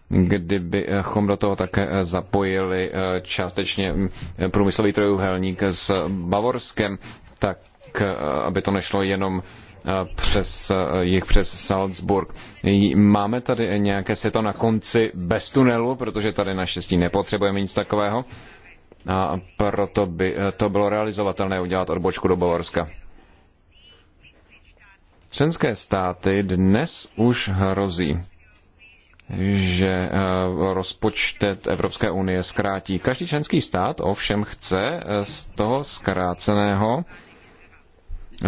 kdybychom do toho také zapojili částečně mm, průmyslový trojuhelník s Bavorskem, tak aby to nešlo jenom přes eh, jich přes Salzburg. Máme tady nějaké světlo na konci bez tunelu, protože tady naštěstí nepotřebujeme nic takového. A proto by eh, to bylo realizovatelné udělat odbočku do Bavorska. Členské státy dnes už hrozí, že eh, rozpočtet Evropské unie zkrátí. Každý členský stát ovšem chce z toho zkráceného Eh,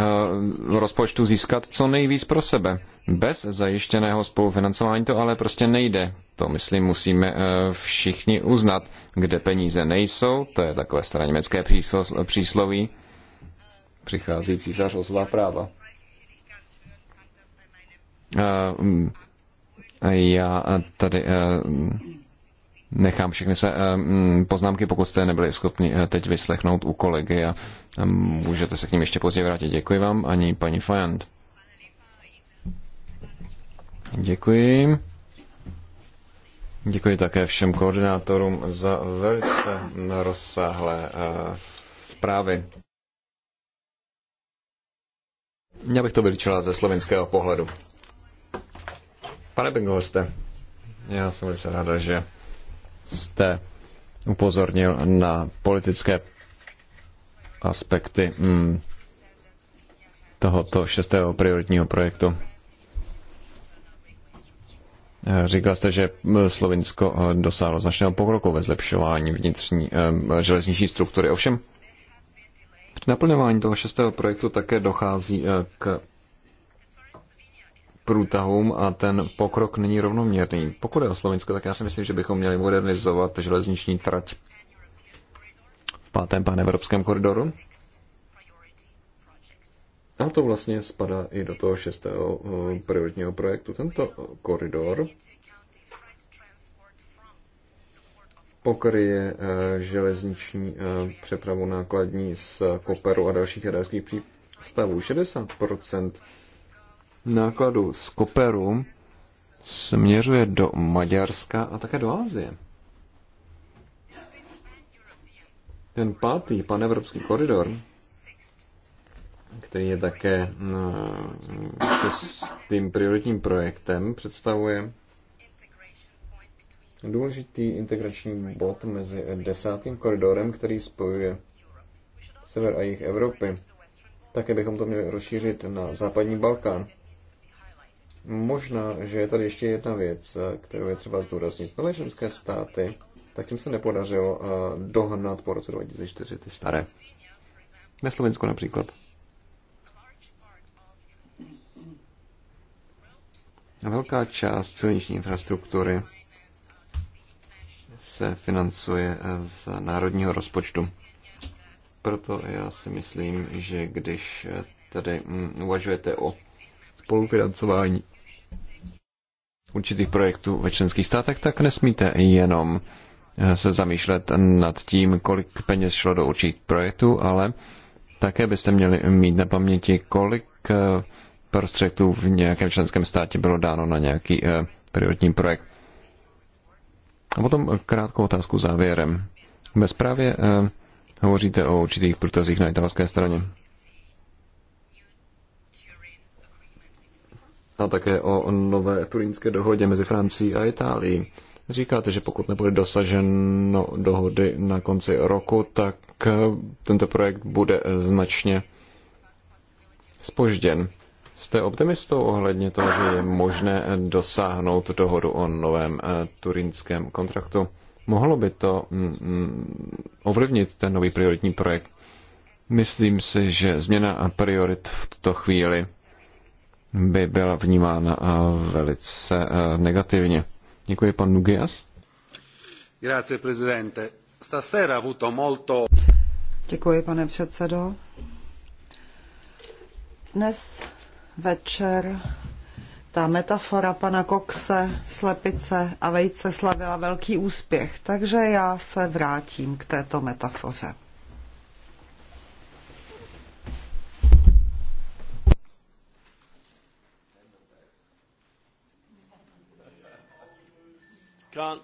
rozpočtu získat co nejvíc pro sebe. Bez zajištěného spolufinancování to ale prostě nejde. To, myslím, musíme eh, všichni uznat. Kde peníze nejsou. to je takové staré německé přísloví. Přichází císař o svá práva. Eh, já tady Nechám všechny své eh, poznámky, pokud jste nebyli schopni eh, teď vyslechnout u kolegy a můžete se k ním ještě později vrátit. Děkuji vám, ani paní Fajant. Děkuji. Děkuji také všem koordinátorům za velice rozsáhlé eh, zprávy. Já bych to vyličila ze slovenského pohledu. Pane jste. já jsem velice ráda, že jste upozornil na politické aspekty mm, tohoto šestého prioritního projektu. Říkal jste, že Slovinsko dosáhlo značného pokroku ve zlepšování vnitřní železniční struktury. Ovšem, při naplňování toho šestého projektu také dochází eh, k průtahům a ten pokrok není rovnoměrný. Pokud je o Slovensko, tak já si myslím, že bychom měli modernizovat železniční trať v pátém panevropském koridoru. A to vlastně spadá i do toho šestého eh, prioritního projektu. Tento koridor pokryje eh, železniční eh, přepravu nákladní z Koperu a dalších jaderských přístavů. 60 nákladu z Koperu směřuje do Maďarska a také do Ázie. Ten pátý panevropský koridor, který je také s tím prioritním projektem, představuje důležitý integrační bod mezi desátým koridorem, který spojuje sever a jih Evropy. Také bychom to měli rozšířit na západní Balkán. Možná, že je tady ještě jedna věc, kterou je třeba zdůraznit. Nové ženské státy, tak tím se nepodařilo eh, dohnat po roce 2004 ty staré. Ve Slovensku například. Velká část silniční infrastruktury se financuje eh, z národního rozpočtu. Proto já si myslím, že když eh, tady mm, uvažujete o spolufinancování určitých projektů ve členských státech, tak nesmíte jenom eh, se zamýšlet nad tím, kolik peněz šlo do určitých projektů, ale také byste měli mít na paměti, kolik eh, prostředků v nějakém členském státě bylo dáno na nějaký eh, prioritní projekt. A potom krátkou otázku závěrem. Ve zprávě hovoříte o určitých průtazích na italské straně. a také o nové turínské dohodě mezi Francií a Itálií. Říkáte, že pokud nebude dosaženo dohody na konci roku, tak eh, tento projekt bude eh, značně spožděn. Jste optimistou ohledně toho, že je možné eh, dosáhnout dohodu o novém turínském kontraktu? Mohlo by to mm, mm, ovlivnit ten nový prioritní projekt? Myslím si, že změna a priorit v tuto chvíli by byla vnímána eh, velice eh, negativně. Děkuji, pan Nugias. Grazie, prezidente. Stasera avuto molto... Děkuji, pane předsedo. Dnes večer ta metafora pana Kokse, slepice a vejce slavila velký úspěch, takže já se vrátím k této metafoře. can't.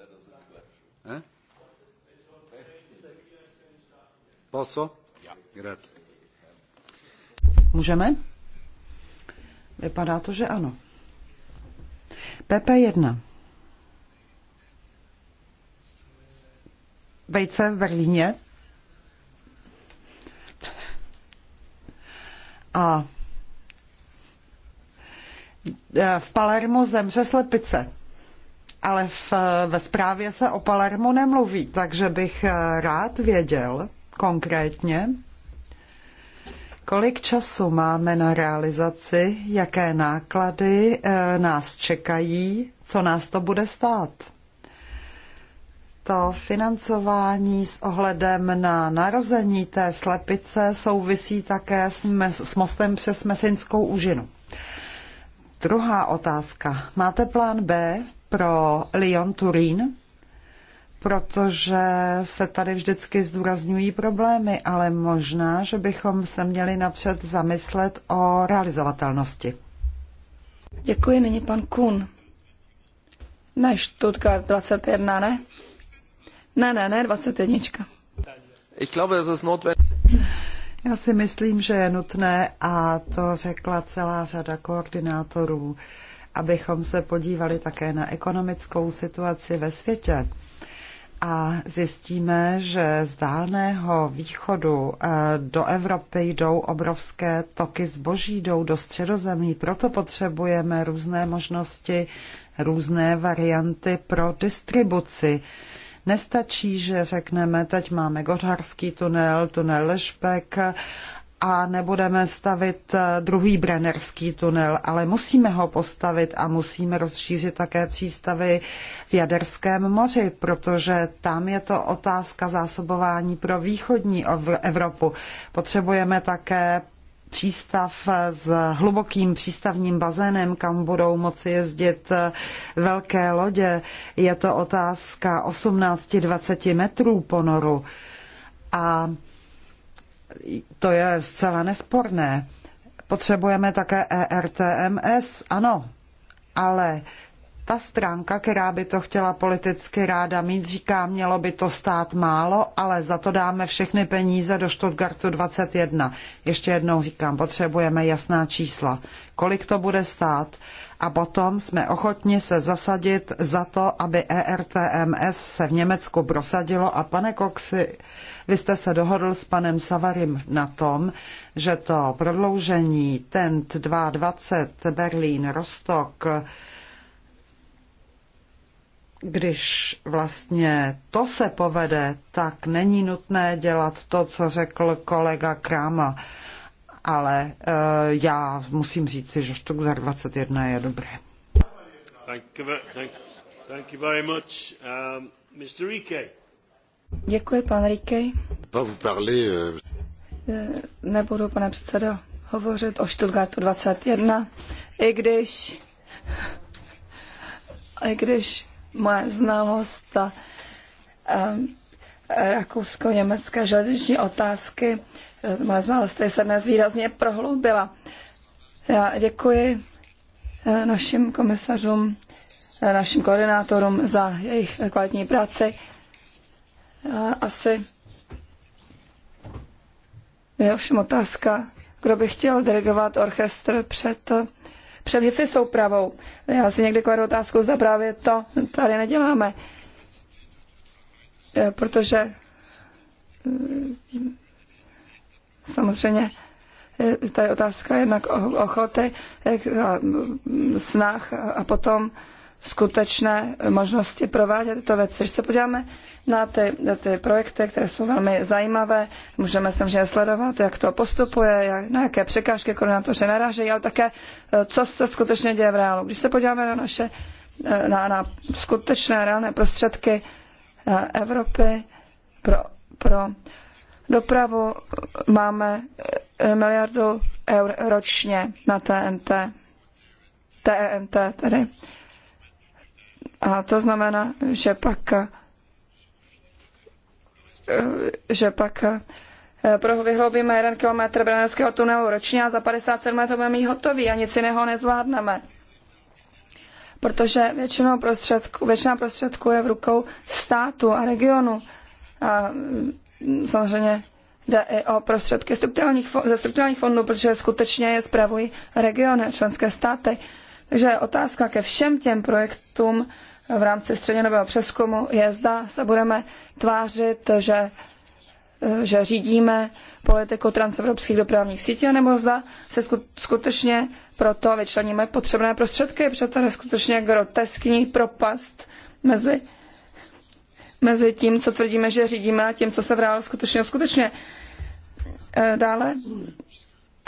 That doesn't eh? Posso? Grazie. Můžeme? Vypadá to, že ano. PP1. Vejce v Berlíně. A Eh, v Palermu zemře slepice. Ale v, eh, ve zprávě se o Palermu nemluví, takže bych eh, rád věděl konkrétně, kolik času máme na realizaci, jaké náklady nás čekají, co nás to bude stát to financování s ohledem na narození té slepice souvisí také s, mes, s mostem přes Mesinskou úžinu. Druhá otázka. Máte plán B pro Lyon Turín? Protože se tady vždycky zdůrazňují problémy, ale možná, že bychom se měli napřed zamyslet o realizovatelnosti. Děkuji, není pan Kun. Ne, Stuttgart 21, ne? Ne, ne, ne, 21. Ich glaube, es ist notwendig. Já si myslím, že je nutné, a to řekla celá řada koordinátorů, abychom se podívali také na ekonomickou situaci ve světě. A zjistíme, že z dálného východu eh, do Evropy jdou obrovské toky zboží, jdou do středozemí. Proto potřebujeme různé možnosti, různé varianty pro distribuci Nestačí, že řekneme, teď máme Gořářský tunel, tunel Lešpek a nebudeme stavit eh, druhý Brennerský tunel, ale musíme ho postavit a musíme rozšířit také přístavy v Jaderském moři, protože tam je to otázka zásobování pro východní Evropu. Potřebujeme také přístav s hlubokým přístavním bazénem, kam budou moci jezdit velké lodě. Je to otázka 18-20 metrů ponoru. A to je zcela nesporné. Potřebujeme také ERTMS, ano, ale ta stránka, která by to chtěla politicky ráda mít, říká, mělo by to stát málo, ale za to dáme všechny peníze do Stuttgartu 21. Ještě jednou říkám, potřebujeme jasná čísla, kolik to bude stát a potom jsme ochotni se zasadit za to, aby ERTMS se v Německu prosadilo a pane Koxi, vy jste se dohodl s panem Savarim na tom, že to prodloužení TENT 220 Berlín Rostok když vlastně to se povede, tak není nutné dělat to, co řekl kolega Kráma. Ale e, já musím říct, že štuk za 21 je dobré. Um, Děkuji, pan Rikej. Eh, Nebudu, pane předsedo, hovořit o Stuttgartu 21, i když, i když moje znalost rakousko-německé železniční otázky, moje znalost tady se dnes výrazně prohloubila. Já děkuji e, našim komisařům, e, našim koordinátorům za jejich kvalitní práci. Asi je ovšem otázka, kdo by chtěl dirigovat orchestr před před hyfy soupravou. Já si někdy kladu otázku, zda právě to tady neděláme, eh, protože eh, samozřejmě eh, tady otázka jednak ochoty, snah a potom skutečné možnosti provádět tyto věci. Když se podíváme na ty, na ty projekty, které jsou velmi zajímavé, můžeme samozřejmě sledovat, jak to postupuje, jak, na jaké překážky koordinátoři narážejí, ale také, eh, co se skutečně děje v reálu. Když se podíváme na naše eh, na, na skutečné reálné prostředky eh, Evropy pro, pro dopravu, máme miliardu eur ročně na TNT, TNT e tedy. A to znamená, že pak, že pak eh, vyhloubíme jeden kilometr brněnského tunelu ročně a za 57 let to budeme mít hotový a nic jiného nezvládneme. Protože většinou prostředku, většina prostředků je v rukou státu a regionu. A mm, samozřejmě jde i o prostředky strukturálních, ze strukturálních fondů, protože skutečně je zpravují regiony, členské státy. Takže otázka ke všem těm projektům, v rámci střednědobého přeskumu je, zda se budeme tvářit, že, že řídíme politiku transevropských dopravních sítí, nebo zda se skutečně proto vyčleníme potřebné prostředky, protože to je skutečně groteskní propast mezi mezi tím, co tvrdíme, že řídíme a tím, co se v reálu skutečně skutečně. Eh, dále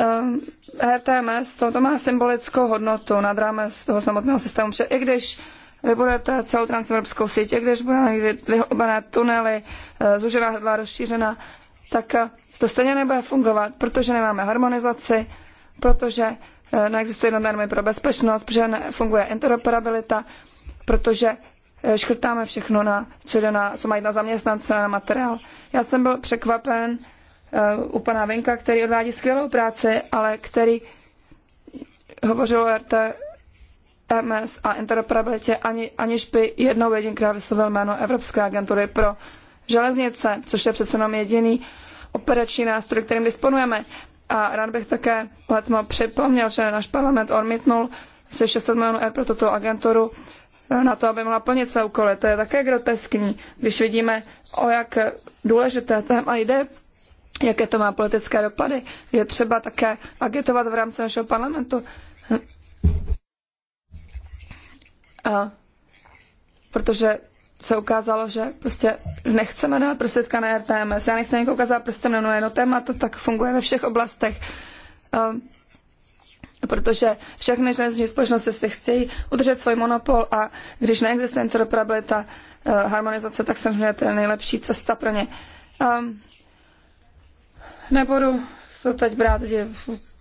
eh, RTMS, to, to má symbolickou hodnotu nad rámec toho samotného systému, protože i když vybudete celou transevropskou síť, když budeme mít vyhobané tunely, eh, zužená hrdla, rozšířena, tak eh, to stejně nebude fungovat, protože nemáme harmonizaci, protože eh, neexistují normy pro bezpečnost, protože nefunguje interoperabilita, protože škrtáme všechno, na, co, jde na, co mají na zaměstnance, na materiál. Já jsem byl překvapen u pana Vinka, který odvádí skvělou práci, ale který hovořil o RT MS a interoperabilitě, ani, aniž by jednou jedinkrát vyslovil jméno Evropské agentury pro železnice, což je přece jenom jediný operační nástroj, kterým disponujeme. A rád bych také letmo připomněl, že náš parlament odmítnul se 600 milionů eur pro tuto agenturu na to, aby mohla plnit své úkoly. To je také groteskní, když vidíme, o jak důležité téma jde, jaké to má politické dopady. Je třeba také agitovat v rámci našeho parlamentu a protože se ukázalo, že prostě nechceme dát prostředka na RTMS. Já nechci někoho ukázat prostě na jedno téma, to tak funguje ve všech oblastech. A ehm, protože všechny železniční společnosti si chtějí udržet svůj monopol a když neexistuje interoperabilita, eh, harmonizace, tak samozřejmě to je nejlepší cesta pro ně. Um, nebudu to teď brát že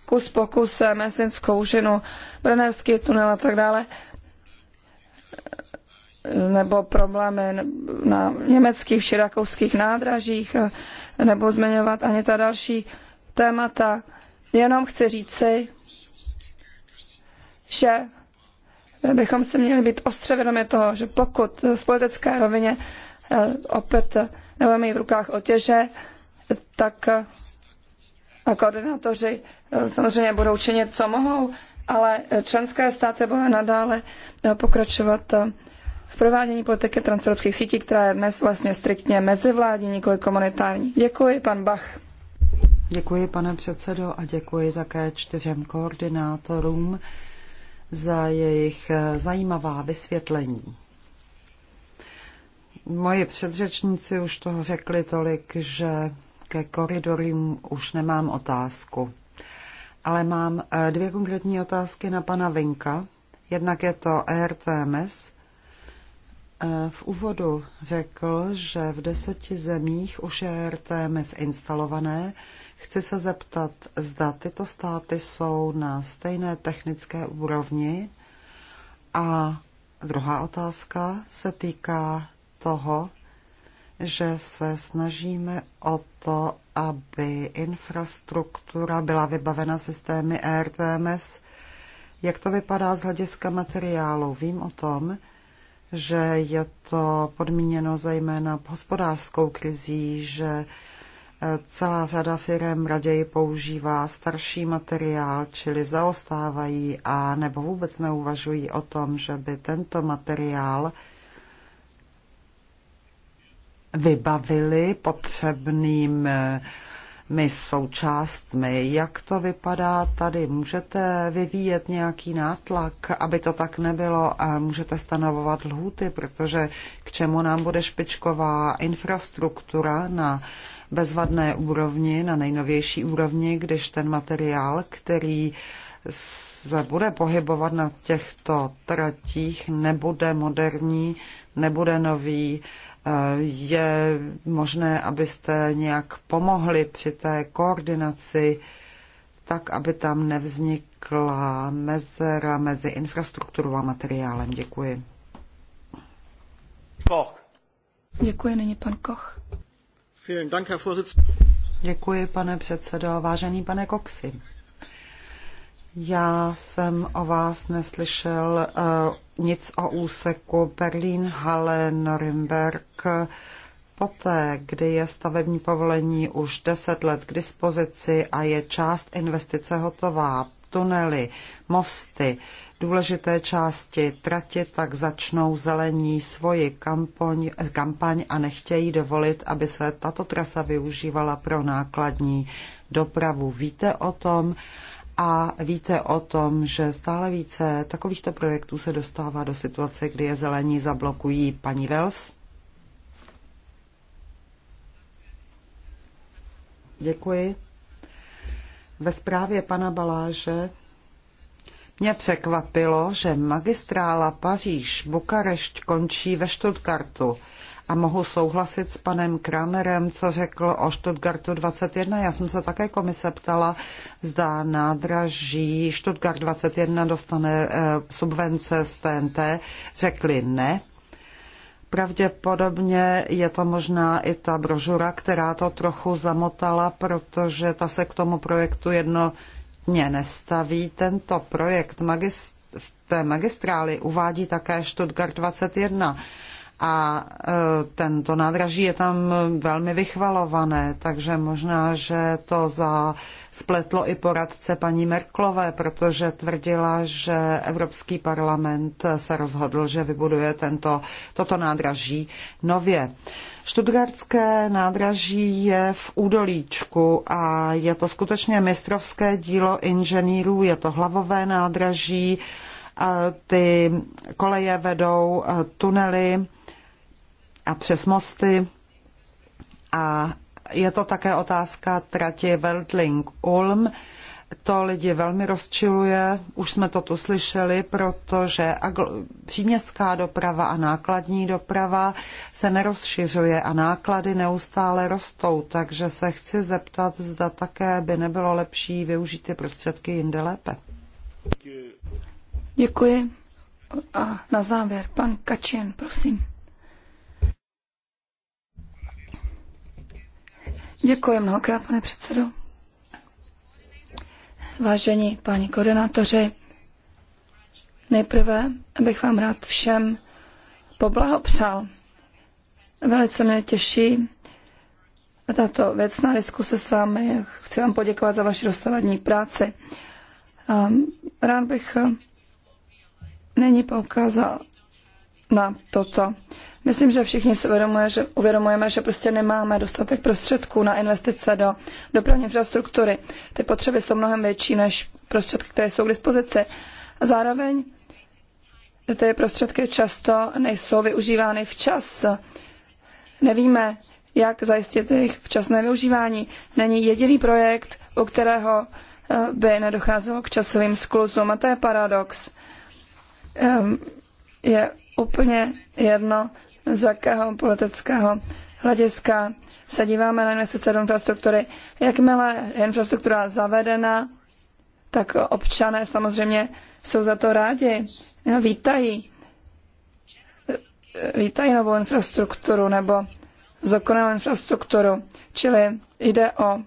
kus po kuse, mesinskou žinu, brenerský tunel a tak dále. Uh, nebo problémy na německých či rakouských nádražích, nebo zmiňovat ani ta další témata. Jenom chci říci, že bychom se měli být ostře vědomi toho, že pokud v politické rovině eh, opět nebudeme mít v rukách otěže, tak a eh, koordinátoři eh, samozřejmě budou činit, co mohou, ale členské státy budou nadále pokračovat v provádění politiky transevropských sítí, která je dnes vlastně striktně mezivládní, nikoli komunitární. Děkuji, pan Bach. Děkuji, pane předsedo, a děkuji také čtyřem koordinátorům za jejich eh, zajímavá vysvětlení. Moji předřečníci už toho řekli tolik, že ke koridorům už nemám otázku. Ale mám eh, dvě konkrétní otázky na pana Vinka. Jednak je to ERTMS Eh, v úvodu řekl, že v deseti zemích už je RTMS instalované. Chci se zeptat, zda tyto státy jsou na stejné technické úrovni. A druhá otázka se týká toho, že se snažíme o to, aby infrastruktura byla vybavena systémy RTMS. Jak to vypadá z hlediska materiálu? Vím o tom, že je to podmíněno zejména hospodářskou krizí, že eh, celá řada firm raději používá starší materiál, čili zaostávají a nebo vůbec neuvažují o tom, že by tento materiál vybavili potřebným eh, my součástmi. Jak to vypadá tady? Můžete vyvíjet nějaký nátlak, aby to tak nebylo a můžete stanovovat lhůty, protože k čemu nám bude špičková infrastruktura na bezvadné úrovni, na nejnovější úrovni, když ten materiál, který se bude pohybovat na těchto tratích, nebude moderní, nebude nový, je možné, abyste nějak pomohli při té koordinaci, tak aby tam nevznikla mezera mezi infrastrukturou a materiálem. Děkuji. Koch. Děkuji, není pan Koch. Děkuji, pane předsedo. Vážený pane Koxi. Já jsem o vás neslyšel uh, nic o úseku Berlín-Halle-Norimberg. Poté, kdy je stavební povolení už 10 let k dispozici a je část investice hotová, tunely, mosty, důležité části trati, tak začnou zelení svoji kampaň, kampaň a nechtějí dovolit, aby se tato trasa využívala pro nákladní dopravu. Víte o tom? Uh, a víte o tom, že stále více takovýchto projektů se dostává do situace, kdy je zelení zablokují paní Vels. Děkuji. Ve zprávě pana Baláže mě překvapilo, že magistrála Paříž-Bukarešť končí ve Stuttgartu a mohu souhlasit s panem Kramerem, co řekl o Stuttgartu 21. Já jsem se také komise ptala, zda nádraží Stuttgart 21 dostane eh, subvence z TNT. Řekli ne. Pravděpodobně je to možná i ta brožura, která to trochu zamotala, protože ta se k tomu projektu jednotně nestaví. Tento projekt magist- v té magistrály uvádí také Stuttgart 21 a e, tento nádraží je tam velmi vychvalované, takže možná, že to za spletlo i poradce paní Merklové, protože tvrdila, že Evropský parlament se rozhodl, že vybuduje tento, toto nádraží nově. Študgardské nádraží je v údolíčku a je to skutečně mistrovské dílo inženýrů, je to hlavové nádraží, e, ty koleje vedou e, tunely, a přes mosty. A je to také otázka trati Weltling-Ulm. To lidi velmi rozčiluje, už jsme to tu slyšeli, protože příměstská doprava a nákladní doprava se nerozšiřuje a náklady neustále rostou, takže se chci zeptat, zda také by nebylo lepší využít ty prostředky jinde lépe. Děkuji. A na závěr pan Kačen, prosím. Děkuji mnohokrát, pane předsedo. Vážení páni koordinátoři, nejprve bych vám rád všem poblahopřál. Velice mě těší tato věcná diskuse s vámi. Chci vám poděkovat za vaši dostavadní práci. Rád bych není poukázal na toto. Myslím, že všichni si uvědomuje, že, uvědomujeme, že prostě nemáme dostatek prostředků na investice do dopravní infrastruktury. Ty potřeby jsou mnohem větší než prostředky, které jsou k dispozici. A zároveň ty prostředky často nejsou využívány včas. Nevíme, jak zajistit jejich včasné využívání. Není jediný projekt, u kterého eh, by nedocházelo k časovým skluzům. A to je paradox. Ehm, je úplně jedno, z jakého politického hlediska se díváme na investice do infrastruktury. Jakmile je infrastruktura zavedena, tak občané samozřejmě jsou za to rádi, vítají. Vítají novou infrastrukturu nebo zdokonalou infrastrukturu, čili jde o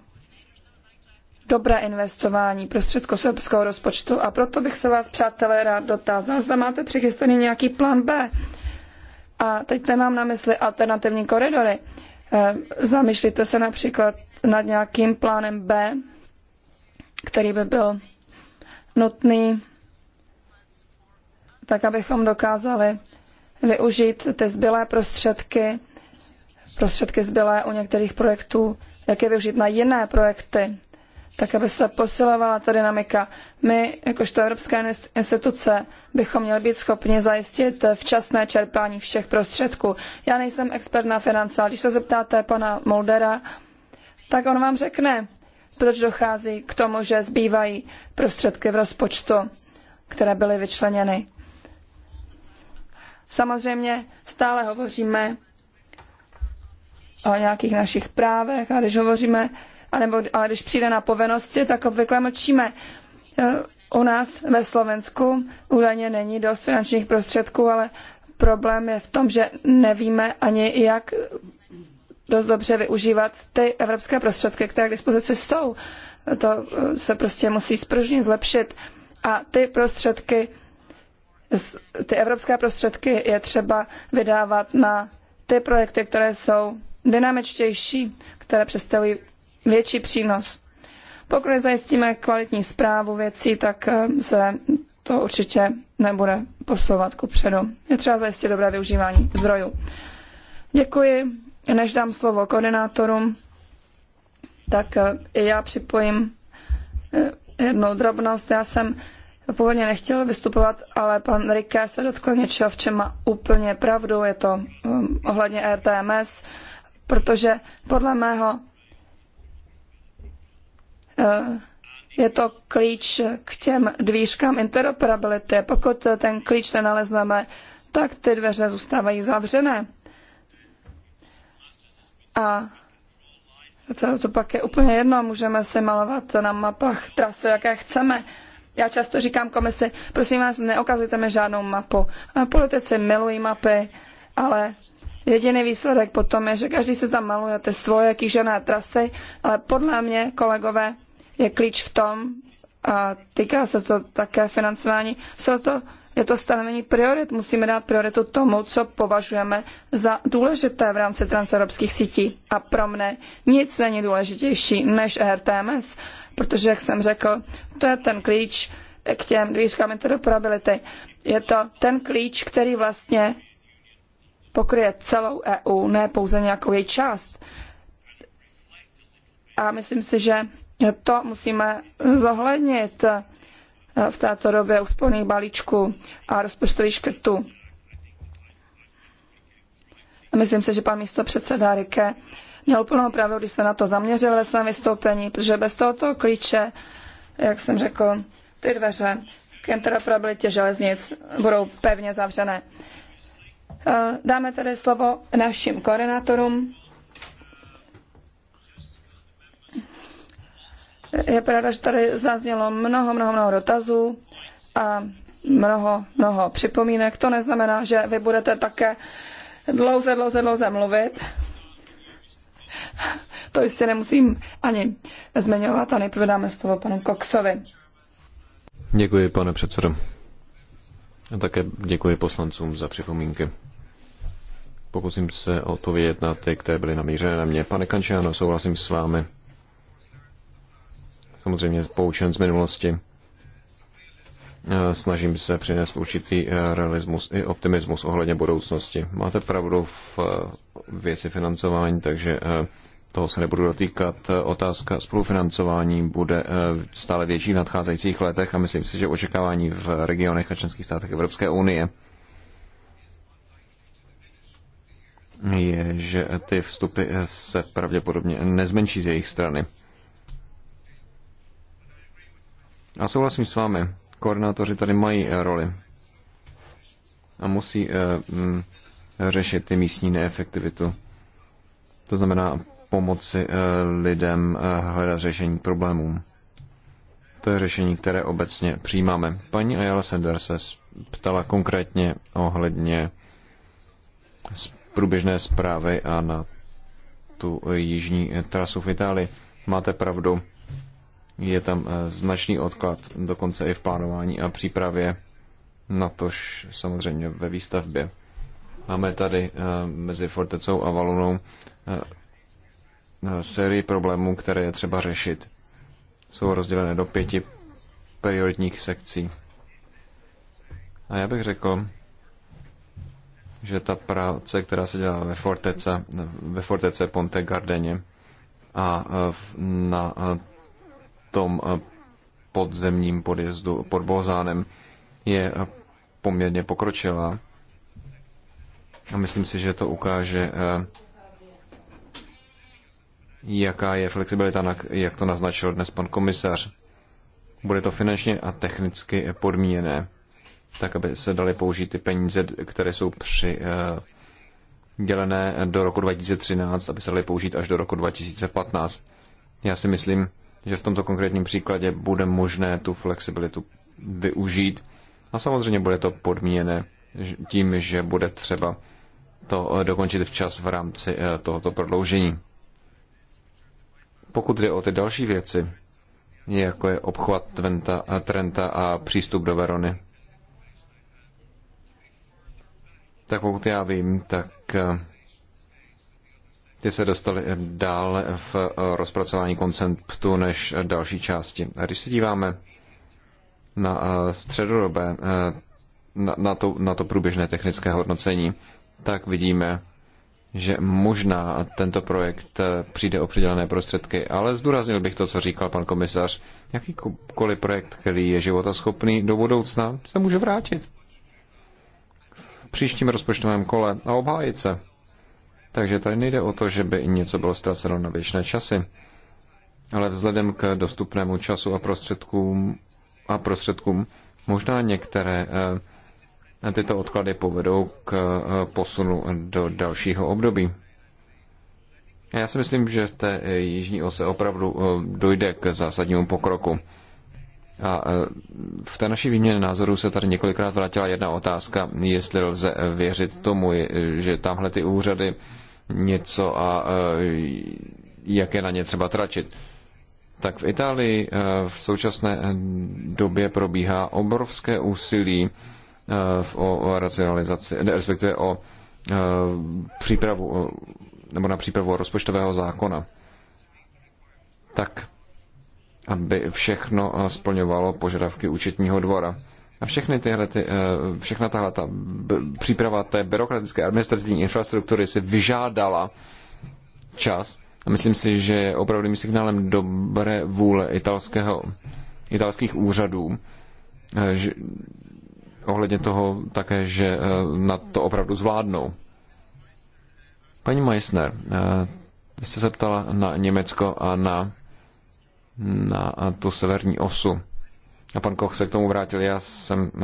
dobré investování prostředku srbského rozpočtu a proto bych se vás, přátelé, rád dotázal, zda máte přichystaný nějaký plán B a teď nemám na mysli alternativní koridory. Eh, Zamýšlíte se například nad nějakým plánem B, který by byl nutný, tak abychom dokázali využít ty zbylé prostředky, prostředky zbylé u některých projektů, jak je využít na jiné projekty tak aby se posilovala ta dynamika. My, jakožto Evropské instituce, bychom měli být schopni zajistit včasné čerpání všech prostředků. Já nejsem expert na finance, ale když se zeptáte pana Moldera, tak on vám řekne, proč dochází k tomu, že zbývají prostředky v rozpočtu, které byly vyčleněny. Samozřejmě stále hovoříme o nějakých našich právech a když hovoříme anebo, ale když přijde na povinnosti, tak obvykle mlčíme. E, u nás ve Slovensku údajně není dost finančních prostředků, ale problém je v tom, že nevíme ani jak dost dobře využívat ty evropské prostředky, které k dispozici jsou. To e, se prostě musí spružnit, zlepšit. A ty prostředky, ty evropské prostředky je třeba vydávat na ty projekty, které jsou dynamičtější, které představují větší přínos. Pokud zajistíme kvalitní zprávu věcí, tak eh, se to určitě nebude posouvat ku předu. Je třeba zajistit dobré využívání zdrojů. Děkuji. Než dám slovo koordinátorům, tak eh, i já připojím eh, jednou drobnost. Já jsem původně nechtěl vystupovat, ale pan Riké se dotkl něčeho, v čem má úplně pravdu. Je to ohledně RTMS, protože podle mého Eh, je to klíč k těm dvířkám interoperability. Pokud ten klíč nenalezneme, tak ty dveře zůstávají zavřené. A to, to pak je úplně jedno, můžeme si malovat na mapách trasy, jaké chceme. Já často říkám komisi, prosím vás, neokazujte mi žádnou mapu. A politici milují mapy, ale jediný výsledek potom je, že každý se tam maluje ty svoje kýžené trasy, ale podle mě, kolegové, je klíč v tom, a týká se to také financování, jsou to, je to stanovení priorit. Musíme dát prioritu tomu, co považujeme za důležité v rámci transevropských sítí. A pro mne nic není důležitější než e RTMS, protože, jak jsem řekl, to je ten klíč k těm dvířkám interoperability. Je to ten klíč, který vlastně pokryje celou EU, ne pouze nějakou její část. A myslím si, že to musíme zohlednit v této době úsporných balíčků a rozpočtových škrtů. Myslím si, že pan místo předseda Rike měl úplnou pravdu, když se na to zaměřil ve svém vystoupení, protože bez tohoto klíče, jak jsem řekl, ty dveře k interoperabilitě železnic budou pevně zavřené. Dáme tedy slovo našim koordinátorům. Je pravda, že tady zaznělo mnoho, mnoho, mnoho dotazů a mnoho, mnoho připomínek. To neznamená, že vy budete také dlouze, dlouze, dlouze mluvit. To jistě nemusím ani zmiňovat a nejprve dáme slovo panu Koksovi. Děkuji, pane předsedo. A také děkuji poslancům za připomínky. Pokusím se odpovědět na ty, které byly namířené na mě. Pane Kančiano, souhlasím s vámi samozřejmě poučen z minulosti. Eh, snažím se přinést určitý eh, realismus i optimismus ohledně budoucnosti. Máte pravdu v eh, věci financování, takže toho se nebudu dotýkat. Otázka spolufinancování bude stále větší v nadcházejících letech a myslím si, že očekávání v regionech a členských státech Evropské unie je, že ty vstupy se pravděpodobně nezmenší z jejich strany. A souhlasím s vámi, koordinátoři tady mají eh, roli a musí eh, mm, řešit ty místní neefektivitu. To znamená pomoci eh, lidem hledat řešení problémům. To je řešení, které obecně přijímáme. Paní Ayala Sender se ptala konkrétně ohledně průběžné zprávy a na tu jižní trasu v Itálii. Máte pravdu. Je tam eh, značný odklad, dokonce i v plánování a přípravě, natož samozřejmě ve výstavbě. Máme tady eh, mezi Fortecou a Valunou eh, sérii problémů, které je třeba řešit. Jsou rozdělené do pěti prioritních sekcí. A já bych řekl, že ta práce, která se dělá ve Fortece, ve Fortece Ponte Gardeně a na tom eh, podzemním podjezdu pod Bozánem je eh, poměrně pokročilá. A myslím si, že to ukáže, eh, jaká je flexibilita, jak to naznačil dnes pan komisař. Bude to finančně a technicky podmíněné, tak aby se daly použít ty peníze, které jsou při dělené do roku 2013, aby se daly použít až do roku 2015. Já si myslím, že v tomto konkrétním příkladě bude možné tu flexibilitu využít. A samozřejmě bude to podmíněné tím, že bude třeba to eh, dokončit včas v rámci eh, tohoto prodloužení. Pokud jde o ty další věci, jako je obchvat Tventa, eh, Trenta a přístup do Verony, tak pokud já vím, tak ty se dostaly dále v eh, rozpracování konceptu než další části. A když se díváme na eh, středodobé, eh, na, na, to, na to průběžné technické hodnocení, tak vidíme, že možná tento projekt přijde o přidělené prostředky, ale zdůraznil bych to, co říkal pan komisař. Jakýkoliv projekt, který je životaschopný do budoucna, se může vrátit v příštím rozpočtovém kole a obhájit se. Takže tady nejde o to, že by něco bylo ztraceno na věčné časy, ale vzhledem k dostupnému času a prostředkům, a prostředkům možná některé eh, tyto odklady povedou k eh, posunu do dalšího období. Já si myslím, že v té eh, jižní ose opravdu dojde k zásadnímu pokroku. A v té naší výměně názorů se tady několikrát vrátila jedna otázka, jestli lze věřit tomu, že tamhle ty úřady něco a e, jak je na ně třeba tračit. Tak v Itálii e, v současné e, době probíhá obrovské úsilí o racionalizaci, respektive o přípravu nebo na přípravu rozpočtového zákona. Tak, aby všechno splňovalo požadavky účetního dvora. A všechny tyhle, ty, eh, všechna tahle ta příprava té byrokratické administrativní infrastruktury si vyžádala čas a myslím si, že je opravdovým signálem dobré vůle italského, italských úřadů, eh, že, ohledně toho také, že eh, na to opravdu zvládnou. Paní Meissner, jste se ptala na Německo a na, na tu severní osu. A pan Koch se k tomu vrátil. Já jsem eh,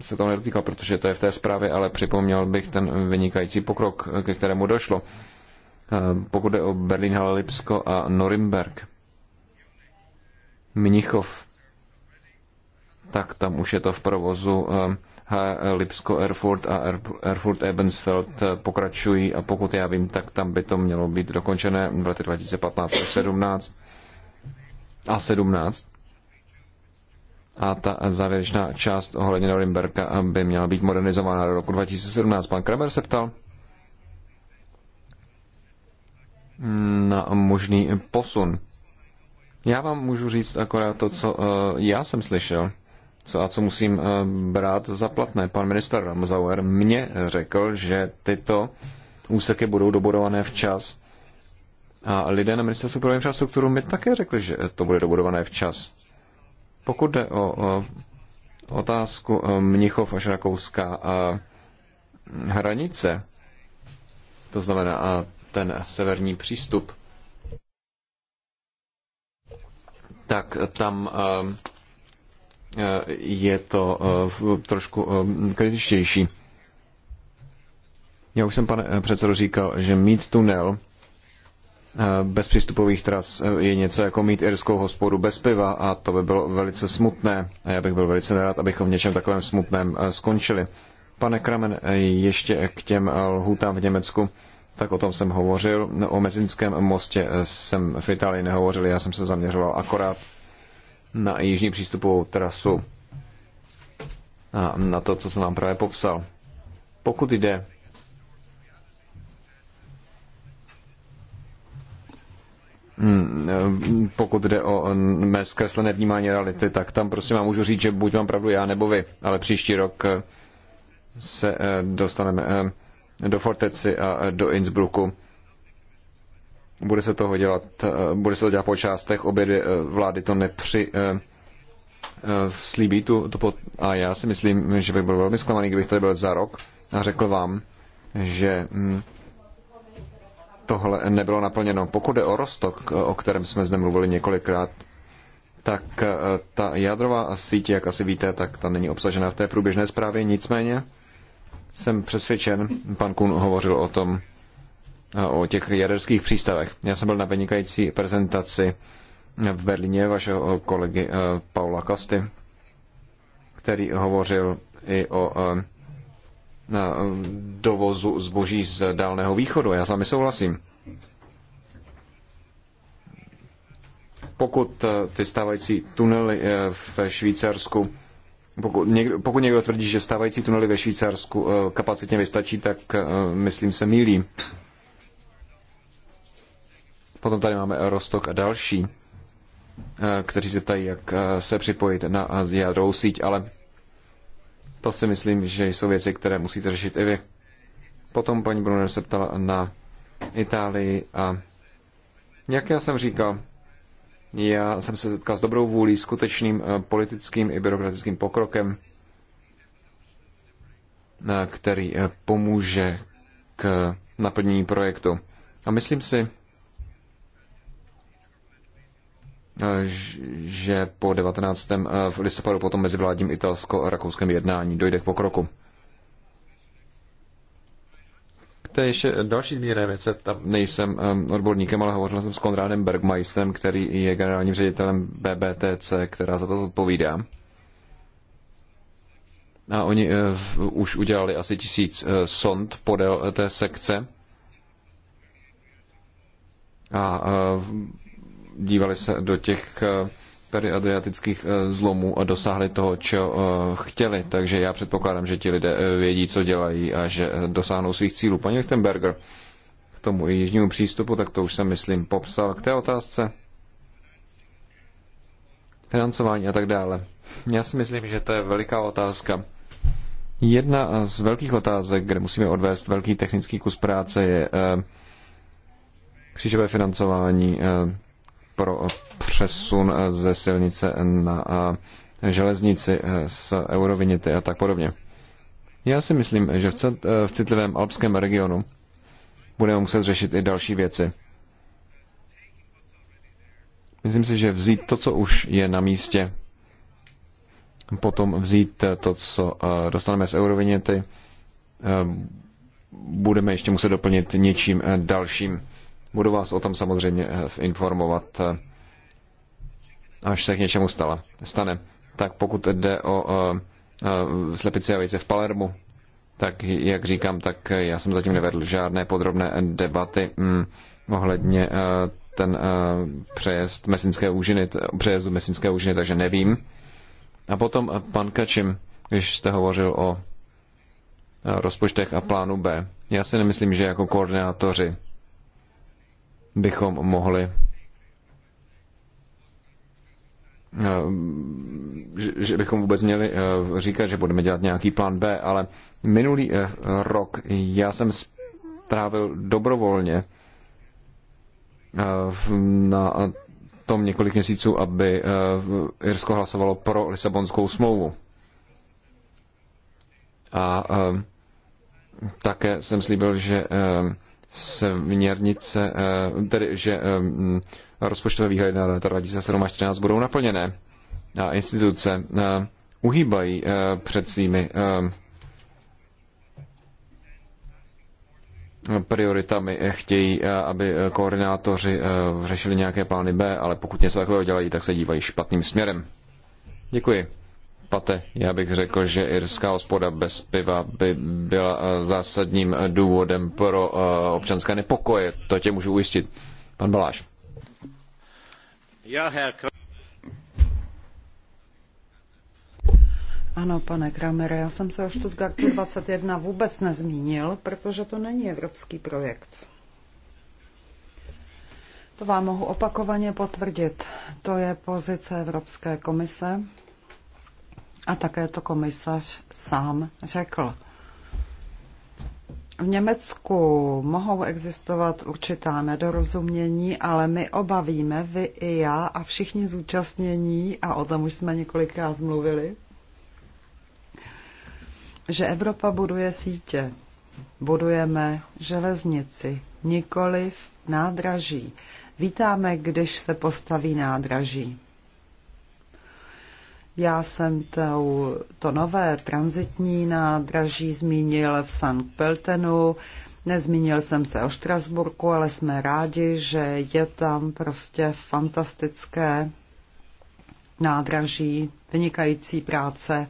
se toho nedotýkal, protože to je v té zprávě, ale připomněl bych ten vynikající pokrok, eh, ke kterému došlo. Eh, pokud jde o Berlín, Halle, Lipsko a Norimberg, Mnichov, tak tam už je to v provozu. Lipsko, Erfurt a Erfurt Ebensfeld pokračují a pokud já vím, tak tam by to mělo být dokončené v letech 2015 až 17 a 17 a ta závěrečná část ohledně Norimberka by měla být modernizována do roku 2017. Pan Kramer se ptal na možný posun. Já vám můžu říct akorát to, co eh, já jsem slyšel co a co musím eh, brát za platné. Pan minister Ramzauer mě řekl, že tyto úseky budou dobudované včas. A lidé na ministerstvu pro infrastrukturu mi také řekli, že to bude dobudované včas. Pokud jde o otázku e, Mnichov až Rakouska a e, hranice, to znamená a e, ten severní přístup, tak tam je to trošku kritičtější. Já už jsem, pane předsedo, říkal, že mít tunel Eh, bez přístupových tras eh, je něco jako mít irskou hospodu bez piva a to by bylo velice smutné. A já bych byl velice rád, abychom v něčem takovém smutném eh, skončili. Pane Kramen, ještě k těm lhůtám v Německu. Tak o tom jsem hovořil. O Mezinském mostě jsem v Itálii nehovořil, já jsem se zaměřoval akorát na jižní přístupovou trasu a na to, co jsem vám právě popsal. Pokud jde Hmm, eh, pokud jde o eh, mé zkreslené vnímání reality, tak tam prosím vám můžu říct, že buď mám pravdu já nebo vy, ale příští rok eh, se dostaneme do Forteci a do Innsbrucku. Bude se toho dělat, bude se to dělat po částech, obě dvě vlády to nepři slíbí tu, to pot... a já si myslím, že bych byl velmi zklamaný, kdybych tady byl za rok a řekl vám, že hm, tohle nebylo naplněno. Pokud je o Rostok, o kterém jsme zde mluvili několikrát, tak eh, ta jádrová síť, jak asi víte, tak ta není obsažena v té průběžné zprávě, nicméně jsem přesvědčen, pan Kun hovořil o tom, eh, o těch jaderských přístavech. Já jsem byl na vynikající prezentaci v Berlíně vašeho eh, kolegy Paula Kosty, který hovořil i o Um, dovozu zboží z Dálného východu. Já s vámi souhlasím. Pokud uh, ty stávající tunely uh, ve Švýcarsku, pokud někdo, pokud někdo tvrdí, že stávající tunely ve Švýcarsku uh, kapacitně vystačí, tak myslím se mílí. Potom tady máme Rostok a další, kteří se ptají, jak se připojit na jádrovou síť, ale to si myslím, že jsou věci, které musíte řešit i vy. Potom paní Brunner se ptala na Itálii a jak já jsem říkal, já jsem se setkal s dobrou vůlí, skutečným eh, politickým i byrokratickým pokrokem, eh, který eh, pomůže k naplnění projektu. A myslím si, Eh, že po 19. Eh, v listopadu potom mezi vládním italsko-rakouském jednání dojde k pokroku. To je ještě další zmíněné věce. Tam nejsem eh, odborníkem, ale hovořil jsem s Konrádem Bergmeisterem, který je generálním ředitelem BBTC, která za to odpovídá. A oni už udělali asi tisíc sond podél té sekce. A dívali se do těch eh, periadriatických eh, zlomů a dosáhli toho, co eh, chtěli. Takže já předpokládám, že ti lidé vědí, co dělají a že dosáhnou svých cílů. Paní Lichtenberger, k tomu i jižnímu přístupu, tak to už jsem, myslím, popsal. K té otázce financování a tak dále. Já si myslím, že to je veliká otázka. Jedna z velkých otázek, kde musíme odvést velký technický kus práce, je křížové financování pro přesun ze silnice na železnici e, z eurovinity a tak podobně. Já si myslím, že e, v citlivém alpském regionu budeme muset řešit i další věci. Myslím si, že vzít to, co už je na místě, potom vzít to, co e, dostaneme z eurovinity, budeme ještě muset doplnit něčím dalším. Budu vás o tom samozřejmě eh, informovat, eh, až se k něčemu stala, stane. Tak pokud jde o eh, slepici a vejce v Palermu, tak jak říkám, tak já jsem zatím nevedl žádné podrobné debaty mm, ohledně ten přejezd mesinské úžiny, přejezdu mesinské úžiny, takže nevím. A potom pan Kačim, když jste hovořil o rozpočtech a plánu B. Já si nemyslím, že jako koordinátoři bychom mohli eh, že bychom vůbec měli eh, říkat, že budeme dělat nějaký plán B, ale minulý eh, rok já jsem strávil dobrovolně na tom několik měsíců, aby Irsko hlasovalo pro Lisabonskou smlouvu. A také jsem slíbil, že směrnice, eh, tedy že eh, rozpočtové výhledy na leta 2007 až 2013 budou naplněné a instituce eh, uhýbají před svými prioritami chtějí, aby koordinátoři řešili nějaké plány B, ale pokud něco takového dělají, tak se dívají špatným směrem. Děkuji. Pate, já bych řekl, že irská hospoda bez piva by byla eh, zásadním důvodem pro eh, občanské nepokoje. To tě můžu ujistit. Pan Baláš. Ano, pane Kramere, já jsem se o Stuttgartu 21 vůbec nezmínil, protože to není evropský projekt. To vám mohu opakovaně potvrdit. To je pozice Evropské komise, a také to komisař sám řekl. V Německu mohou existovat určitá nedorozumění, ale my oba víme, vy i já a všichni zúčastnění, a o tom už jsme několikrát mluvili, že Evropa buduje sítě. Budujeme železnici, nikoliv nádraží. Vítáme, když se postaví nádraží. Já jsem to, to nové transitní nádraží zmínil v Sankt Peltenu, nezmínil jsem se o Štrasburku, ale jsme rádi, že je tam prostě fantastické nádraží, vynikající práce.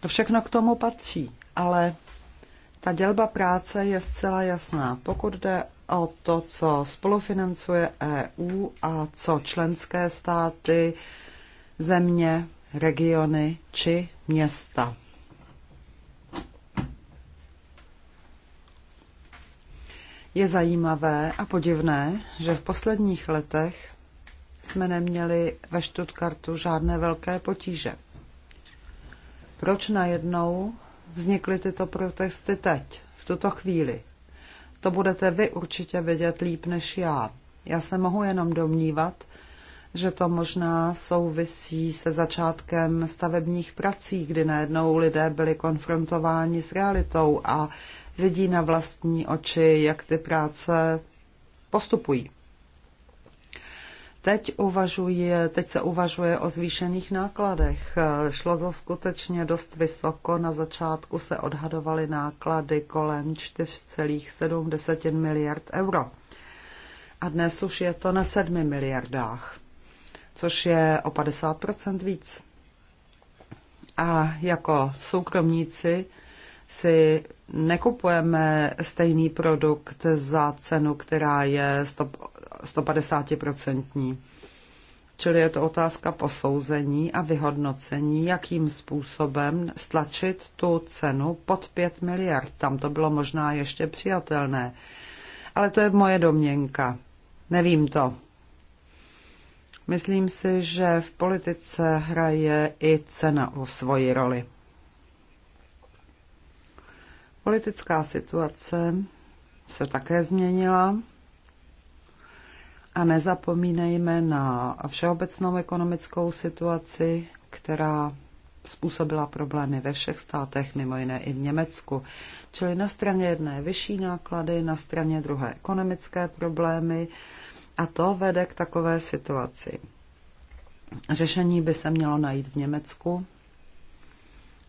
To všechno k tomu patří, ale ta dělba práce je zcela jasná. Pokud jde o to, co spolufinancuje EU a co členské státy, země, regiony či města. Je zajímavé a podivné, že v posledních letech jsme neměli ve Stuttgartu žádné velké potíže. Proč najednou vznikly tyto protesty teď, v tuto chvíli? To budete vy určitě vědět líp než já. Já se mohu jenom domnívat, že to možná souvisí se začátkem stavebních prací, kdy najednou lidé byli konfrontováni s realitou a vidí na vlastní oči, jak ty práce postupují. Teď, uvažuje, teď se uvažuje o zvýšených nákladech. Šlo to skutečně dost vysoko. Na začátku se odhadovaly náklady kolem 4,7 miliard euro. A dnes už je to na 7 miliardách což je o 50 víc. A jako soukromníci si nekupujeme stejný produkt za cenu, která je 150%. Čili je to otázka posouzení a vyhodnocení, jakým způsobem stlačit tu cenu pod 5 miliard. Tam to bylo možná ještě přijatelné. Ale to je moje domněnka. Nevím to. Myslím si, že v politice hraje i cena o svoji roli. Politická situace se také změnila a nezapomínejme na všeobecnou ekonomickou situaci, která způsobila problémy ve všech státech, mimo jiné i v Německu. Čili na straně jedné vyšší náklady, na straně druhé ekonomické problémy, a to vede k takové situaci. Řešení by se mělo najít v Německu,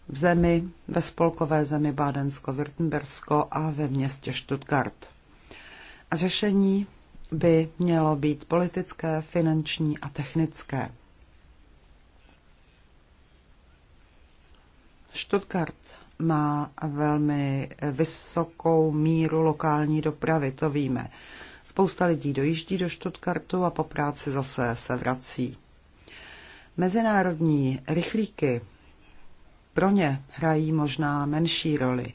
v zemi, ve spolkové zemi Bádensko-Württembersko a ve městě Stuttgart. A řešení by mělo být politické, finanční a technické. Stuttgart má velmi vysokou míru lokální dopravy, to víme. Spousta lidí dojíždí do Stuttgartu a po práci zase se vrací. Mezinárodní rychlíky pro ně hrají možná menší roli.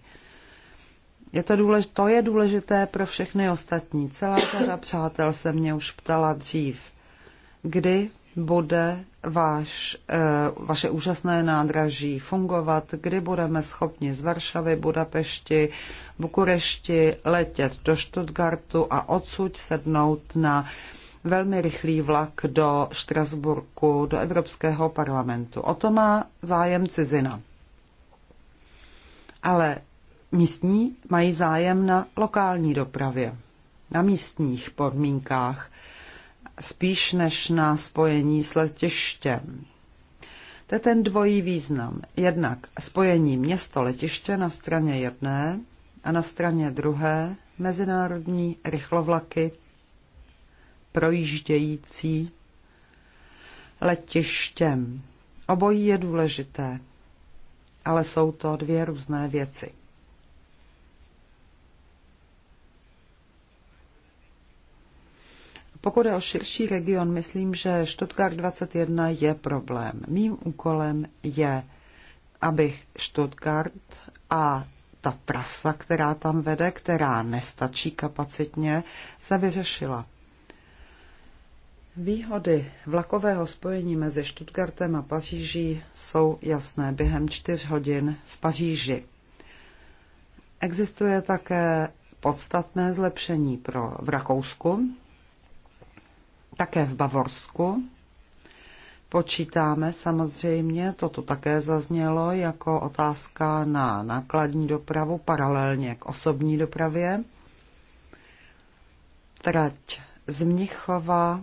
Je to, důlež, to je důležité pro všechny ostatní. Celá řada přátel se mě už ptala dřív, kdy bude váš, eh, vaše úžasné nádraží fungovat, kdy budeme schopni z Varšavy, Budapešti, Bukurešti letět do Stuttgartu a odsud sednout na velmi rychlý vlak do Štrasburku, do Evropského parlamentu. O to má zájem cizina. Ale místní mají zájem na lokální dopravě, na místních podmínkách – spíš než na spojení s letištěm. To je ten dvojí význam. Jednak spojení město-letiště na straně jedné a na straně druhé mezinárodní rychlovlaky projíždějící letištěm. Obojí je důležité, ale jsou to dvě různé věci. Pokud je o širší region, myslím, že Stuttgart 21 je problém. Mým úkolem je, abych Stuttgart a ta trasa, která tam vede, která nestačí kapacitně, se vyřešila. Výhody vlakového spojení mezi Stuttgartem a Paříží jsou jasné během čtyř hodin v Paříži. Existuje také podstatné zlepšení pro, v Rakousku, také v Bavorsku. Počítáme samozřejmě, toto také zaznělo jako otázka na nákladní dopravu paralelně k osobní dopravě. Trať z Mnichova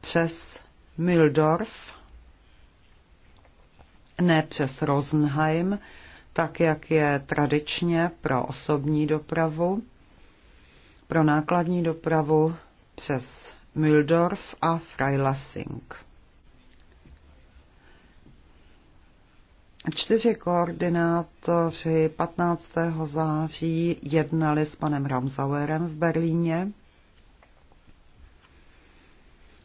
přes Mildorf, ne přes Rosenheim, tak jak je tradičně pro osobní dopravu, pro nákladní dopravu přes Mühldorf a Freilassing. Čtyři koordinátoři 15. září jednali s panem Ramsauerem v Berlíně.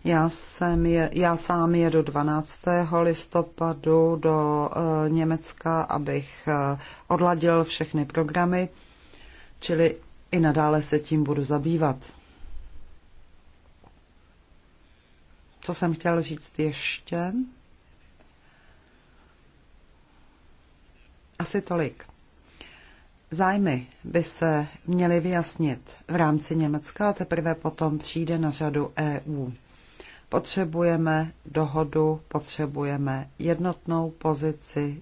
Já, jsem je, já sám jedu 12. listopadu do uh, Německa, abych uh, odladil všechny programy, čili i nadále se tím budu zabývat. co jsem chtěl říct ještě? Asi tolik. Zájmy by se měly vyjasnit v rámci Německa a teprve potom přijde na řadu EU. Potřebujeme dohodu, potřebujeme jednotnou pozici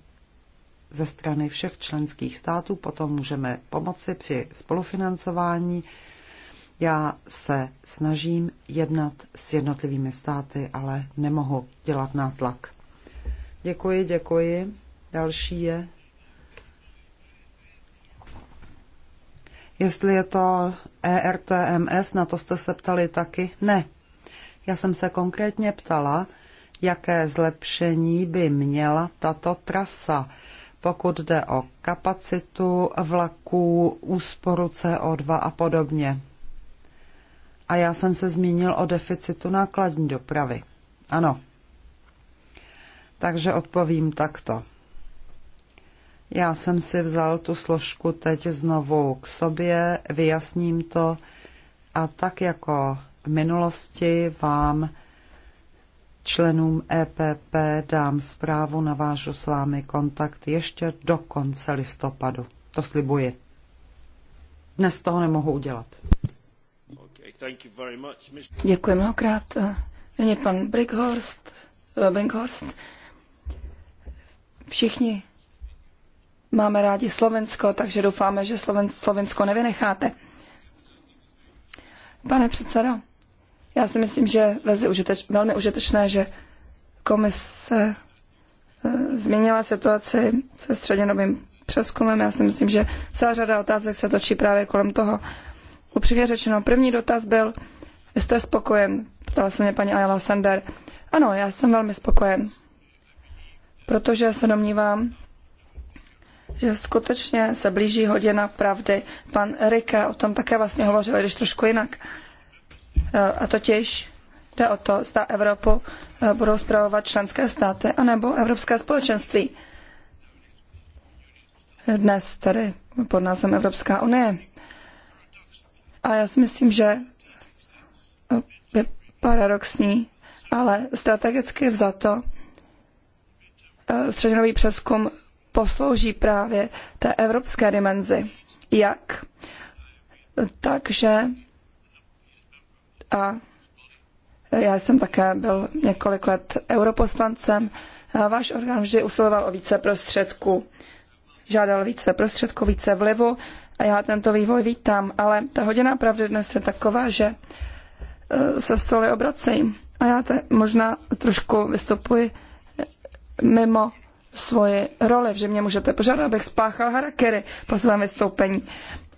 ze strany všech členských států, potom můžeme pomoci při spolufinancování já se snažím jednat s jednotlivými státy, ale nemohu dělat nátlak. Děkuji, děkuji. Další je. Jestli je to ERTMS, na to jste se ptali taky? Ne. Já jsem se konkrétně ptala, jaké zlepšení by měla tato trasa, pokud jde o kapacitu vlaků, úsporu CO2 a podobně. A já jsem se zmínil o deficitu nákladní dopravy. Ano. Takže odpovím takto. Já jsem si vzal tu složku teď znovu k sobě, vyjasním to a tak jako v minulosti vám členům EPP dám zprávu, navážu s vámi kontakt ještě do konce listopadu. To slibuji. Dnes toho nemohu udělat. Děkuji mnohokrát. Nyní pan Brinkhorst. Eh, Brinkhorst. Všichni máme rádi Slovensko, takže doufáme, že Sloven, Slovensko nevynecháte. Pane předsedo, já si myslím, že je užiteč, velmi užitečné, že komise eh, změnila situaci se střednědobým přeskumem. Já si myslím, že celá řada otázek se točí právě kolem toho. E, upřímně řečeno, první dotaz byl, jste spokojen? Ptala se mě paní Ayala Sander. Ano, já jsem velmi spokojen, protože se domnívám, že skutečně se blíží hodina pravdy. Pan Erika o tom také vlastně hovořil, když trošku jinak. E, a totiž jde o to, zda Evropu e, budou zpravovat členské státy anebo Evropské společenství. Dnes tady pod názvem Evropská unie. A já si myslím, že eh, je paradoxní, ale strategicky vzato eh, střednový přeskum poslouží právě té evropské dimenzi. Jak? Takže a já jsem také byl několik let europoslancem. A váš orgán vždy usiloval o více prostředků. Žádal více prostředků, více vlivu a já tento vývoj vítám, ale ta hodina pravdy dnes je taková, že eh, se stoly obracejí a já te možná trošku vystupuji eh, mimo svoji roli, že mě můžete požádat, abych spáchal harakery po svém vystoupení.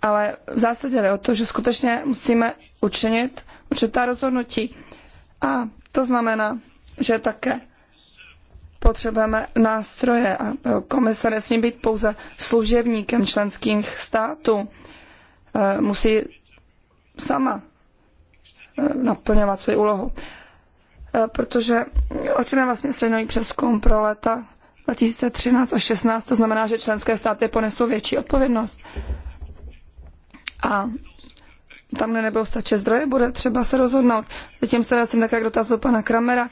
Ale v zásadě jde o to, že skutečně musíme učinit určitá rozhodnutí. A to znamená, že také potřebujeme nástroje a e, komise nesmí být pouze služebníkem členských států. E, musí sama e, naplňovat svou úlohu. Protože o čem je vlastně střednový přeskum pro léta 2013 a 16, to znamená, že členské státy ponesou větší odpovědnost. A tam, kde nebudou stačit zdroje, bude třeba se rozhodnout. Zatím se vracím také k dotazu pana Kramera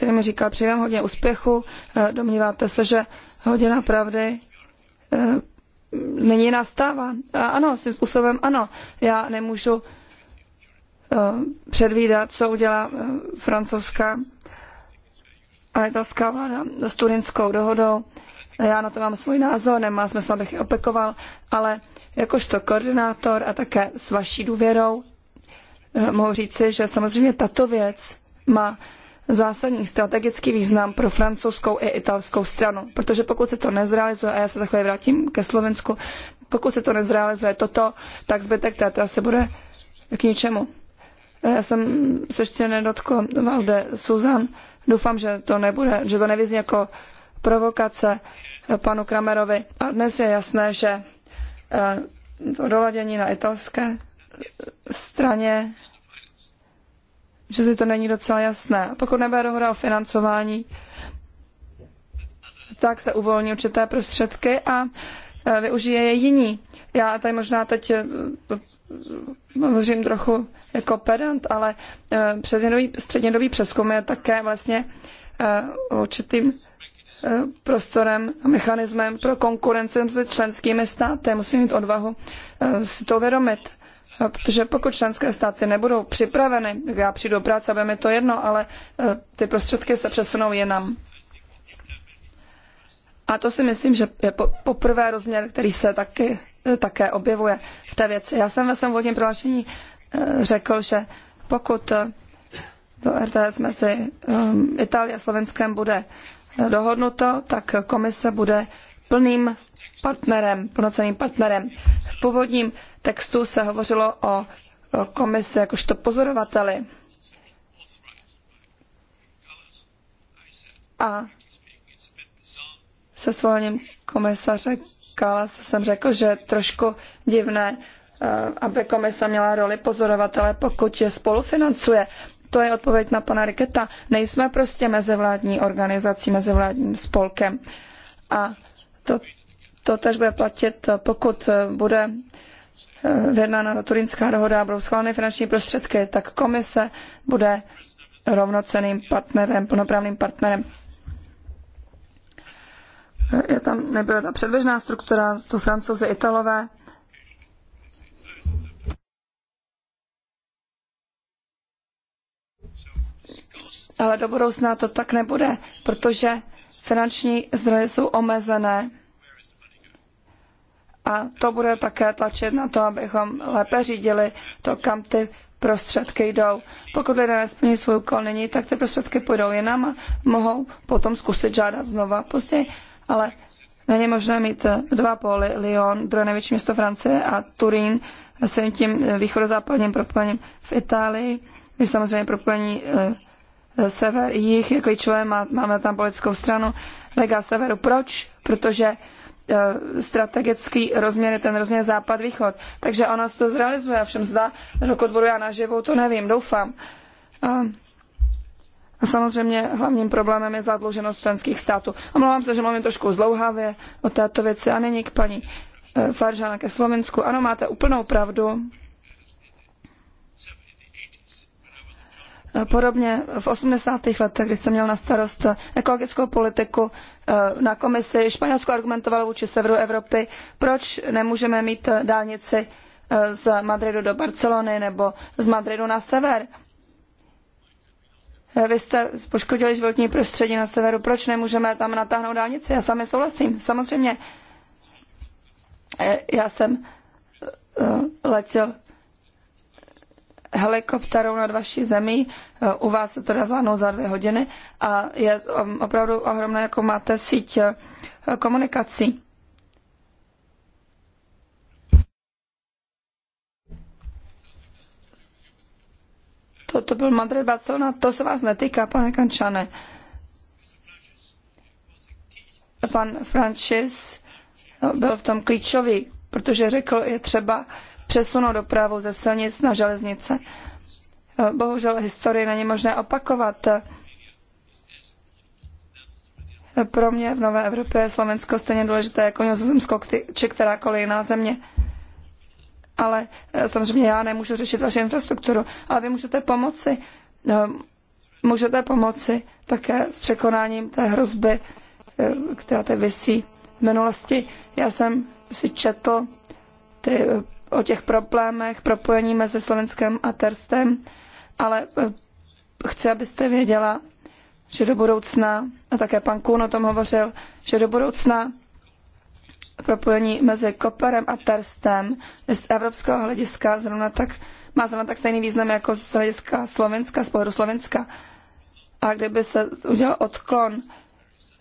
který mi říkal, přeji vám hodně úspěchu, eh, domníváte se, že hodina pravdy eh, není nastává. A ano, svým způsobem ano. Já nemůžu eh, předvídat, co udělá francouzská a italská vláda s turinskou dohodou. Já na to mám svůj názor, nemá smysl, abych ji opekoval, ale jakožto koordinátor a také s vaší důvěrou mohu říci, že samozřejmě tato věc má zásadní strategický význam pro francouzskou i italskou stranu, protože pokud se to nezrealizuje, a já se za chvíli vrátím ke Slovensku, pokud se to nezrealizuje toto, tak zbytek té trasy bude k ničemu. Eh, já jsem se ještě nedotkl Valde Suzan. Doufám, že to nebude, že to nevyzní jako provokace eh, panu Kramerovi. A dnes je jasné, že eh, to doladění na italské straně že si to není docela jasné. Pokud nebude dohoda o financování, tak se uvolní určité prostředky a e, využije je jiní. Já tady možná teď e, hovořím trochu jako pedant, ale e, přes střednědobý přeskum je také vlastně určitým prostorem a mechanismem pro konkurenci se členskými státy. Musím mít odvahu si to uvědomit. Eh, protože pokud členské státy nebudou připraveny, tak já přijdu do práce, aby mi to jedno, ale eh, ty prostředky se přesunou jinam. A to si myslím, že je po, poprvé rozměr, který se taky, eh, také objevuje v té věci. Já jsem ve svém vodním prohlášení řekl, že pokud to RTS mezi ehm, Itálií a Slovenskem bude dohodnuto, tak komise bude plným partnerem, plnoceným partnerem. V původním textu se hovořilo o komisi jakožto pozorovateli. A se svolením komisaře Kallas jsem řekl, že je trošku divné, eh, aby komise měla roli pozorovatele, pokud je spolufinancuje. To je odpověď na pana Riketa. Nejsme prostě mezivládní organizací, mezivládním spolkem. A to to tež bude platit, pokud eh, bude eh, vyjednána ta Turinská dohoda a budou schváleny finanční prostředky, tak komise bude rovnoceným partnerem, plnoprávným partnerem. Eh, je tam nebyla ta předběžná struktura, tu francouze, italové. Ale do budoucna to tak nebude, protože finanční zdroje jsou omezené a to bude také tlačit na to, abychom lépe řídili to, kam ty prostředky jdou. Pokud lidé nesplní svůj úkol nyní, tak ty prostředky půjdou jinam a mohou potom zkusit žádat znova později, ale není možné mít dva póly, Lyon, druhé největší město Francie a Turín s tím východozápadním propojením v Itálii, je samozřejmě propojení eh, sever, jich je klíčové, má, máme tam politickou stranu, Lega severu. Proč? Protože Eh, strategický rozměr je ten rozměr západ-východ. Takže ona se to zrealizuje, všem zda, pokud budu já naživu, to nevím, doufám. A samozřejmě hlavním problémem je zadluženost členských států. Omlouvám se, že mluvím trošku zlouhavě o této věci a není k paní eh, Faržana ke Slovensku. Ano, máte úplnou pravdu. Eh, podobně v 80. letech, kdy jsem měl na starost ekologickou politiku eh, na komisi, Španělsko argumentovalo vůči severu Evropy, proč nemůžeme mít dálnici eh, z Madridu do Barcelony nebo z Madridu na sever. Vy jste poškodili životní prostředí na severu, proč nemůžeme tam natáhnout dálnici? Já sami souhlasím, samozřejmě. Já jsem letěl helikopterou nad vaší zemí. Eh, u vás se to dá zvládnout za dvě hodiny a je mm, opravdu ohromné, jako máte síť eh, komunikací. To, to byl Madrid Barcelona, to se vás netýká, pane Kančane. Pan Francis eh, byl v tom klíčový, protože řekl, je třeba přesunout dopravu ze silnic na železnice. Eh, Bohužel historii není možné opakovat. Eh, Pro mě v Nové Evropě je Slovensko stejně důležité jako Nizozemsko či kterákoliv jiná země. Ale eh, samozřejmě já nemůžu řešit vaši infrastrukturu, ale vy můžete pomoci. Můžete pomoci také s překonáním té hrozby, která tady vysí v minulosti. Já jsem si četl ty o těch problémech, propojení mezi Slovenskem a Terstem, ale eh, chci, abyste věděla, že do budoucna, a také pan Kuhn o tom hovořil, že do budoucna propojení mezi Koperem a Terstem z evropského hlediska zrovna tak, má zrovna tak stejný význam jako z hlediska Slovenska, z pohledu Slovenska. A kdyby se udělal odklon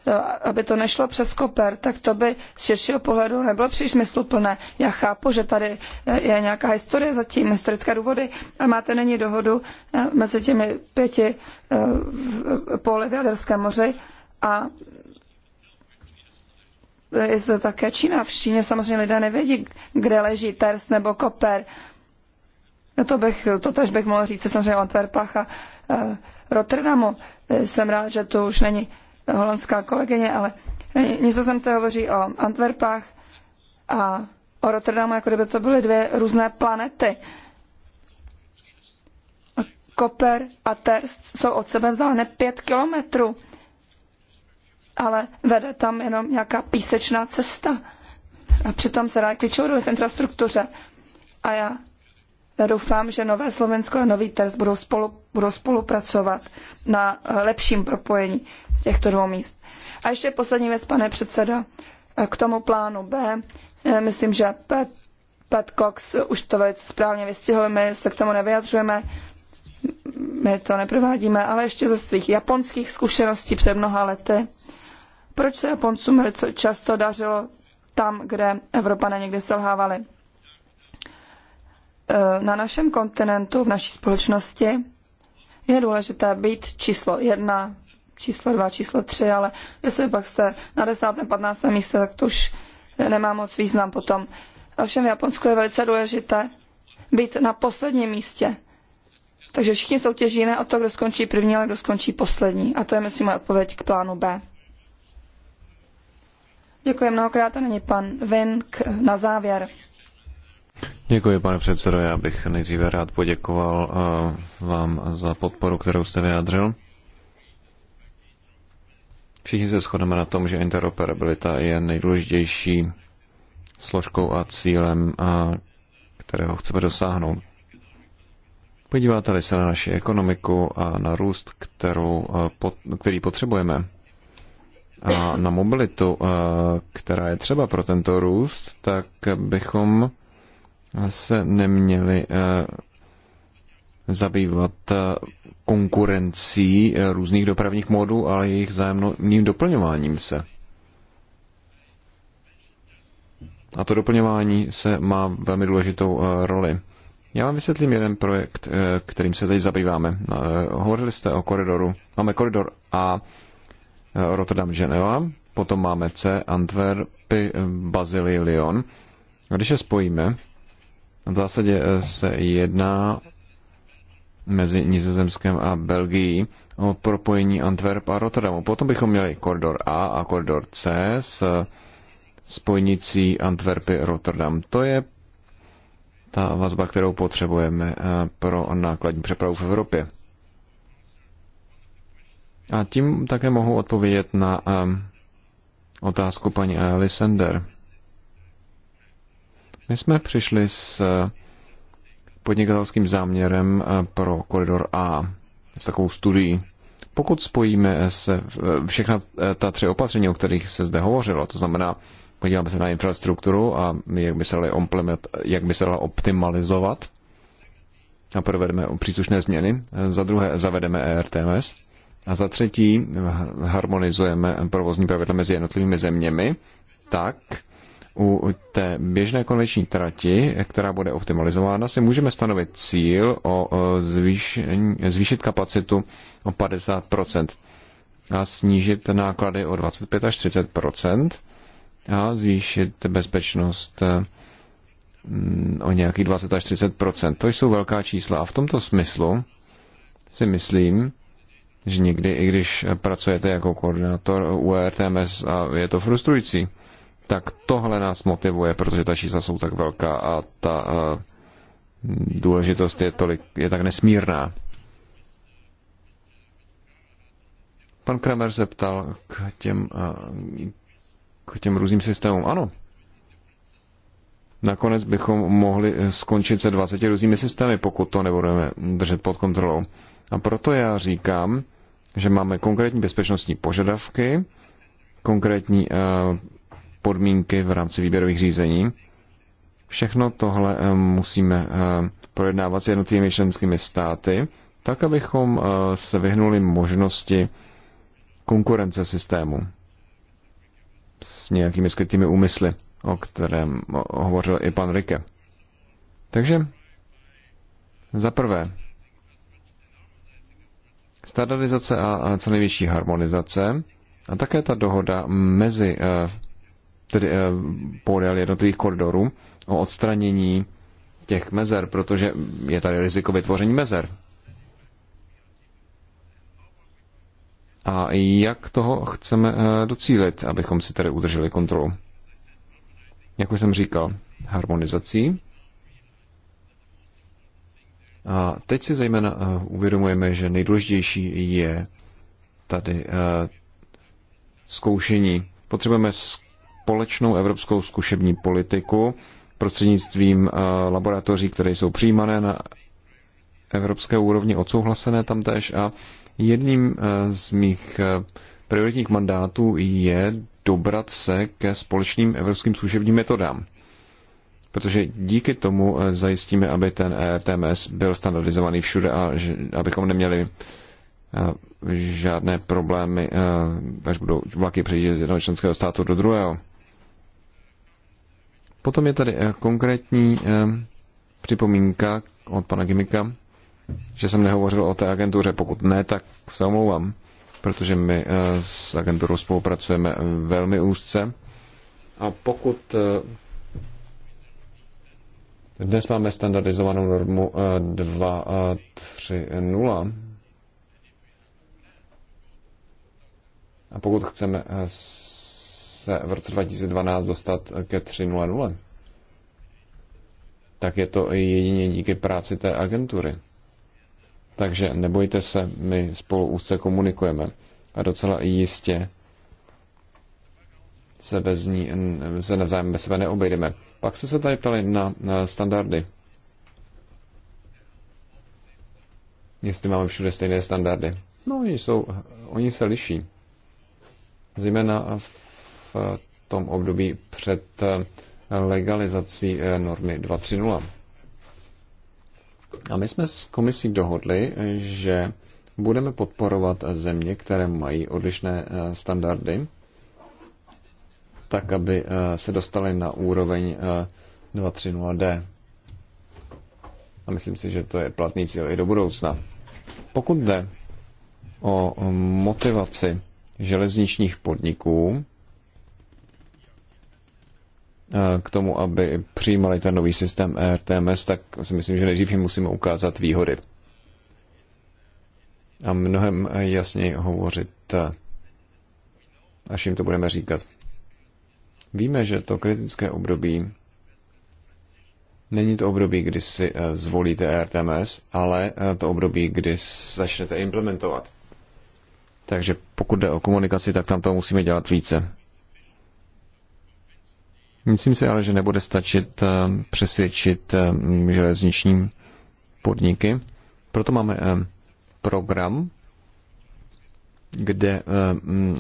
E, aby to nešlo přes koper, tak to by z širšího pohledu nebylo příliš smysluplné. Já chápu, že tady e, je nějaká historie zatím, historické důvody, ale máte není dohodu e, mezi těmi pěti poli v Jaderském moři a je zde také Čína. V Číně samozřejmě lidé nevědí, kde leží Ters nebo Koper. To, bych, to tež bych mohl říct, samozřejmě o Antwerpách a Rotterdamu. Jsem rád, že to už není holandská kolegyně, ale nizozemce hovoří o Antwerpách a o Rotterdamu, jako kdyby to byly dvě různé planety. Koper a Terst jsou od sebe vzdálené pět kilometrů, ale vede tam jenom nějaká písečná cesta. A přitom se dá klíčovou roli v infrastruktuře. A já, já doufám, že Nové Slovensko a Nový Terst budou, spolu, budou spolupracovat na eh, lepším propojení těchto dvou míst. A ještě poslední věc, pane předsedo, k tomu plánu B. Myslím, že Pat, Pat Cox už to velice správně vystihl, my se k tomu nevyjadřujeme, my to neprovádíme, ale ještě ze svých japonských zkušeností před mnoha lety. Proč se Japoncům velice často dařilo tam, kde Evropané někde selhávali? E, na našem kontinentu, v naší společnosti, je důležité být číslo jedna číslo dva, číslo tři, ale jestli pak jste na desátém, patnáctém místě, tak to už nemá moc význam potom. Ovšem v Japonsku je velice důležité být na posledním místě. Takže všichni soutěží ne o to, kdo skončí první, ale kdo skončí poslední. A to je, myslím, moje odpověď k plánu B. Děkuji mnohokrát a není pan Vink na závěr. Děkuji, pane předsedo. Já bych nejdříve rád poděkoval eh, vám za podporu, kterou jste vyjádřil. Všichni se shodneme na tom, že interoperabilita je nejdůležitější složkou a cílem, a kterého chceme dosáhnout. Podíváte-li se na naši ekonomiku a na růst, kterou, který potřebujeme, a na mobilitu, která je třeba pro tento růst, tak bychom se neměli zabývat eh, konkurencí eh, různých dopravních módů, ale jejich zájemným doplňováním se. A to doplňování se má velmi důležitou eh, roli. Já vám vysvětlím jeden projekt, kterým se teď zabýváme. Hovořili jste o koridoru. Máme koridor A Rotterdam Geneva, potom máme C Antwerpy, Bazily, Lyon. Když je spojíme, v zásadě se jedná mezi Nizozemskem a Belgií o propojení Antwerp a Rotterdamu. Potom bychom měli koridor A a koridor C s spojnicí Antwerpy-Rotterdam. To je ta vazba, kterou potřebujeme eh, pro nákladní přepravu v Evropě. A tím také mohu odpovědět na eh, otázku paní Elisender. My jsme přišli s eh, podnikatelským záměrem eh, pro koridor A s takovou studií. Pokud spojíme eh, se eh, všechna ta tři opatření, o kterých se zde hovořilo, to znamená, podíváme se na infrastrukturu a jak by se dala, jak by se dala optimalizovat a provedeme příslušné změny, za druhé zavedeme ERTMS a za třetí harmonizujeme provozní pravidla mezi jednotlivými zeměmi tak, u té běžné konvenční trati, která bude optimalizována, si můžeme stanovit cíl o zvýšení, zvýšit kapacitu o 50 a snížit náklady o 25 až 30 a zvýšit bezpečnost e, mm, o nějakých 20 až 30 To jsou velká čísla a v tomto smyslu si myslím, že někdy, i když pracujete jako koordinátor URTMS, e a je to frustrující, tak tohle nás motivuje, protože ta čísla jsou tak velká a ta eh, důležitost je, tolik, je tak nesmírná. Pan Kramer se ptal k těm, eh, k těm různým systémům. Ano, Nakonec bychom mohli skončit se 20 různými systémy, pokud to nebudeme držet pod kontrolou. A proto já říkám, že máme konkrétní bezpečnostní požadavky, konkrétní uh, podmínky v rámci výběrových řízení. Všechno tohle eh, musíme eh, projednávat s jednotlivými členskými státy, tak abychom eh, se vyhnuli možnosti konkurence systému s nějakými skrytými úmysly, o kterém hovořil i pan Rike. Takže za prvé, standardizace a co největší harmonizace a také ta dohoda mezi tedy eh, podél jednotlivých koridorů o odstranění těch mezer, protože je tady riziko vytvoření mezer. A jak toho chceme eh, docílit, abychom si tady udrželi kontrolu? Jak už jsem říkal, harmonizací. A teď si zejména eh, uvědomujeme, že nejdůležitější je tady zkoušení. Potřebujeme zkoušení společnou evropskou zkušební politiku prostřednictvím eh, laboratoří, které jsou přijímané na evropské úrovni, odsouhlasené tam tež. A jedním eh, z mých eh, prioritních mandátů je dobrat se ke společným evropským služebním metodám. Protože díky tomu zajistíme, aby ten ERTMS byl standardizovaný všude a abychom neměli žádné problémy, až budou vlaky přejít z jednoho členského státu do druhého. Potom je tady eh, konkrétní eh, připomínka od pana Gimika, že jsem nehovořil o té agentuře. Pokud ne, tak se omlouvám, protože my eh, s agenturou spolupracujeme velmi úzce. A pokud dnes máme standardizovanou normu 2.3.0, a pokud chceme se v roce 2012 dostat ke 3.0.0, tak je to jedině díky práci té agentury. Takže nebojte se, my spolu úzce komunikujeme a docela jistě se bez ní, se navzájem bez sebe neobejdeme. Pak jste se tady ptali na, na standardy. Jestli máme všude stejné standardy. No, oni, jsou, oni se liší. Zejména v v tom období před eh, legalizací eh, normy 2.3.0. A my jsme s komisí dohodli, že budeme podporovat země, které mají odlišné eh, standardy, tak aby se dostaly na úroveň 2.3.0D. A myslím si, že to je platný cíl i do budoucna. Pokud jde o motivaci železničních podniků, k tomu, aby přijímali ten nový systém RTMS, tak si myslím, že nejdřív jim musíme ukázat výhody. A mnohem jasněji hovořit, až jim to budeme říkat. Víme, že to kritické období není to období, kdy si e, zvolíte RTMS, ale e, to období, kdy začnete implementovat. Takže pokud jde o komunikaci, tak tam to musíme dělat více. Myslím si ale, že nebude stačit eh, přesvědčit eh, železniční podniky. Proto máme eh, program, kde mm,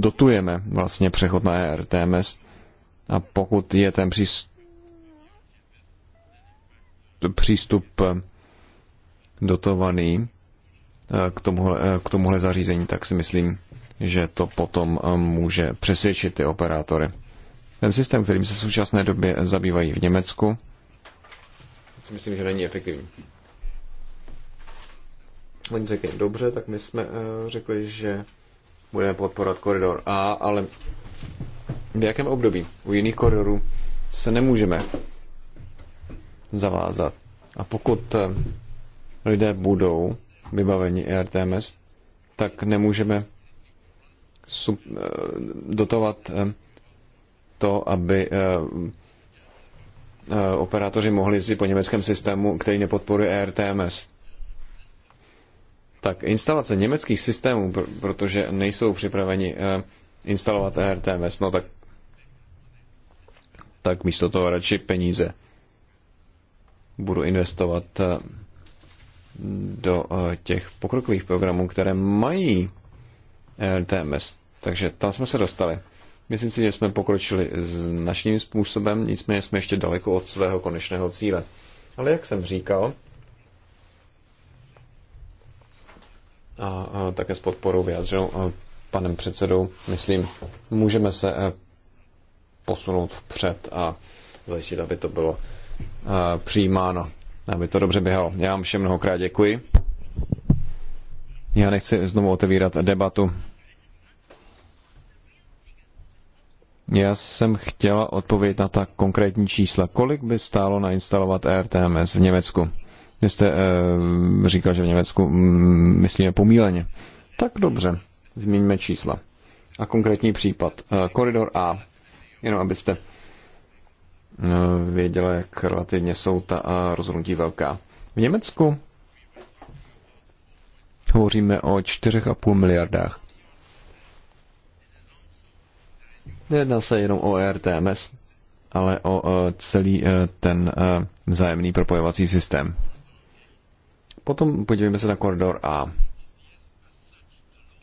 dotujeme vlastně přechod na ERTMS a pokud je ten přístup dotovaný k tomuhle, k tomuhle zařízení, tak si myslím, že to potom může přesvědčit ty operátory. Ten systém, kterým se v současné době zabývají v Německu, si myslím, že není efektivní. Oni řekli, dobře, tak my jsme eh, řekli, že budeme podporovat koridor A, ale v jakém období u jiných koridorů se nemůžeme zavázat. A pokud eh, lidé budou vybaveni ERTMS, tak nemůžeme sub, eh, dotovat to, aby eh, eh, operátoři mohli jezdit po německém systému, který nepodporuje ERTMS. Tak instalace německých systémů, protože nejsou připraveni eh, instalovat ERTMS, no tak, tak místo toho radši peníze budu investovat do těch pokrokových programů, které mají ERTMS. Takže tam jsme se dostali. Myslím si, že jsme pokročili značným způsobem, nicméně jsme ještě daleko od svého konečného cíle. Ale jak jsem říkal, a, a také s podporou vyjádřenou panem předsedou, myslím, můžeme se e, posunout vpřed a zajistit, aby to bylo e, přijímáno, aby to dobře běhalo. Já vám všem mnohokrát děkuji. Já nechci znovu otevírat debatu. Já jsem chtěla odpovědět na ta konkrétní čísla. Kolik by stálo nainstalovat RTMS v Německu? Vy jste uh, říkal, že v Německu mm, myslíme pomíleně. Tak dobře, zmíníme čísla. A konkrétní případ. E, koridor A. Jenom abyste uh, eh, věděli, jak relativně jsou ta a rozhodnutí velká. V Německu hovoříme o 4,5 miliardách. Nejedná se jenom o ERTMS, ale o e, celý e, ten e, vzájemný propojovací systém. Potom podívejme se na koridor A.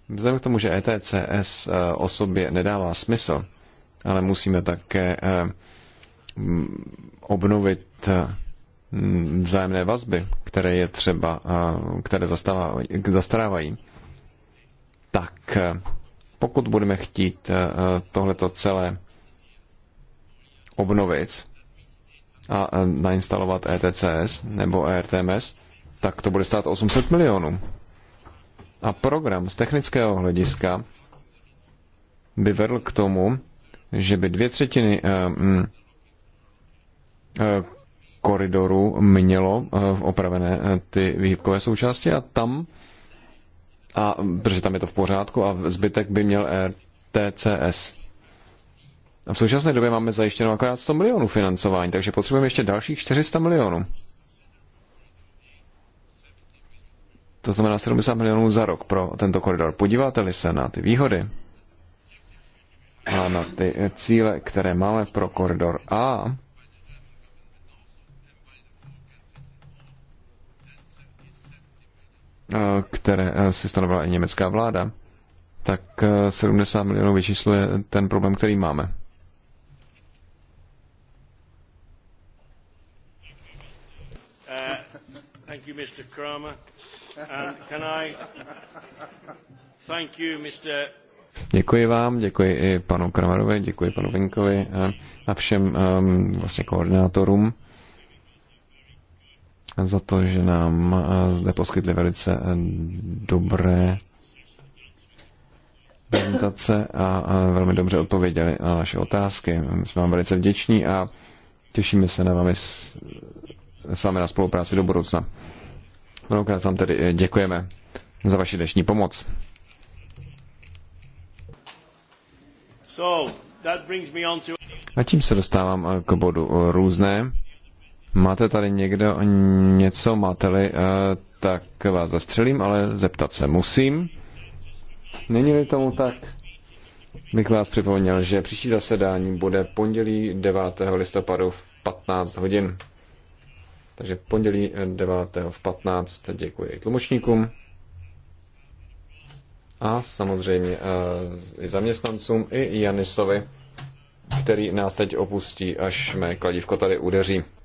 Vzhledem k tomu, že ETCS o sobě nedává smysl, ale musíme také obnovit vzájemné vazby, které je třeba, které zastávají, zastarávají, tak pokud budeme chtít eh, tohleto celé obnovit a eh, nainstalovat ETCS nebo ERTMS, tak to bude stát 800 milionů. A program z technického hlediska by vedl k tomu, že by dvě třetiny eh, mm, koridoru mělo opravené ty výhybkové součásti a tam a, protože tam je to v pořádku a zbytek by měl RTCS. E a v současné době máme zajištěno akorát 100 milionů financování, takže potřebujeme ještě dalších 400 milionů. To znamená 70 milionů za rok pro tento koridor. Podíváte-li se na ty výhody a na ty cíle, které máme pro koridor A, Eh, které eh, si stanovila i německá vláda, tak 70 eh, milionů vyčísluje ten problém, který máme. Thank you, Mr. Kramer. And um, can I thank you, Mr. Děkuji vám, děkuji i panu Kramerovi, děkuji panu Vinkovi a všem um, vlastně koordinátorům za to, že nám eh, zde poskytli velice eh, dobré prezentace a velmi dobře odpověděli na naše otázky. Jsme vám velice vděční a těšíme se na vámi s, s vámi na spolupráci do budoucna. Mnohokrát vám tedy eh, děkujeme za vaši dnešní pomoc. A tím se dostávám k bodu různé. Máte tady někdo něco, máte-li, eh, tak vás zastřelím, ale zeptat se musím. Není-li tomu tak, bych vás připomněl, že příští zasedání bude pondělí 9. listopadu v 15 hodin. Takže pondělí 9. Eh, v 15 děkuji tlumočníkům a samozřejmě eh, i zaměstnancům, i Janisovi, který nás teď opustí, až mé kladívko tady udeří.